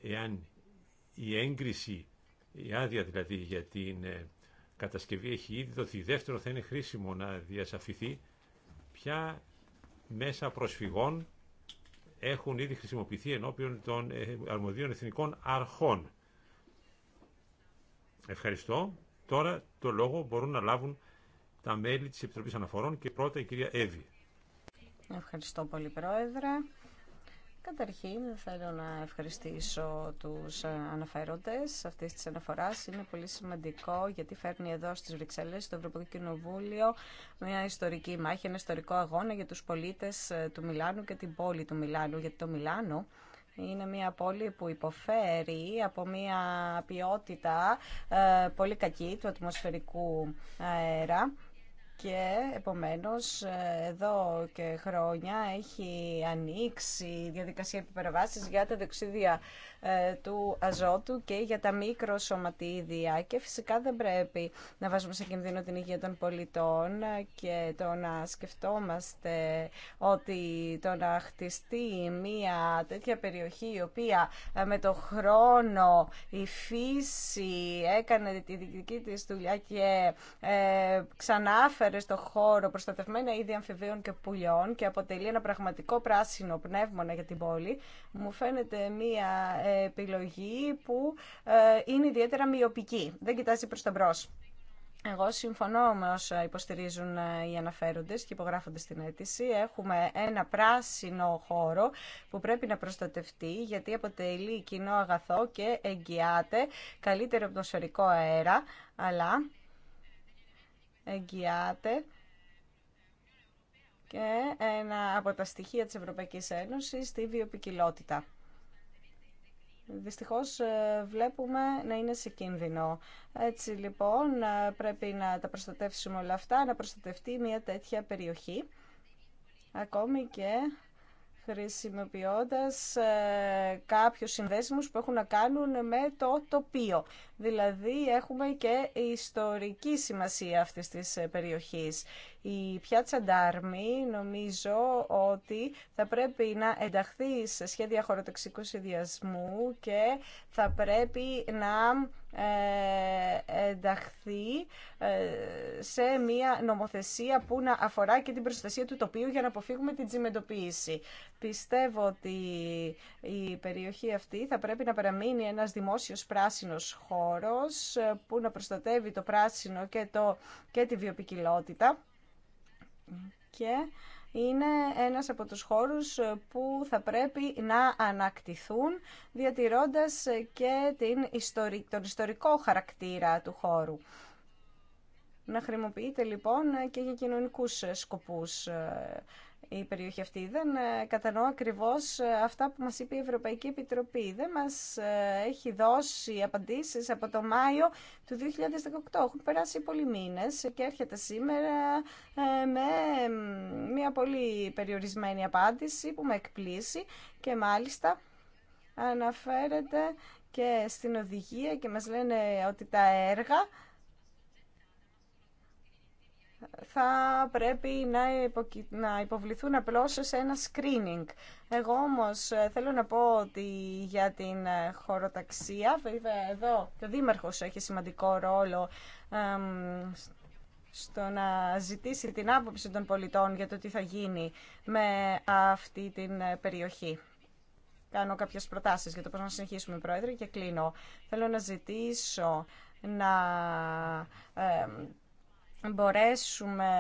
εάν η έγκριση, η άδεια δηλαδή για την ε, κατασκευή έχει ήδη δοθεί. Δεύτερο, θα είναι χρήσιμο να διασαφηθεί ποια μέσα προσφυγών έχουν ήδη χρησιμοποιηθεί ενώπιον των ε, αρμοδίων εθνικών αρχών. Ευχαριστώ. Τώρα το λόγο μπορούν να λάβουν τα μέλη της Επιτροπής Αναφορών και πρώτα η κυρία Εύη. Ευχαριστώ πολύ Πρόεδρε. Καταρχήν θέλω να ευχαριστήσω τους ε, αναφέροντες αυτής της αναφοράς. Είναι πολύ σημαντικό γιατί φέρνει εδώ στις Βρυξέλλες, στο Ευρωπαϊκό Κοινοβούλιο, μια ιστορική μάχη, ένα ιστορικό αγώνα για τους πολίτες ε, του Μιλάνου και την πόλη του Μιλάνου. Γιατί το Μιλάνο είναι μια πόλη που υποφέρει από μια ποιότητα ε, πολύ κακή του ατμοσφαιρικού αέρα και επομένως εδώ και χρόνια έχει ανοίξει διαδικασία επιπερβάσεις για τα δεξίδια. Ε, του αζότου και για τα μικροσωματίδια και φυσικά δεν πρέπει να βάζουμε σε κινδύνο την υγεία των πολιτών και το να σκεφτόμαστε ότι το να χτιστεί μια τέτοια περιοχή η οποία ε, με το χρόνο η φύση έκανε τη δική της δουλειά και ε, ξανάφερε στο χώρο προστατευμένα είδη αμφιβείων και πουλιών και αποτελεί ένα πραγματικό πράσινο πνεύμονα για την πόλη μου φαίνεται μια ε, επιλογή που ε, είναι ιδιαίτερα μειοπική. Δεν κοιτάζει προς τα μπρος. Εγώ συμφωνώ με όσα υποστηρίζουν ε, οι αναφέροντες και υπογράφονται στην αίτηση. Έχουμε ένα πράσινο χώρο που πρέπει να προστατευτεί γιατί αποτελεί κοινό αγαθό και εγγυάται καλύτερο ατμοσφαιρικό αέρα, αλλά εγγυάται και ένα από τα στοιχεία της Ευρωπαϊκής Ένωσης, τη βιοπικιλότητα δυστυχώς ε, βλέπουμε να είναι σε κίνδυνο. Έτσι λοιπόν ε, πρέπει να τα προστατεύσουμε όλα αυτά, να προστατευτεί μια τέτοια περιοχή. Ακόμη και χρησιμοποιώντας ε, κάποιους συνδέσμους που έχουν να κάνουν με το τοπίο. Δηλαδή έχουμε και ιστορική σημασία αυτής της περιοχής. Η πιάτσα Ντάρμι νομίζω ότι θα πρέπει να ενταχθεί σε σχέδια χωροτοξικού συνδυασμού και θα πρέπει να ε, ενταχθεί ε, σε μια νομοθεσία που να αφορά και την προστασία του τοπίου για να αποφύγουμε την τσιμεντοποίηση. Πιστεύω ότι η περιοχή αυτή θα πρέπει να παραμείνει ένας δημόσιος πράσινος χώρος ε, που να προστατεύει το πράσινο και, το, και τη βιοπικιλότητα και είναι ένας από τους χώρους που θα πρέπει να ανακτηθούν διατηρώντας και την τον ιστορικό χαρακτήρα του χώρου. Να χρησιμοποιείται λοιπόν και για κοινωνικούς σκοπούς ε, η περιοχή αυτή. Δεν ε, κατανοώ ακριβώς ε, αυτά που μας είπε η Ευρωπαϊκή Επιτροπή. Δεν μας ε, έχει δώσει απαντήσεις από το Μάιο του 2018. Έχουν περάσει πολλοί μήνες και έρχεται σήμερα με μια πολύ περιορισμένη απάντηση που με εκπλήσει και μάλιστα αναφέρεται και στην οδηγία και μας λένε ότι τα έργα θα πρέπει να, να υποβληθούν απλώς σε ένα screening. Εγώ όμως ε, θέλω να πω ότι για την ε, χωροταξία, βέβαια εδώ και ο Δήμαρχος έχει σημαντικό ρόλο στο να ζητήσει την άποψη των πολιτών για το τι θα γίνει με αυτή την ε, περιοχή. Κάνω κάποιες προτάσεις για το πώς να συνεχίσουμε, Πρόεδρε, και κλείνω. Θέλω να ζητήσω να μπορέσουμε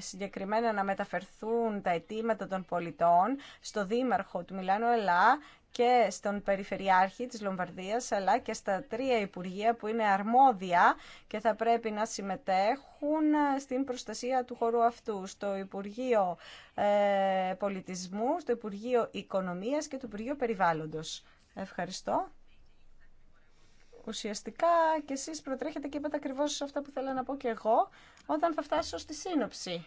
συγκεκριμένα να μεταφερθούν τα αιτήματα των πολιτών στο Δήμαρχο του Μιλάνου Ελλά και στον Περιφερειάρχη της Λομβαρδίας αλλά και στα τρία Υπουργεία που είναι αρμόδια και θα πρέπει να συμμετέχουν στην προστασία του χώρου αυτού στο Υπουργείο ε, Πολιτισμού, στο Υπουργείο Οικονομίας και το Υπουργείο Περιβάλλοντος. Ευχαριστώ ουσιαστικά και εσείς προτρέχετε και είπατε ακριβώ αυτά που θέλω να πω και εγώ όταν θα φτάσω στη σύνοψη.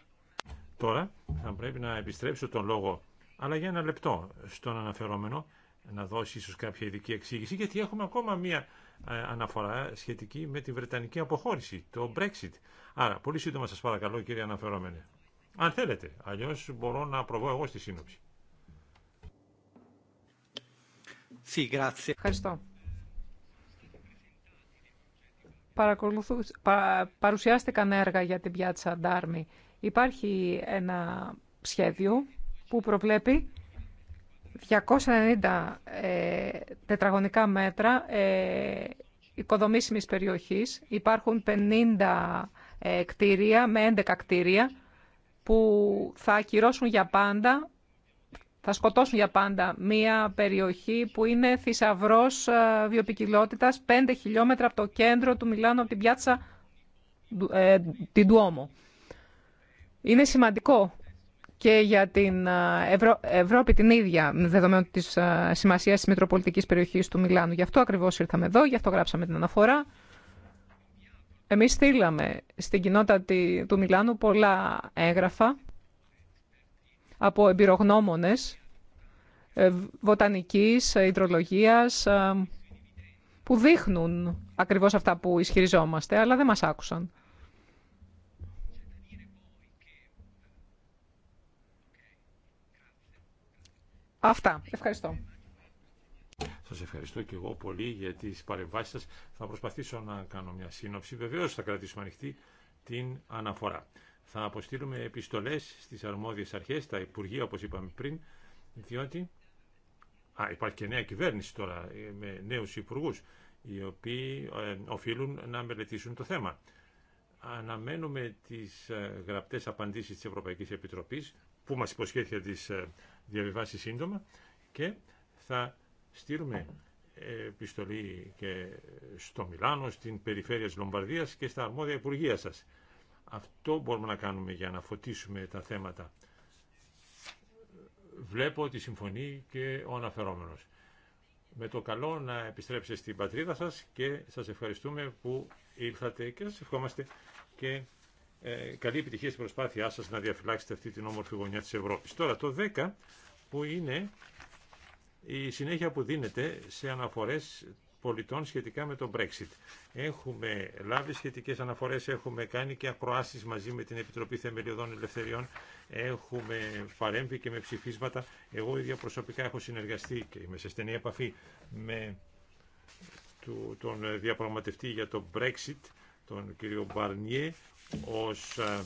Τώρα θα πρέπει να επιστρέψω τον λόγο, αλλά για ένα λεπτό στον αναφερόμενο, να δώσει ίσω κάποια ειδική εξήγηση, γιατί έχουμε ακόμα μία ε, αναφορά σχετική με τη Βρετανική αποχώρηση, το Brexit. Άρα, πολύ σύντομα σα παρακαλώ κύριε αναφερόμενε. Αν θέλετε, αλλιώ μπορώ να προβώ εγώ στη σύνοψη. Ευχαριστώ πα, παρουσιάστηκαν έργα για την πιάτσα Ντάρμι. Υπάρχει ένα σχέδιο που προβλέπει 290 ε, τετραγωνικά μέτρα ε, οικοδομήσιμης περιοχής. Υπάρχουν 50 ε, κτίρια με 11 κτίρια που θα ακυρώσουν για πάντα θα σκοτώσουν για πάντα μία περιοχή που είναι θησαυρό ε, βιοπικιλότητας, 5 χιλιόμετρα από το κέντρο του Μιλάνου, από την πιάτσα ε, την Τουόμο. Είναι σημαντικό και για την ε, Ευρώπη την ίδια, δεδομένου της ε, σημασίας της Μητροπολιτικής περιοχής του Μιλάνου. Γι' αυτό ακριβώς ήρθαμε εδώ, γι' αυτό γράψαμε την αναφορά. Εμείς στείλαμε στην κοινότητα του Μιλάνου πολλά έγγραφα από εμπειρογνώμονες ε, βοτανικής, ε, υδρολογίας, ε, που δείχνουν ακριβώς αυτά που ισχυριζόμαστε, αλλά δεν μας άκουσαν. Αυτά. Ευχαριστώ. Σας ευχαριστώ και εγώ πολύ για τις παρεμβάσεις σας. Θα προσπαθήσω να κάνω μια σύνοψη. Βεβαίως θα κρατήσουμε ανοιχτή την αναφορά θα αποστείλουμε επιστολές στις αρμόδιες αρχές, τα Υπουργεία όπως είπαμε πριν, διότι α, υπάρχει και νέα κυβέρνηση τώρα ε, με νέους υπουργούς οι οποίοι ε, οφείλουν να μελετήσουν το θέμα. Αναμένουμε τις ε, γραπτές απαντήσεις της Ευρωπαϊκής Επιτροπής που μας υποσχέθηκε τις διαβιβάσει σύντομα και θα στείλουμε επιστολή και στο Μιλάνο, στην περιφέρεια της Λομβαρδίας και στα αρμόδια Υπουργεία σας. Αυτό μπορούμε να κάνουμε για να φωτίσουμε τα θέματα. Βλέπω ότι συμφωνεί και ο αναφερόμενος. Με το καλό να επιστρέψετε στην πατρίδα σας και σας ευχαριστούμε που ήλθατε και σας ευχόμαστε και ε, καλή επιτυχία στην προσπάθειά σας να διαφυλάξετε αυτή την όμορφη γωνιά της Ευρώπης. Τώρα το 10 που είναι η συνέχεια που δίνεται σε αναφορές πολιτών σχετικά με το Brexit. Έχουμε λάβει σχετικές αναφορές, έχουμε κάνει και ακροάσεις μαζί με την Επιτροπή Θεμελιωδών Ελευθεριών, έχουμε παρέμβει και με ψηφίσματα. Εγώ ίδια προσωπικά έχω συνεργαστεί και είμαι σε στενή επαφή με τον διαπραγματευτή για το Brexit, τον κύριο Μπαρνιέ, ως ε,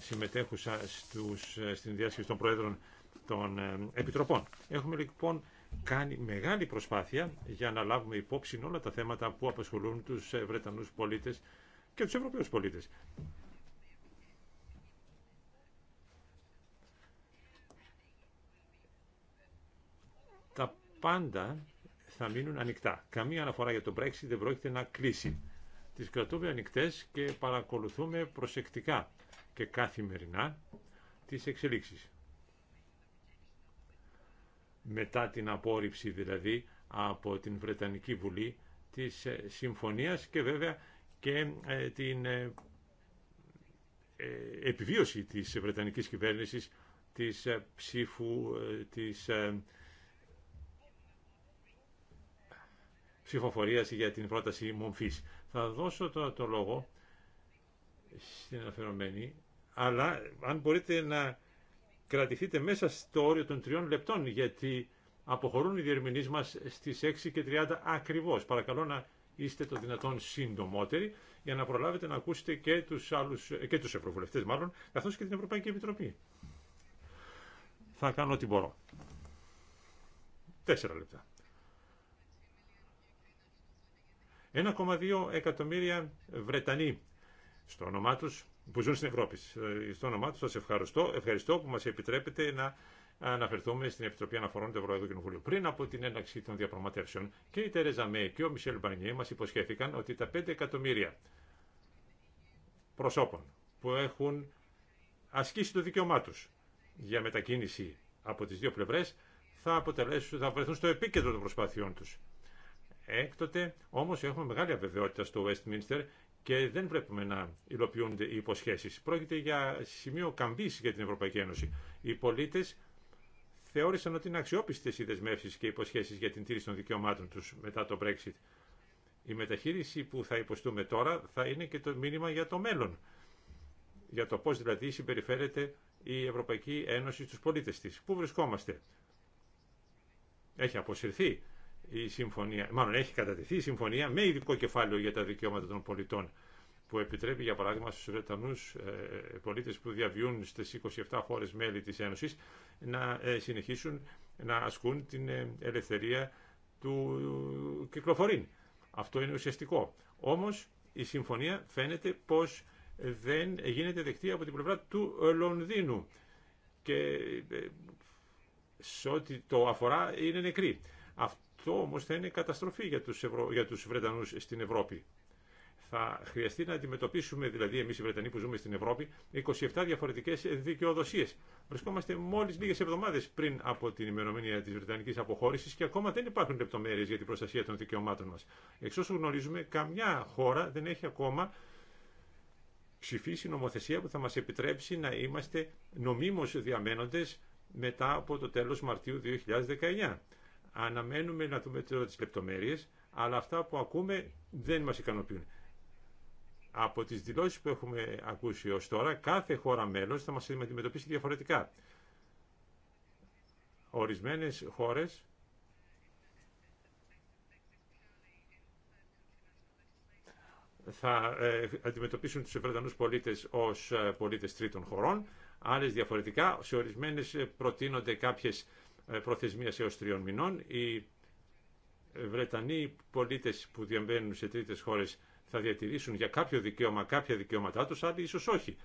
συμμετέχουσα στους, ε, στην διάσκεψη των Προέδρων των ε, Επιτροπών. Έχουμε λοιπόν κάνει μεγάλη προσπάθεια για να λάβουμε υπόψη όλα τα θέματα που απασχολούν τους ε, Βρετανούς πολίτες και τους Ευρωπαίους πολίτες. Τα πάντα θα μείνουν ανοιχτά. Καμία αναφορά για το Brexit δεν πρόκειται να κλείσει. Τις κρατούμε ανοιχτές και παρακολουθούμε προσεκτικά και καθημερινά τις εξελίξεις μετά την απόρριψη δηλαδή από την Βρετανική Βουλή της ε, συμφωνίας και βέβαια και ε, την ε, επιβίωση της Βρετανικής κυβέρνησης της ψήφου της ψηφοφορίας για την πρόταση Μομφής. Θα δώσω τώρα το λόγο στην αναφερομένη, αλλά αν μπορείτε να κρατηθείτε μέσα στο όριο των τριών λεπτών, γιατί αποχωρούν οι διερμηνείς μας στις 30 ακριβώς. Παρακαλώ να είστε το δυνατόν συντομότεροι για να προλάβετε να ακούσετε και τους, άλλους, ε, και τους ευρωβουλευτές μάλλον, καθώς και την Ευρωπαϊκή Επιτροπή. Θα κάνω ό,τι μπορώ. Τέσσερα λεπτά. 1,2 εκατομμύρια Βρετανοί στο όνομά τους που ζουν στην Ευρώπη. Ε, στο όνομά του σας ευχαριστώ, ευχαριστώ που μα επιτρέπετε να αναφερθούμε στην Επιτροπή Αναφορών του Ευρωπαϊκού Κοινοβουλίου. Πριν από την έναρξη των διαπραγματεύσεων και η Τερέζα Μέη και ο Μισελ Μπανιέ μας υποσχέθηκαν ότι τα 5 εκατομμύρια προσώπων που έχουν ασκήσει το δικαίωμά τους για μετακίνηση από τι δύο πλευρέ θα, θα βρεθούν στο επίκεντρο των προσπάθειών του. Έκτοτε όμω έχουμε μεγάλη αβεβαιότητα στο Westminster και δεν βλέπουμε να υλοποιούνται οι υποσχέσει. Πρόκειται για σημείο καμπή για την Ευρωπαϊκή Ένωση. Οι πολίτε θεώρησαν ότι είναι αξιόπιστε οι δεσμεύσει και οι υποσχέσει για την τήρηση των δικαιωμάτων του μετά το Brexit. Η μεταχείριση που θα υποστούμε τώρα θα είναι και το μήνυμα για το μέλλον. Για το πώ δηλαδή συμπεριφέρεται η Ευρωπαϊκή Ένωση στους πολίτε τη. Πού βρισκόμαστε. Έχει αποσυρθεί η συμφωνία, μάλλον έχει κατατεθεί η συμφωνία με ειδικό κεφάλαιο για τα δικαιώματα των πολιτών που επιτρέπει για παράδειγμα στους Βρετανούς ε, πολίτες που διαβιούν στις 27 χώρες μέλη της Ένωσης να ε, συνεχίσουν να ασκούν την ε, ελευθερία του κυκλοφορήν. Αυτό είναι ουσιαστικό. Όμως η συμφωνία φαίνεται πως δεν γίνεται δεκτή από την πλευρά του Λονδίνου και σε ό,τι το αφορά είναι νεκρή. Αυτό όμως θα είναι καταστροφή για τους, Ευρω... για τους Βρετανούς στην Ευρώπη. Θα χρειαστεί να αντιμετωπίσουμε, δηλαδή εμείς οι Βρετανοί που ζούμε στην Ευρώπη, 27 διαφορετικές δικαιοδοσίες. Βρισκόμαστε μόλις λίγες εβδομάδες πριν από την ημερομηνία της Βρετανικής αποχώρησης και ακόμα δεν υπάρχουν λεπτομέρειες για την προστασία των δικαιωμάτων μας. Εξ όσου γνωρίζουμε, καμιά χώρα δεν έχει ακόμα ψηφίσει νομοθεσία που θα μας επιτρέψει να είμαστε νομίμως διαμένοντες μετά από το τέλος Μαρτίου 2019. Αναμένουμε να δούμε τώρα τις λεπτομέρειες, αλλά αυτά που ακούμε δεν μας ικανοποιούν. Από τις δηλώσεις που έχουμε ακούσει ως τώρα, κάθε χώρα μέλος θα μας αντιμετωπίσει διαφορετικά. Ορισμένες χώρες θα ε, αντιμετωπίσουν τους Βρετανούς πολίτες ως ε, πολίτες τρίτων χωρών, άλλες διαφορετικά. Σε ορισμένες ε, προτείνονται κάποιες ε, Προθεσμία έω τριών μηνών. Οι Βρετανοί πολίτε που διαμβαίνουν σε τρίτες χώρες θα διατηρήσουν για κάποιο δικαίωμα κάποια δικαιώματά του, άλλοι ίσως όχι.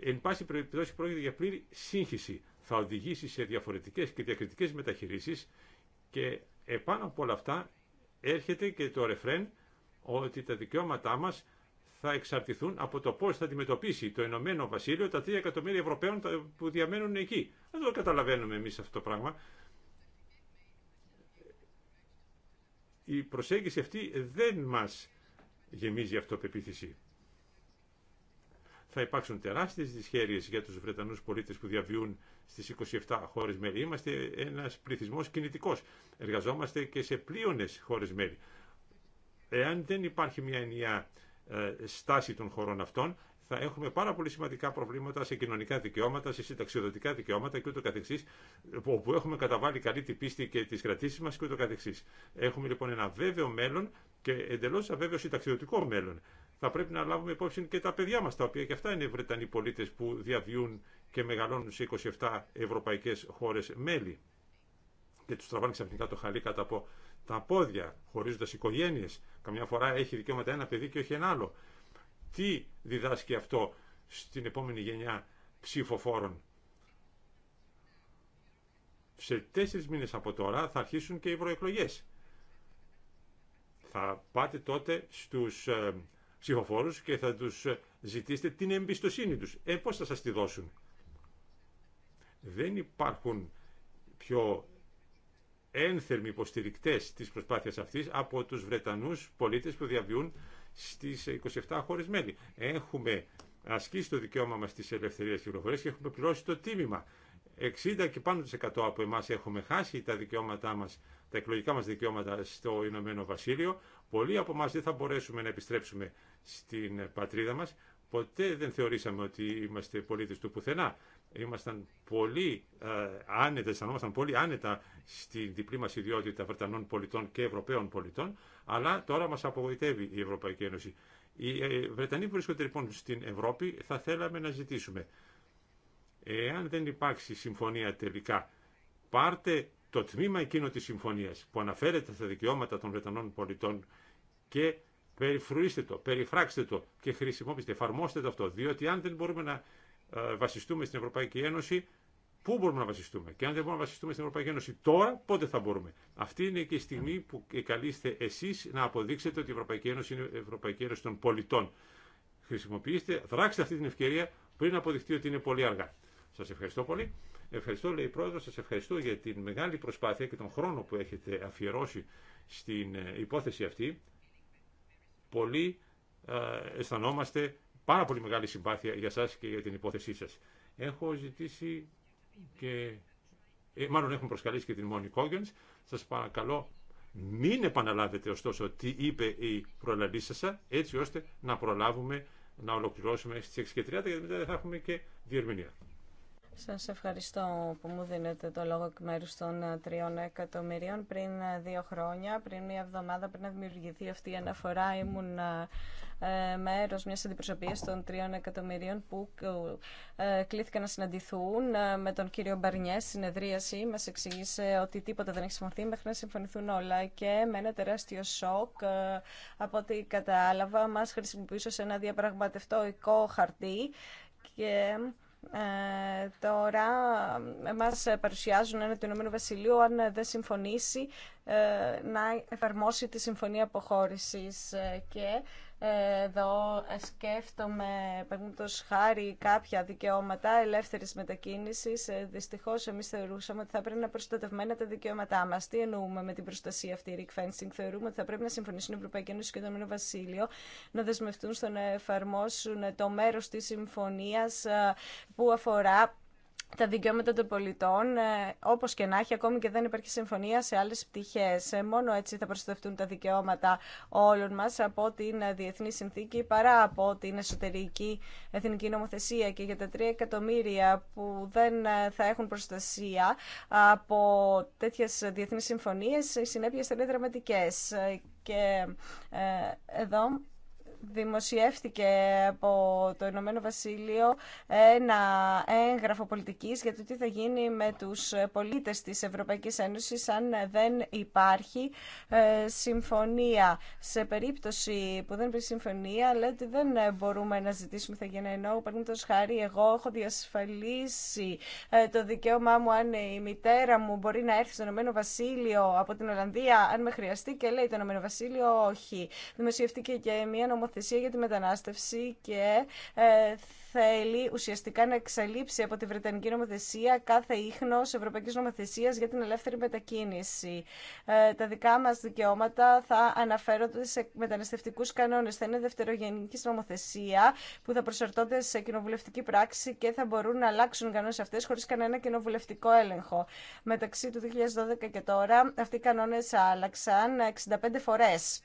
Εν πάση περιπτώσει πρόκειται για πλήρη σύγχυση. Θα οδηγήσει σε διαφορετικές και διακριτικέ μεταχειρήσει. και επάνω από όλα αυτά έρχεται και το ρεφρέν ότι τα δικαιώματά μας θα εξαρτηθούν από το πώ θα αντιμετωπίσει το Ενωμένο Βασίλειο τα 3 εκατομμύρια Ευρωπαίων που διαμένουν εκεί. Δεν το καταλαβαίνουμε εμείς αυτό το πράγμα. Η προσέγγιση αυτή δεν μα γεμίζει αυτοπεποίθηση. Θα υπάρξουν τεράστιες δυσχέρειες για τους Βρετανούς πολίτες που διαβιούν στις 27 χώρες μέλη. Είμαστε ένας πληθυσμός κινητικός. Εργαζόμαστε και σε πλείονες χώρες μέλη. Εάν δεν υπάρχει μια ενιαία ε, στάση των χωρών αυτών, θα έχουμε πάρα πολύ σημαντικά προβλήματα σε κοινωνικά δικαιώματα, σε συνταξιοδοτικά δικαιώματα και ούτω καθεξής, όπου έχουμε καταβάλει καλή την πίστη και τις κρατήσεις μας και ούτω καθεξής. Έχουμε λοιπόν ένα βέβαιο μέλλον και εντελώς αβέβαιο συνταξιοδοτικό μέλλον. Θα πρέπει να λάβουμε υπόψη και τα παιδιά μας, τα οποία και αυτά είναι Βρετανοί πολίτες που διαβιούν και μεγαλώνουν σε 27 ευρωπαϊκές χώρες μέλη και τους τραβάνε ξαφνικά το χαλί κατά από τα πόδια, χωρίζοντα οικογένειε. Καμιά φορά έχει δικαιώματα ένα παιδί και όχι ένα άλλο. Τι διδάσκει αυτό στην επόμενη γενιά ψηφοφόρων. Σε τέσσερι μήνες από τώρα θα αρχίσουν και οι προεκλογέ. Θα πάτε τότε στους ε, ψηφοφόρου και θα τους ε, ζητήσετε την εμπιστοσύνη τους. Ε, πώ θα σας τη δώσουν. Δεν υπάρχουν πιο ένθερμοι υποστηρικτέ τη προσπάθεια αυτή από τους Βρετανούς πολίτες που διαβιούν στις 27 χώρε μέλη. Έχουμε ασκήσει το δικαίωμα μας της ελευθερίας κυκλοφορία και έχουμε πληρώσει το τίμημα. 60 και πάνω το 100 από εμά έχουμε χάσει τα δικαιώματά μας, τα εκλογικά μας δικαιώματα στο Ηνωμένο Βασίλειο. Πολλοί από εμά δεν θα μπορέσουμε να επιστρέψουμε στην πατρίδα μα, Ποτέ δεν θεωρήσαμε ότι είμαστε πολίτε του πουθενά ήμασταν πολύ ε, άνετα, αισθανόμασταν πολύ άνετα στην διπλή μας ιδιότητα Βρετανών πολιτών και Ευρωπαίων πολιτών, αλλά τώρα μας απογοητεύει η Ευρωπαϊκή Ένωση. Οι ε, Βρετανοί που βρίσκονται λοιπόν στην Ευρώπη θα θέλαμε να ζητήσουμε. Εάν δεν υπάρξει συμφωνία τελικά, πάρτε το τμήμα εκείνο της συμφωνίας που αναφέρεται στα δικαιώματα των Βρετανών πολιτών και περιφρουίστε το, περιφράξτε το και χρησιμοποιήστε, εφαρμόστε το αυτό, διότι αν δεν μπορούμε να ε, βασιστούμε στην Ευρωπαϊκή Ένωση, πού μπορούμε να βασιστούμε. Και αν δεν μπορούμε να βασιστούμε στην Ευρωπαϊκή Ένωση τώρα, πότε θα μπορούμε. Αυτή είναι και η στιγμή που καλείστε εσεί να αποδείξετε ότι η Ευρωπαϊκή Ένωση είναι η Ευρωπαϊκή Ένωση των πολιτών. Χρησιμοποιήστε, δράξτε αυτή την ευκαιρία πριν αποδειχτεί ότι είναι πολύ αργά. Σα ευχαριστώ πολύ. Ευχαριστώ, λέει η Πρόεδρο, σα ευχαριστώ για την μεγάλη προσπάθεια και τον χρόνο που έχετε αφιερώσει στην ε, υπόθεση αυτή. Πολύ ε, αισθανόμαστε πάρα πολύ μεγάλη συμπάθεια για σας και για την υπόθεσή σας. Έχω ζητήσει και... Ε, μάλλον έχουμε προσκαλέσει και την Μόνη Κόγγενς. Σας παρακαλώ μην επαναλάβετε ωστόσο τι είπε η σα, έτσι ώστε να προλάβουμε να ολοκληρώσουμε στις 6.30 γιατί μετά δεν θα έχουμε και διερμηνία. Σας ευχαριστώ που μου δίνετε το λόγο εκ μέρους των ε, τριών εκατομμυρίων. Πριν ε, δύο χρόνια, πριν μια εβδομάδα, πριν να δημιουργηθεί αυτή η αναφορά, ήμουν ε, μέρος μιας αντιπροσωπείας των τριών εκατομμυρίων που κλήθηκαν να συναντηθούν με τον κύριο Μπαρνιέ στη συνεδρίαση. Μας εξήγησε ότι τίποτα δεν έχει συμφωνηθεί μέχρι να συμφωνηθούν όλα και με ένα τεράστιο σοκ από ό,τι κατάλαβα μας χρησιμοποιούσε σε ένα διαπραγματευτικό χαρτί και ε, τώρα ε, μας παρουσιάζουν ένα του Ηνωμένου Βασιλείου αν ε, δεν συμφωνήσει να εφαρμόσει τη Συμφωνία Αποχώρησης και εδώ σκέφτομαι, παραδείγματος χάρη, κάποια δικαιώματα ελεύθερης μετακίνησης. Ε, δυστυχώς, εμείς θεωρούσαμε ότι θα πρέπει να προστατευμένα τα δικαιώματά μας. Τι εννοούμε με την προστασία αυτή, η Rick Fencing. Θεωρούμε ότι θα πρέπει να συμφωνήσουν η Ευρωπαϊκή Ένωση και το Μένο Βασίλειο να δεσμευτούν στο να εφαρμόσουν το μέρος της συμφωνίας ε, που αφορά τα δικαιώματα των πολιτών, ε, όπως και να έχει, ακόμη και δεν υπάρχει συμφωνία σε άλλες πτυχές. Ε, μόνο έτσι θα προστατευτούν τα δικαιώματα όλων μας από την ε, διεθνή συνθήκη παρά από την εσωτερική εθνική νομοθεσία και για τα 3 εκατομμύρια που δεν θα έχουν προστασία από τέτοιες διεθνείς συμφωνίες, οι συνέπειες θα είναι δραματικές. Και εδώ δημοσιεύτηκε από το Ηνωμένο Βασίλειο ένα έγγραφο πολιτικής για το τι θα γίνει με τους πολίτες της Ευρωπαϊκής Ένωσης αν δεν υπάρχει ε, συμφωνία. Σε περίπτωση που δεν υπάρχει συμφωνία, λέει ότι δεν μπορούμε να ζητήσουμε θα γίνει ενώ, παραδείγματος χάρη, εγώ έχω διασφαλίσει ε, το δικαίωμά μου αν η μητέρα μου μπορεί να έρθει στο Ηνωμένο Βασίλειο από την Ολλανδία αν με χρειαστεί και λέει το Ηνωμένο Βασίλειο όχι. Δημοσιεύτηκε και μια νομοθεσία νομοθεσία για τη μετανάστευση και ε, θέλει ουσιαστικά να εξαλείψει από τη Βρετανική νομοθεσία κάθε ίχνος ευρωπαϊκής νομοθεσίας για την ελεύθερη μετακίνηση. Ε, τα δικά μας δικαιώματα θα αναφέρονται σε μεταναστευτικούς κανόνες. Θα είναι δευτερογενική νομοθεσία που θα προσαρτώνται σε κοινοβουλευτική πράξη και θα μπορούν να αλλάξουν οι κανόνες αυτές χωρίς κανένα κοινοβουλευτικό έλεγχο. Μεταξύ του 2012 και τώρα αυτοί οι κανόνες άλλαξαν 65 φορές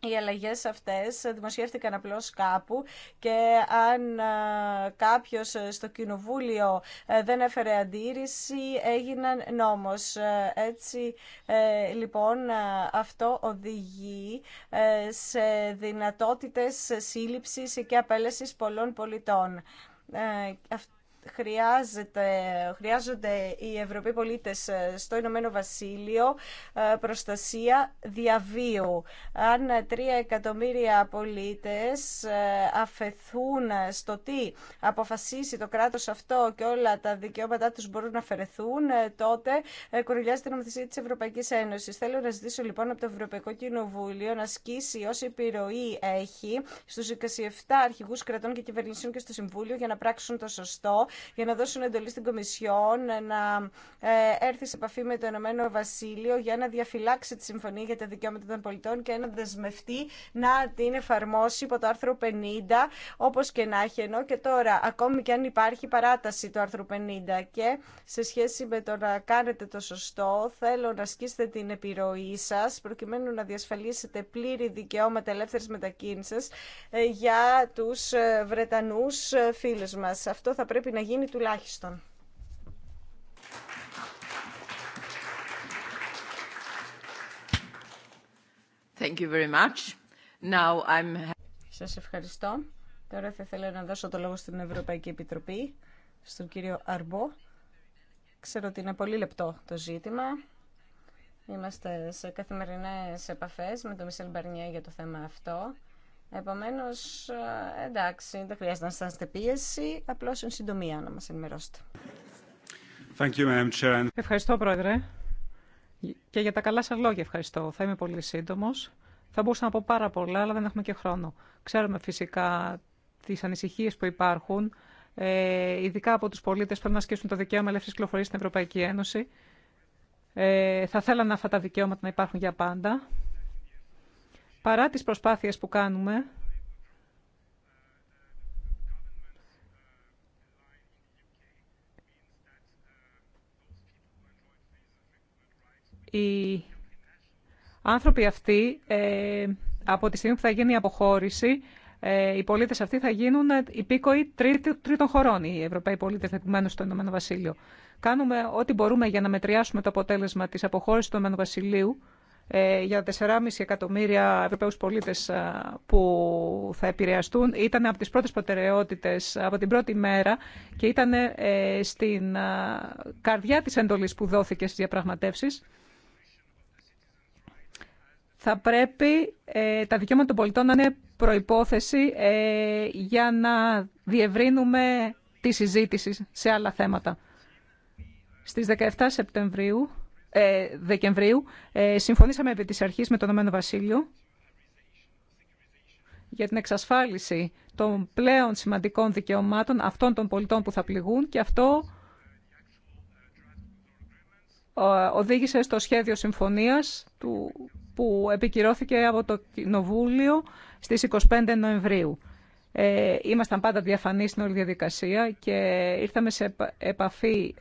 οι αλλαγές αυτές δημοσιεύτηκαν απλώς κάπου και αν ε, κάποιος ε, στο κοινοβούλιο ε, δεν έφερε αντίρρηση έγιναν νόμος. Έτσι λοιπόν αυτό οδηγεί σε δυνατότητες σύλληψης και απέλεσης πολλών πολιτών χρειάζεται, χρειάζονται οι Ευρωπαίοι πολίτες ε, στο Ηνωμένο Βασίλειο ε, προστασία διαβίου. Αν τρία εκατομμύρια πολίτες ε, αφαιθούν στο τι αποφασίσει το κράτος αυτό και όλα τα δικαιώματά τους μπορούν να αφαιρεθούν, τότε κουρουλιάζει την νομοθεσία της Ευρωπαϊκής Ένωσης. Θέλω να ζητήσω λοιπόν από το Ευρωπαϊκό Κοινοβούλιο να ασκήσει όση επιρροή έχει στους 27 αρχηγούς κρατών και κυβερνήσεων και στο Συμβούλιο για να πράξουν το σωστό για να δώσουν εντολή στην Κομισιόν να ε, έρθει σε επαφή με το Ενωμένο Βασίλειο για να διαφυλάξει τη Συμφωνία για τα Δικαιώματα των Πολιτών και να δεσμευτεί να την εφαρμόσει υπό το άρθρο 50, όπω και να έχει. Ενώ και τώρα, ακόμη και αν υπάρχει παράταση του άρθρου 50 και σε σχέση με το να κάνετε το σωστό, θέλω να ασκήσετε την επιρροή σα προκειμένου να διασφαλίσετε πλήρη δικαιώματα ελεύθερη μετακίνηση ε, για του ε, Βρετανού φίλου μα. Αυτό θα πρέπει να γίνει τουλάχιστον. Thank you very much. Now I'm... Σας ευχαριστώ. Τώρα θα ήθελα να δώσω το λόγο στην Ευρωπαϊκή Επιτροπή, στον κύριο Αρμπό. Ξέρω ότι είναι πολύ λεπτό το ζήτημα. Είμαστε σε καθημερινές επαφές με τον Μισελ Μπαρνιέ για το θέμα αυτό. Επομένω, ε, εντάξει, δεν χρειάζεται να αισθάνεστε πίεση, απλώ εν συντομία να μα ενημερώσετε. Ευχαριστώ, Πρόεδρε. Και για τα καλά σα λόγια ευχαριστώ. Θα είμαι πολύ σύντομο. Θα μπορούσα να πω πάρα πολλά, αλλά δεν έχουμε και χρόνο. Ξέρουμε φυσικά τι ανησυχίε που υπάρχουν, ε, ειδικά από του πολίτε που να ασκήσουν το δικαίωμα ελεύθερη κυκλοφορία στην Ευρωπαϊκή Ένωση. Ε, θα θέλανε αυτά τα δικαιώματα να υπάρχουν για πάντα. Παρά τις προσπάθειες που κάνουμε, οι άνθρωποι αυτοί, ε, από τη στιγμή που θα γίνει η αποχώρηση, ε, οι πολίτες αυτοί θα γίνουν υπήκοοι τρίτων χωρών, οι Ευρωπαίοι πολίτες δεδομένως, στο Ηνωμένο Βασίλειο. Κάνουμε ό,τι μπορούμε για να μετριάσουμε το αποτέλεσμα της αποχώρησης του Ηνωμένου Βασιλείου, ε, για 4,5 εκατομμύρια Ευρωπαίους πολίτες ε, που θα επηρεαστούν ήταν από τις πρώτες προτεραιότητες από την πρώτη μέρα και ήταν ε, στην καρδιά της εντολής που δόθηκε στις διαπραγματεύσεις. Θα πρέπει τα δικαιώματα των πολιτών να είναι προϋπόθεση για να διευρύνουμε τη συζήτηση σε άλλα θέματα. Στις 17 Σεπτεμβρίου ε, Δεκεμβρίου ε, συμφωνήσαμε επί της αρχής με το Νομένο Βασίλειο για την εξασφάλιση των πλέον σημαντικών δικαιωμάτων αυτών των πολιτών που θα πληγούν και αυτό ε, οδήγησε στο σχέδιο συμφωνίας του, που επικυρώθηκε από το Κοινοβούλιο στις 25 Νοεμβρίου. Ε, ήμασταν πάντα διαφανείς στην όλη διαδικασία και ήρθαμε σε επαφή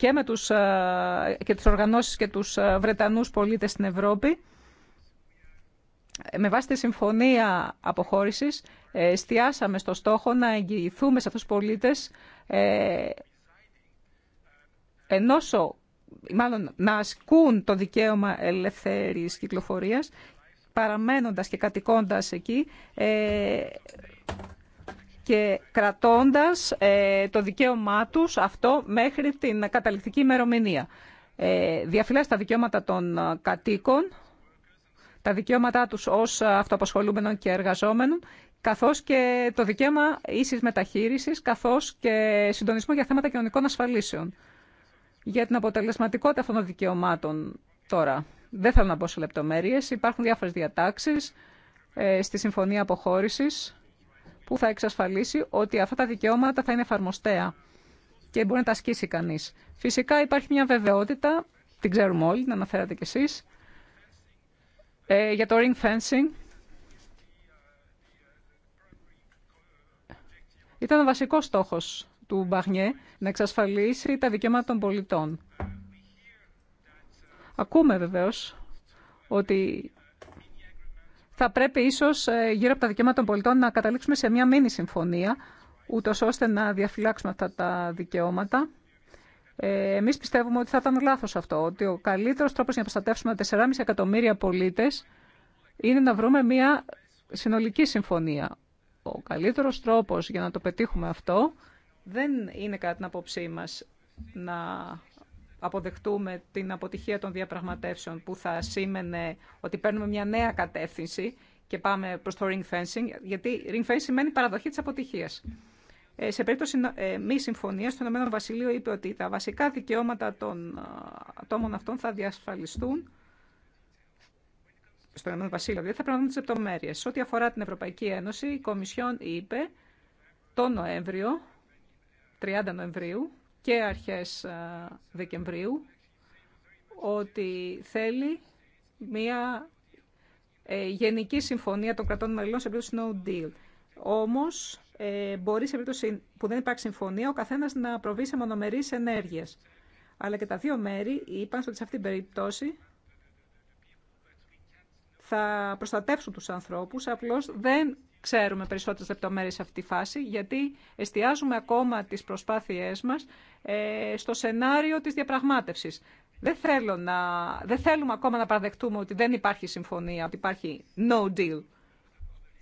και με τους, ε, και τις οργανώσεις και τους ε, Βρετανούς πολίτες στην Ευρώπη. Ε, με βάση τη συμφωνία αποχώρησης, εστιάσαμε στο στόχο να εγγυηθούμε σε αυτούς τους πολίτες μάλλον να ασκούν το δικαίωμα ελευθερής κυκλοφορίας, παραμένοντας και κατοικώντας εκεί, και κρατώντας ε, το δικαίωμά τους αυτό μέχρι την καταληκτική ημερομηνία. Ε, Διαφυλάσσει τα δικαιώματα των ε, κατοίκων, τα δικαιώματά τους ως αυτοαποσχολούμενων και εργαζόμενων, καθώς και το δικαίωμα ίσης μεταχείρισης, καθώς και συντονισμό για θέματα κοινωνικών ασφαλίσεων. Για την αποτελεσματικότητα αυτών των δικαιωμάτων τώρα. Δεν θέλω να μπω σε λεπτομέρειες. Υπάρχουν διάφορες διατάξεις στη Συμφωνία Αποχώρησης που θα εξασφαλίσει ότι αυτά τα δικαιώματα θα είναι εφαρμοστέα και μπορεί να τα ασκήσει κανείς. Φυσικά υπάρχει μια βεβαιότητα, την ξέρουμε όλοι, την αναφέρατε κι εσείς, ε, για το ring fencing. Ήταν ο βασικό στόχο του Μπαγνιέ να εξασφαλίσει τα δικαιώματα των πολιτών. Ακούμε βεβαίως ότι θα πρέπει ίσως ε, γύρω από τα δικαιώματα των πολιτών να καταλήξουμε σε μια μήνυ συμφωνία, ούτω ώστε να διαφυλάξουμε αυτά τα δικαιώματα. Ε, εμείς πιστεύουμε ότι θα ήταν λάθος αυτό, ότι ο καλύτερος τρόπος για να προστατεύσουμε 4,5 εκατομμύρια πολίτες είναι να βρούμε μια συνολική συμφωνία. Ο καλύτερος τρόπο για να το πετύχουμε αυτό δεν είναι κατά την απόψή μα να αποδεχτούμε την αποτυχία των διαπραγματεύσεων που θα σήμαινε ότι παίρνουμε μια νέα κατεύθυνση και πάμε προς το ring fencing, γιατί ring fencing σημαίνει παραδοχή της αποτυχίας. Ε, σε περίπτωση ε, μη συμφωνίας, το Ηνωμένο Βασιλείο είπε ότι τα βασικά δικαιώματα των ε, ατόμων αυτών θα διασφαλιστούν στο Ηνωμένο Βασίλειο, δηλαδή θα πρέπει να δούμε τις λεπτομέρειες. Σε ό,τι αφορά την Ευρωπαϊκή Ένωση, η Κομισιόν είπε το Νοέμβριο, 30 Νοεμβρίου, και αρχές ε, Δεκεμβρίου ότι θέλει μια ε, γενική συμφωνία των κρατών μελών σε περίπτωση no deal. Όμως ε, μπορεί σε περίπτωση που δεν υπάρχει συμφωνία ο καθένας να προβεί σε μονομερείς ενέργειες. Αλλά και τα δύο μέρη είπαν ότι σε αυτήν την περίπτωση θα προστατεύσουν τους ανθρώπους, απλώς δεν ξέρουμε περισσότερες λεπτομέρειες σε αυτή τη φάση, γιατί εστιάζουμε ακόμα τις προσπάθειές μας ε, στο σενάριο της διαπραγμάτευσης. Δεν, θέλω να, δεν θέλουμε ακόμα να παραδεχτούμε ότι δεν υπάρχει συμφωνία, ότι υπάρχει no deal.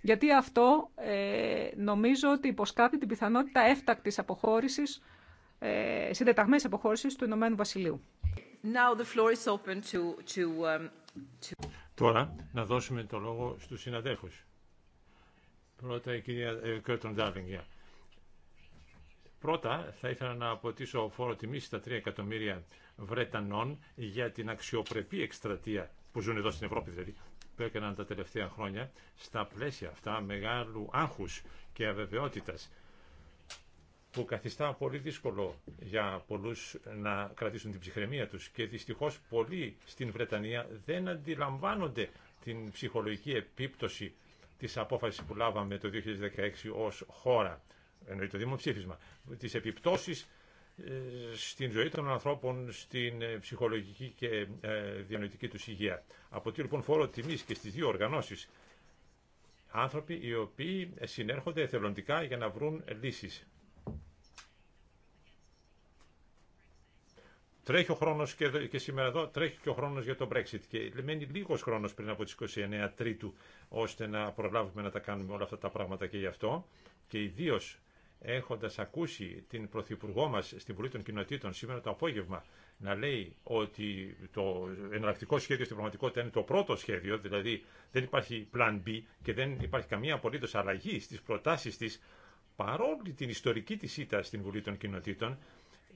Γιατί αυτό ε, νομίζω ότι υποσκάπτει την πιθανότητα έφτακτης αποχώρησης, ε, συντεταγμένης αποχώρησης του Ηνωμένου Βασιλείου. Now the floor is open to, to, um, to... Τώρα να δώσουμε το λόγο στους συναδέλφους. Πρώτα η κυρία ε, Κέρτον Πρώτα θα ήθελα να αποτίσω φόρο τιμή στα 3 εκατομμύρια Βρετανών για την αξιοπρεπή εκστρατεία που ζουν εδώ στην Ευρώπη δηλαδή, που έκαναν τα τελευταία χρόνια στα πλαίσια αυτά μεγάλου άγχους και αβεβαιότητας που καθιστά πολύ δύσκολο για πολλούς να κρατήσουν την ψυχραιμία τους και δυστυχώς πολλοί στην Βρετανία δεν αντιλαμβάνονται την ψυχολογική επίπτωση Τη απόφασης που λάβαμε το 2016 ως χώρα, εννοεί το δημοψήφισμα, τις επιπτώσεις ε, στην ζωή των ανθρώπων, στην ε, ψυχολογική και ε, διανοητική του υγεία. Από τι λοιπόν φόρο τιμή και στις δύο οργανώσεις, άνθρωποι οι οποίοι συνέρχονται εθελοντικά για να βρουν λύσεις. Τρέχει ο χρόνο και, και σήμερα εδώ τρέχει και ο χρόνο για το Brexit. Και μένει λίγο χρόνο πριν από τι 29 Τρίτου, ώστε να προλάβουμε να τα κάνουμε όλα αυτά τα πράγματα και γι' αυτό. Και ιδίω έχοντα ακούσει την Πρωθυπουργό μα στην Βουλή των Κοινοτήτων σήμερα το απόγευμα να λέει ότι το εναλλακτικό σχέδιο στην πραγματικότητα είναι το πρώτο σχέδιο, δηλαδή δεν υπάρχει plan B και δεν υπάρχει καμία απολύτω αλλαγή στι προτάσει τη, παρόλη την ιστορική τη ήττα στην Βουλή των Κοινοτήτων,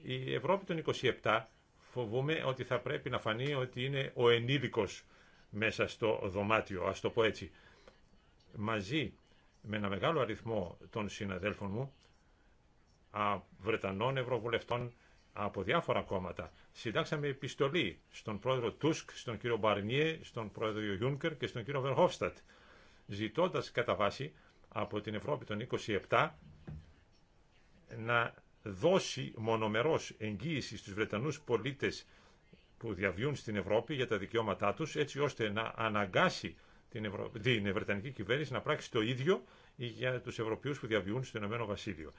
η Ευρώπη των 27 Φοβούμαι ότι θα πρέπει να φανεί ότι είναι ο ενήλικος μέσα στο δωμάτιο, ας το πω έτσι. Μαζί με ένα μεγάλο αριθμό των συναδέλφων μου, Βρετανών Ευρωβουλευτών από διάφορα κόμματα, συντάξαμε επιστολή στον πρόεδρο Τούσκ, στον κύριο Μπαρνιέ, στον πρόεδρο Ιούνκερ και στον κύριο Βερχόφστατ, ζητώντας κατά βάση από την Ευρώπη των 27 να δώσει μονομερός εγγύηση στους Βρετανούς πολίτες που διαβιούν στην Ευρώπη για τα δικαιώματά τους, έτσι ώστε να αναγκάσει την, Ευρω... την Βρετανική κυβέρνηση να πράξει το ίδιο για τους Ευρωπαίους που διαβιούν στο Ηνωμένο Βασίλειο.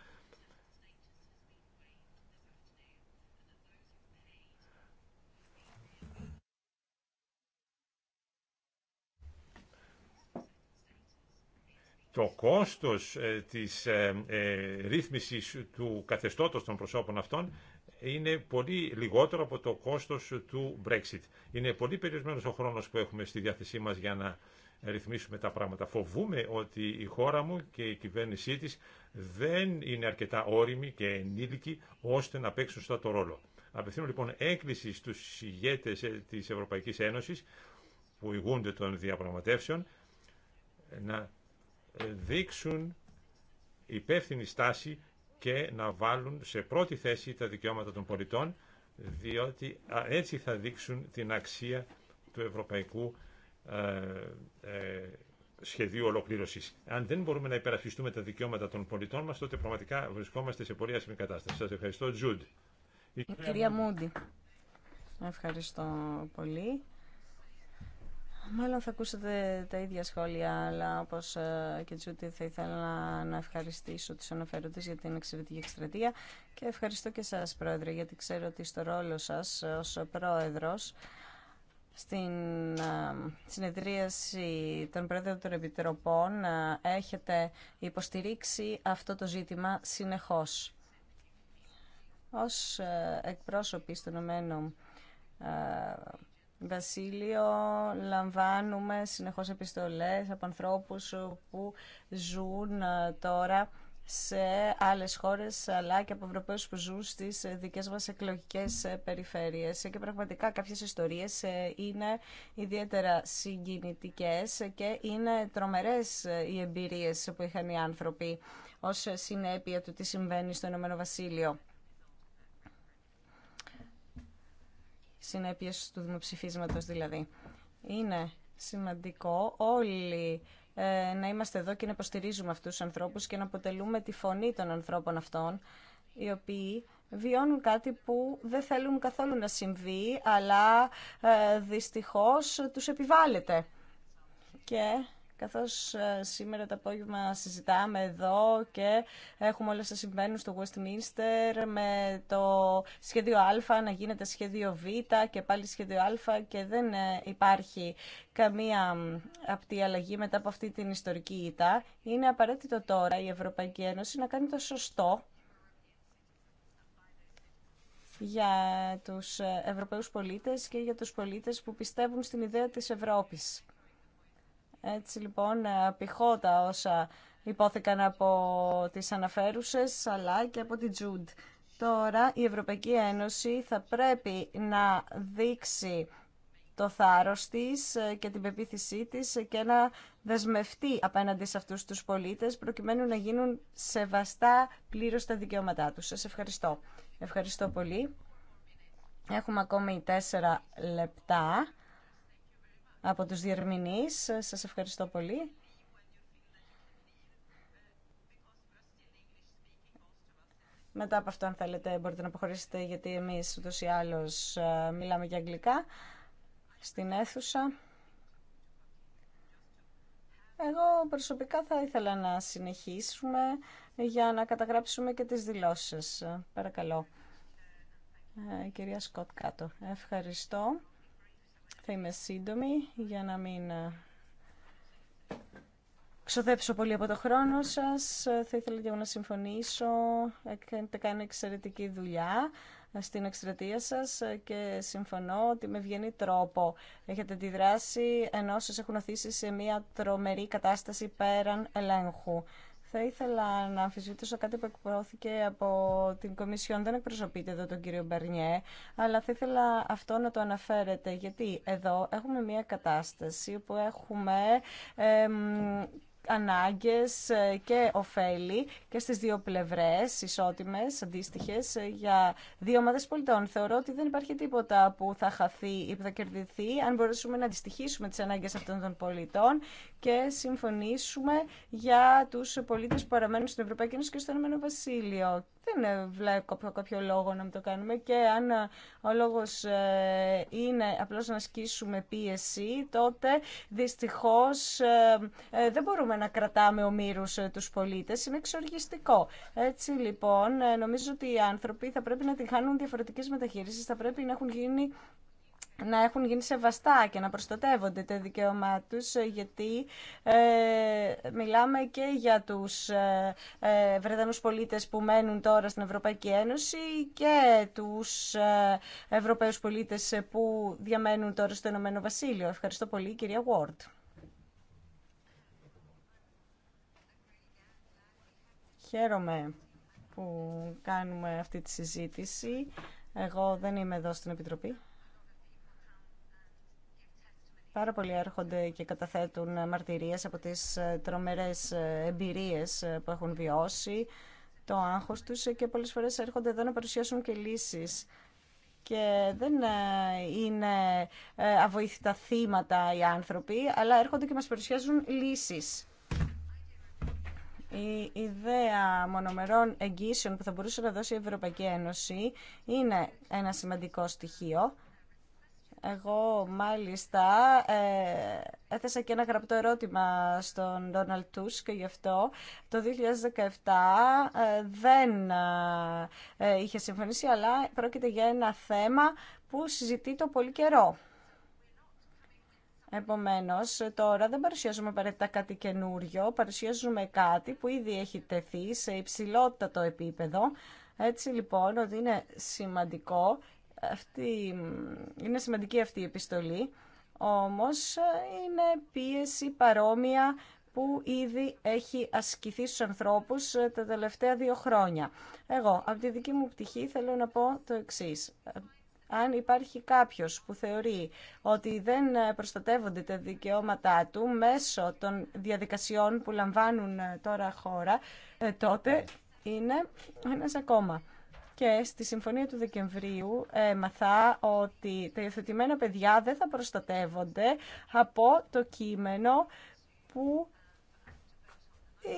το κόστος ε, της ε, ε, ρύθμισης του καθεστώτος των προσώπων αυτών είναι πολύ λιγότερο από το κόστος του Brexit. Είναι πολύ περιορισμένος ο χρόνος που έχουμε στη διάθεσή μας για να ρυθμίσουμε τα πράγματα. Φοβούμε ότι η χώρα μου και η κυβέρνησή της δεν είναι αρκετά όρημη και ενήλικη ώστε να παίξουν σωστά το ρόλο. Απευθύνω λοιπόν έκκληση στους ηγέτες της Ευρωπαϊκής Ένωσης που ηγούνται των διαπραγματεύσεων να δείξουν υπεύθυνη στάση και να βάλουν σε πρώτη θέση τα δικαιώματα των πολιτών, διότι έτσι θα δείξουν την αξία του ευρωπαϊκού ε, ε, σχεδίου ολοκλήρωσης. Αν δεν μπορούμε να υπερασπιστούμε τα δικαιώματα των πολιτών μας, τότε πραγματικά βρισκόμαστε σε πολύ άσχημη κατάσταση. Σας ευχαριστώ, Τζουντ. Η κυρία Μούντι. Ευχαριστώ πολύ. Μάλλον θα ακούσετε τα ίδια σχόλια, αλλά όπω ε, και Τζούτι, θα ήθελα να ευχαριστήσω του αναφέροντε για την εξαιρετική εκστρατεία και ευχαριστώ και εσά, Πρόεδρε, γιατί ξέρω ότι στο ρόλο σα ω Πρόεδρο στην ε, συνεδρίαση των Πρόεδρων των Επιτροπών ε, έχετε υποστηρίξει αυτό το ζήτημα συνεχώς. Ως εκπρόσωποι στον Ομένο Βασίλειο λαμβάνουμε συνεχώς επιστολές από ανθρώπους που ζουν ε, τώρα σε άλλες χώρες αλλά και από Ευρωπαίους που ζουν στις ε, δικές μας εκλογικές ε, περιφέρειες και πραγματικά κάποιες ιστορίες είναι ιδιαίτερα συγκινητικές και είναι τρομερές οι εμπειρίες που είχαν οι άνθρωποι ως συνέπεια του τι συμβαίνει στο Ηνωμένο Βασίλειο. συνέπειε του δημοψηφίσματο, δηλαδή. Είναι σημαντικό όλοι ε, να είμαστε εδώ και να υποστηρίζουμε αυτούς τους ανθρώπους και να αποτελούμε τη φωνή των ανθρώπων αυτών, οι οποίοι βιώνουν κάτι που δεν θέλουν καθόλου να συμβεί, αλλά ε, δυστυχώς τους επιβάλλεται. Και καθώς ε, σήμερα το απόγευμα συζητάμε εδώ και έχουμε όλα τα συμβαίνουν στο Westminster με το σχέδιο Α να γίνεται σχέδιο Β και πάλι σχέδιο Α και δεν ε, υπάρχει καμία απτή αλλαγή μετά από αυτή την ιστορική ήττα. Είναι απαραίτητο τώρα η Ευρωπαϊκή Ένωση να κάνει το σωστό για τους ε, Ευρωπαίους πολίτες και για τους πολίτες που πιστεύουν στην ιδέα της Ευρώπης. Έτσι λοιπόν ε, πηχώ όσα υπόθηκαν από τις αναφέρουσες αλλά και από την Τζουντ. Τώρα η Ευρωπαϊκή Ένωση θα πρέπει να δείξει το θάρρος της ε, και την πεποίθησή της ε, και να δεσμευτεί απέναντι σε αυτούς τους πολίτες προκειμένου να γίνουν σεβαστά πλήρως τα δικαιώματά τους. Σας ευχαριστώ. Ευχαριστώ πολύ. Έχουμε ακόμη τέσσερα λεπτά από τους διερμηνείς. Σας ευχαριστώ πολύ. Μετά από αυτό, αν θέλετε, μπορείτε να αποχωρήσετε, γιατί εμείς ούτως ή άλλως ε, μιλάμε και αγγλικά στην αίθουσα. Εγώ προσωπικά θα ήθελα να συνεχίσουμε για να καταγράψουμε και τις δηλώσεις. Παρακαλώ. Ε, κυρία Σκοτ κάτω. Ευχαριστώ. Θα είμαι σύντομη για να μην ε, ξοδέψω πολύ από το χρόνο σας. Θα ήθελα και εγώ να συμφωνήσω. Έχετε κάνει εξαιρετική δουλειά ε, στην εκστρατεία σας ε, και συμφωνώ ότι με βγαίνει τρόπο έχετε τη δράση ενώ σας έχουν οθήσει σε μια τρομερή κατάσταση πέραν ελέγχου. Θα ήθελα να αμφισβητήσω κάτι που εκπρόθηκε από την Κομισιόν. Δεν εκπροσωπείται εδώ τον κύριο Μπερνιέ, αλλά θα ήθελα αυτό να το αναφέρετε, γιατί εδώ έχουμε μια κατάσταση που έχουμε εμ, ανάγκες ε, και ωφέλη και στις δύο πλευρές, ισότιμες, αντίστοιχες, ε, για δύο ομάδες πολιτών. Θεωρώ ότι δεν υπάρχει τίποτα που θα χαθεί ή που θα κερδιθεί αν μπορέσουμε να αντιστοιχίσουμε τις ανάγκες αυτών των πολιτών και συμφωνήσουμε για τους πολίτες που παραμένουν στην Ευρωπαϊκή Ένωση και στο Ηνωμένο Βασίλειο. Δεν ε, βλέπω κάποιο λόγο να μην το κάνουμε και αν ε, ο λόγος ε, είναι απλώς να ασκήσουμε πίεση, τότε δυστυχώς δεν μπορούμε να κρατάμε ομοίρους τους πολίτες. Είναι εξοργιστικό. Έτσι λοιπόν, νομίζω ότι οι άνθρωποι θα πρέπει να τη χάνουν διαφορετικές μεταχείρισεις, θα πρέπει να έχουν γίνει να έχουν γίνει σεβαστά και να προστατεύονται τα δικαιώματά τους ε, γιατί ε, μιλάμε και για τους ε, ε, Βρετανούς πολίτες που μένουν τώρα στην Ευρωπαϊκή Ένωση και τους ε, Ευρωπαίους πολίτες που διαμένουν τώρα στο Ηνωμένο Βασίλειο. Ευχαριστώ πολύ κυρία Ward. Χαίρομαι που κάνουμε αυτή τη συζήτηση. Εγώ δεν είμαι εδώ στην Επιτροπή. Πάρα πολλοί έρχονται και καταθέτουν μαρτυρίες από τις ε, τρομερές ε, εμπειρίες ε, που έχουν βιώσει, το άγχος τους και πολλές φορές έρχονται εδώ να παρουσιάσουν και λύσεις. Και δεν είναι αβοήθητα θύματα οι άνθρωποι, αλλά έρχονται και μας παρουσιάζουν λύσεις. Η ιδέα μονομερών εγγύσεων που θα μπορούσε να δώσει η Ευρωπαϊκή Ένωση είναι ένα σημαντικό στοιχείο εγώ μάλιστα ε, έθεσα και ένα γραπτό ερώτημα στον Ντόναλτ Τούσκ γι' αυτό. Το 2017 ε, δεν ε, είχε συμφωνήσει, αλλά πρόκειται για ένα θέμα που συζητεί το πολύ καιρό. Επομένως, τώρα δεν παρουσιάζουμε απαραίτητα κάτι καινούριο, παρουσιάζουμε κάτι που ήδη έχει τεθεί σε υψηλότατο επίπεδο. Έτσι λοιπόν ότι είναι σημαντικό αυτή, είναι σημαντική αυτή η επιστολή, όμως είναι πίεση παρόμοια που ήδη έχει ασκηθεί στους ανθρώπους ε, τα τελευταία δύο χρόνια. Εγώ, από τη δική μου πτυχή, θέλω να πω το εξής. Αν υπάρχει κάποιος που θεωρεί ότι δεν προστατεύονται τα δικαιώματά του μέσω των διαδικασιών που λαμβάνουν ε, τώρα χώρα, ε, τότε είναι ένας ακόμα. Και στη Συμφωνία του Δεκεμβρίου έμαθα ότι τα υιοθετημένα παιδιά δεν θα προστατεύονται από το κείμενο που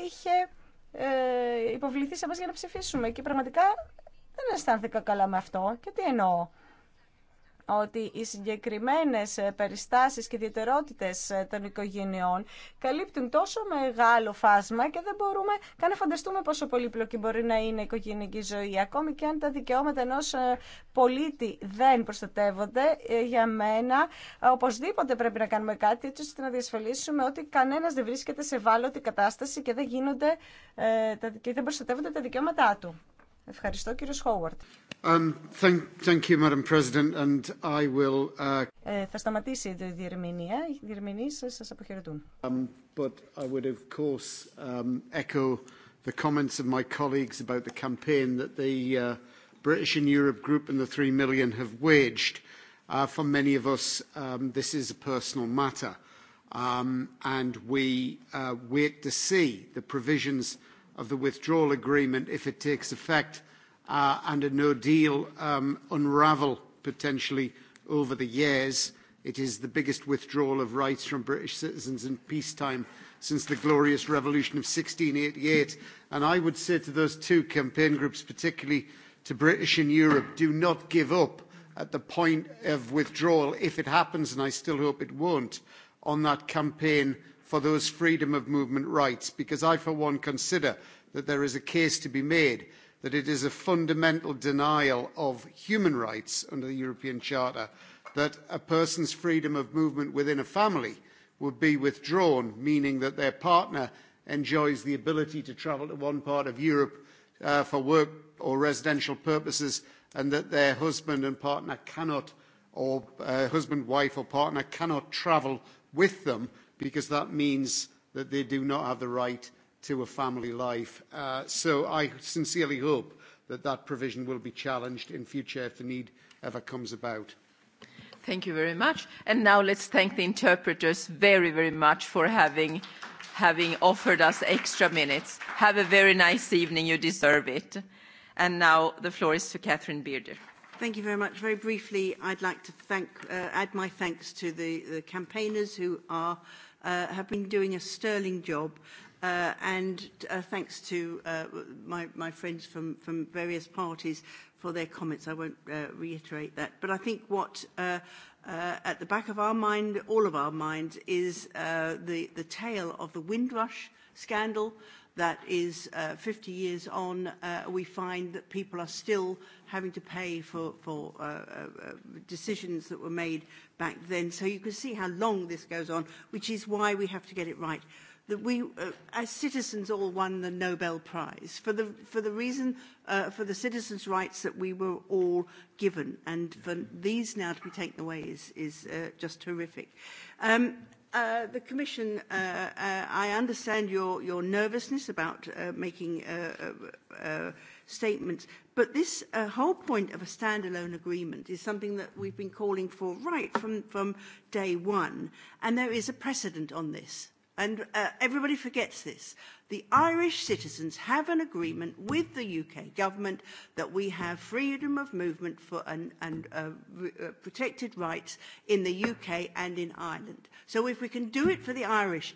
είχε ε, υποβληθεί σε εμάς για να ψηφίσουμε. Και πραγματικά δεν αισθάνθηκα καλά με αυτό. Και τι εννοώ ότι οι συγκεκριμένες ε, περιστάσεις και ιδιαιτερότητες ε, των οικογενειών καλύπτουν τόσο μεγάλο φάσμα και δεν μπορούμε καν να φανταστούμε πόσο πολύπλοκη μπορεί να είναι η οικογενειακή ζωή. Ακόμη και αν τα δικαιώματα ενός ε, πολίτη δεν προστατεύονται, για μένα οπωσδήποτε πρέπει να κάνουμε κάτι έτσι ώστε να διασφαλίσουμε ότι κανένας δεν βρίσκεται σε βάλωτη κατάσταση και δεν, γίνονται, και δεν προστατεύονται τα δικαιώματά του. Ευχαριστώ κύριο Χόουαρτ. Um, thank, thank you, Madam President, and I will, uh... ε, θα σταματήσει η διερμηνία. Οι διερμηνείς σας αποχαιρετούν. Um, but I would of course um, echo the comments of my colleagues about the campaign that the uh, British and Europe group and the three million have waged. Uh, for many of us, um, this is a personal matter. Um, and we uh, wait to see the provisions of the withdrawal agreement, if it takes effect, and a no deal unravel potentially over the years. It is the biggest withdrawal of rights from British citizens in peacetime since the glorious revolution of 1688. And I would say to those two campaign groups, particularly to British in Europe, do not give up at the point of withdrawal, if it happens, and I still hope it won't, on that campaign for those freedom of movement rights because I, for one, consider that there is a case to be made that it is a fundamental denial of human rights under the European Charter that a person's freedom of movement within a family would be withdrawn, meaning that their partner enjoys the ability to travel to one part of Europe for work or residential purposes and that their husband and partner cannot or husband, wife or partner cannot travel with them because that means that they do not have the right to a family life. So I sincerely hope that that provision will be challenged in future if the need ever comes about. Thank you very much. And now let's thank the interpreters very, very much for having offered us extra minutes. Have a very nice evening. You deserve it. And now the floor is to Catherine Bearder. Thank you very much. Very briefly, I'd like to add my thanks to the, the campaigners who are have been doing a sterling job and thanks to my my friends from from various parties for their comments. I won't reiterate that. But I think what at the back of our mind, all of our minds, is the the tale of the Windrush scandal that is 50 years on, we find that people are still having to pay for for decisions that were made back then. So you can see how long this goes on, which is why we have to get it right. That we, as citizens, all won the Nobel Prize for the for the reason for the citizens' rights that we were all given, and for these now to be taken away is is just horrific. Um the Commission, I understand your, your nervousness about making statements, but this whole point of a standalone agreement is something that we've been calling for right from, from day one, and there is a precedent on this and everybody forgets this the irish citizens have an agreement with the uk government that we have freedom of movement for and protected rights in the uk and in ireland so if we can do it for the irish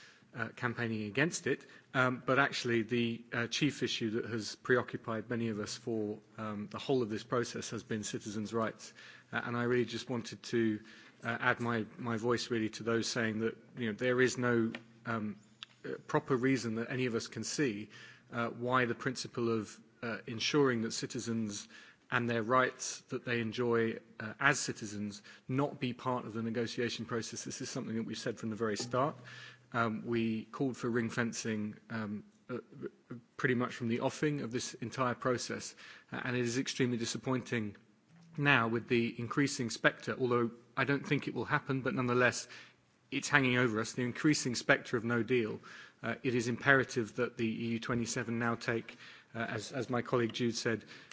campaigning against it, Um but actually the chief issue that has preoccupied many of us for um the whole of this process has been citizens' rights. And I really just wanted to add my my voice really to those saying that you know there is no um proper reason that any of us can see why the principle of ensuring that citizens and their rights that they enjoy as citizens not be part of the negotiation process. This is something that we've said from the very start we called for ring fencing pretty much from the offing of this entire process, and it is extremely disappointing now with the increasing spectre, although I don't think it will happen, but nonetheless it's hanging over us, the increasing spectre of no deal. It is imperative that the EU27 now take, as my colleague Jude said,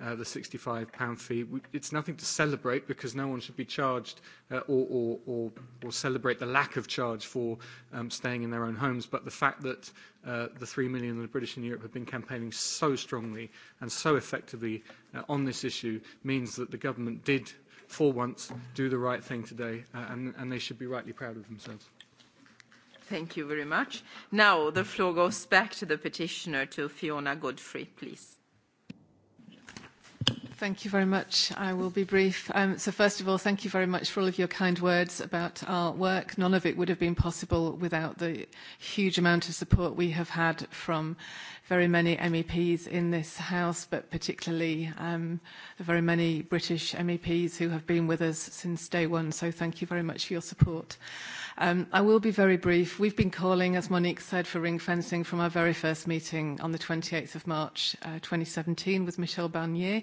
the pound fee. It's nothing to celebrate because no one should be charged or, or, or, celebrate the lack of charge for staying in their own homes. But the fact that the three million of the British in Europe have been campaigning so strongly and so effectively on this issue means that the government did, for once, do the right thing today, and, and they should be rightly proud of themselves. Thank you very much. Now the floor goes back to the petitioner, to Fiona Godfrey, please. Thank you very much. I will be brief. So first of all, thank you very much for all of your kind words about our work. None of it would have been possible without the huge amount of support we have had from very many MEPs in this House, but particularly the very many British MEPs who have been with us since day one. So thank you very much for your support. I will be very brief. We've been calling, as Monique said, for ring fencing from our very first meeting on the 28th of March 2017 with Michel Barnier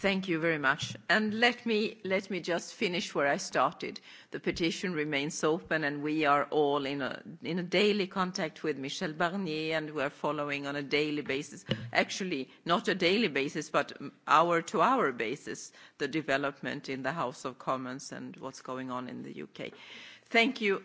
Thank you very much. And let me let me just finish where I started. The petition remains open, and we are all in a in a daily contact with Michel Barnier, and we are following on a daily basis. Actually, not a daily basis, but hour-to-hour basis, the development in the House of Commons and what's going on in the UK. Thank you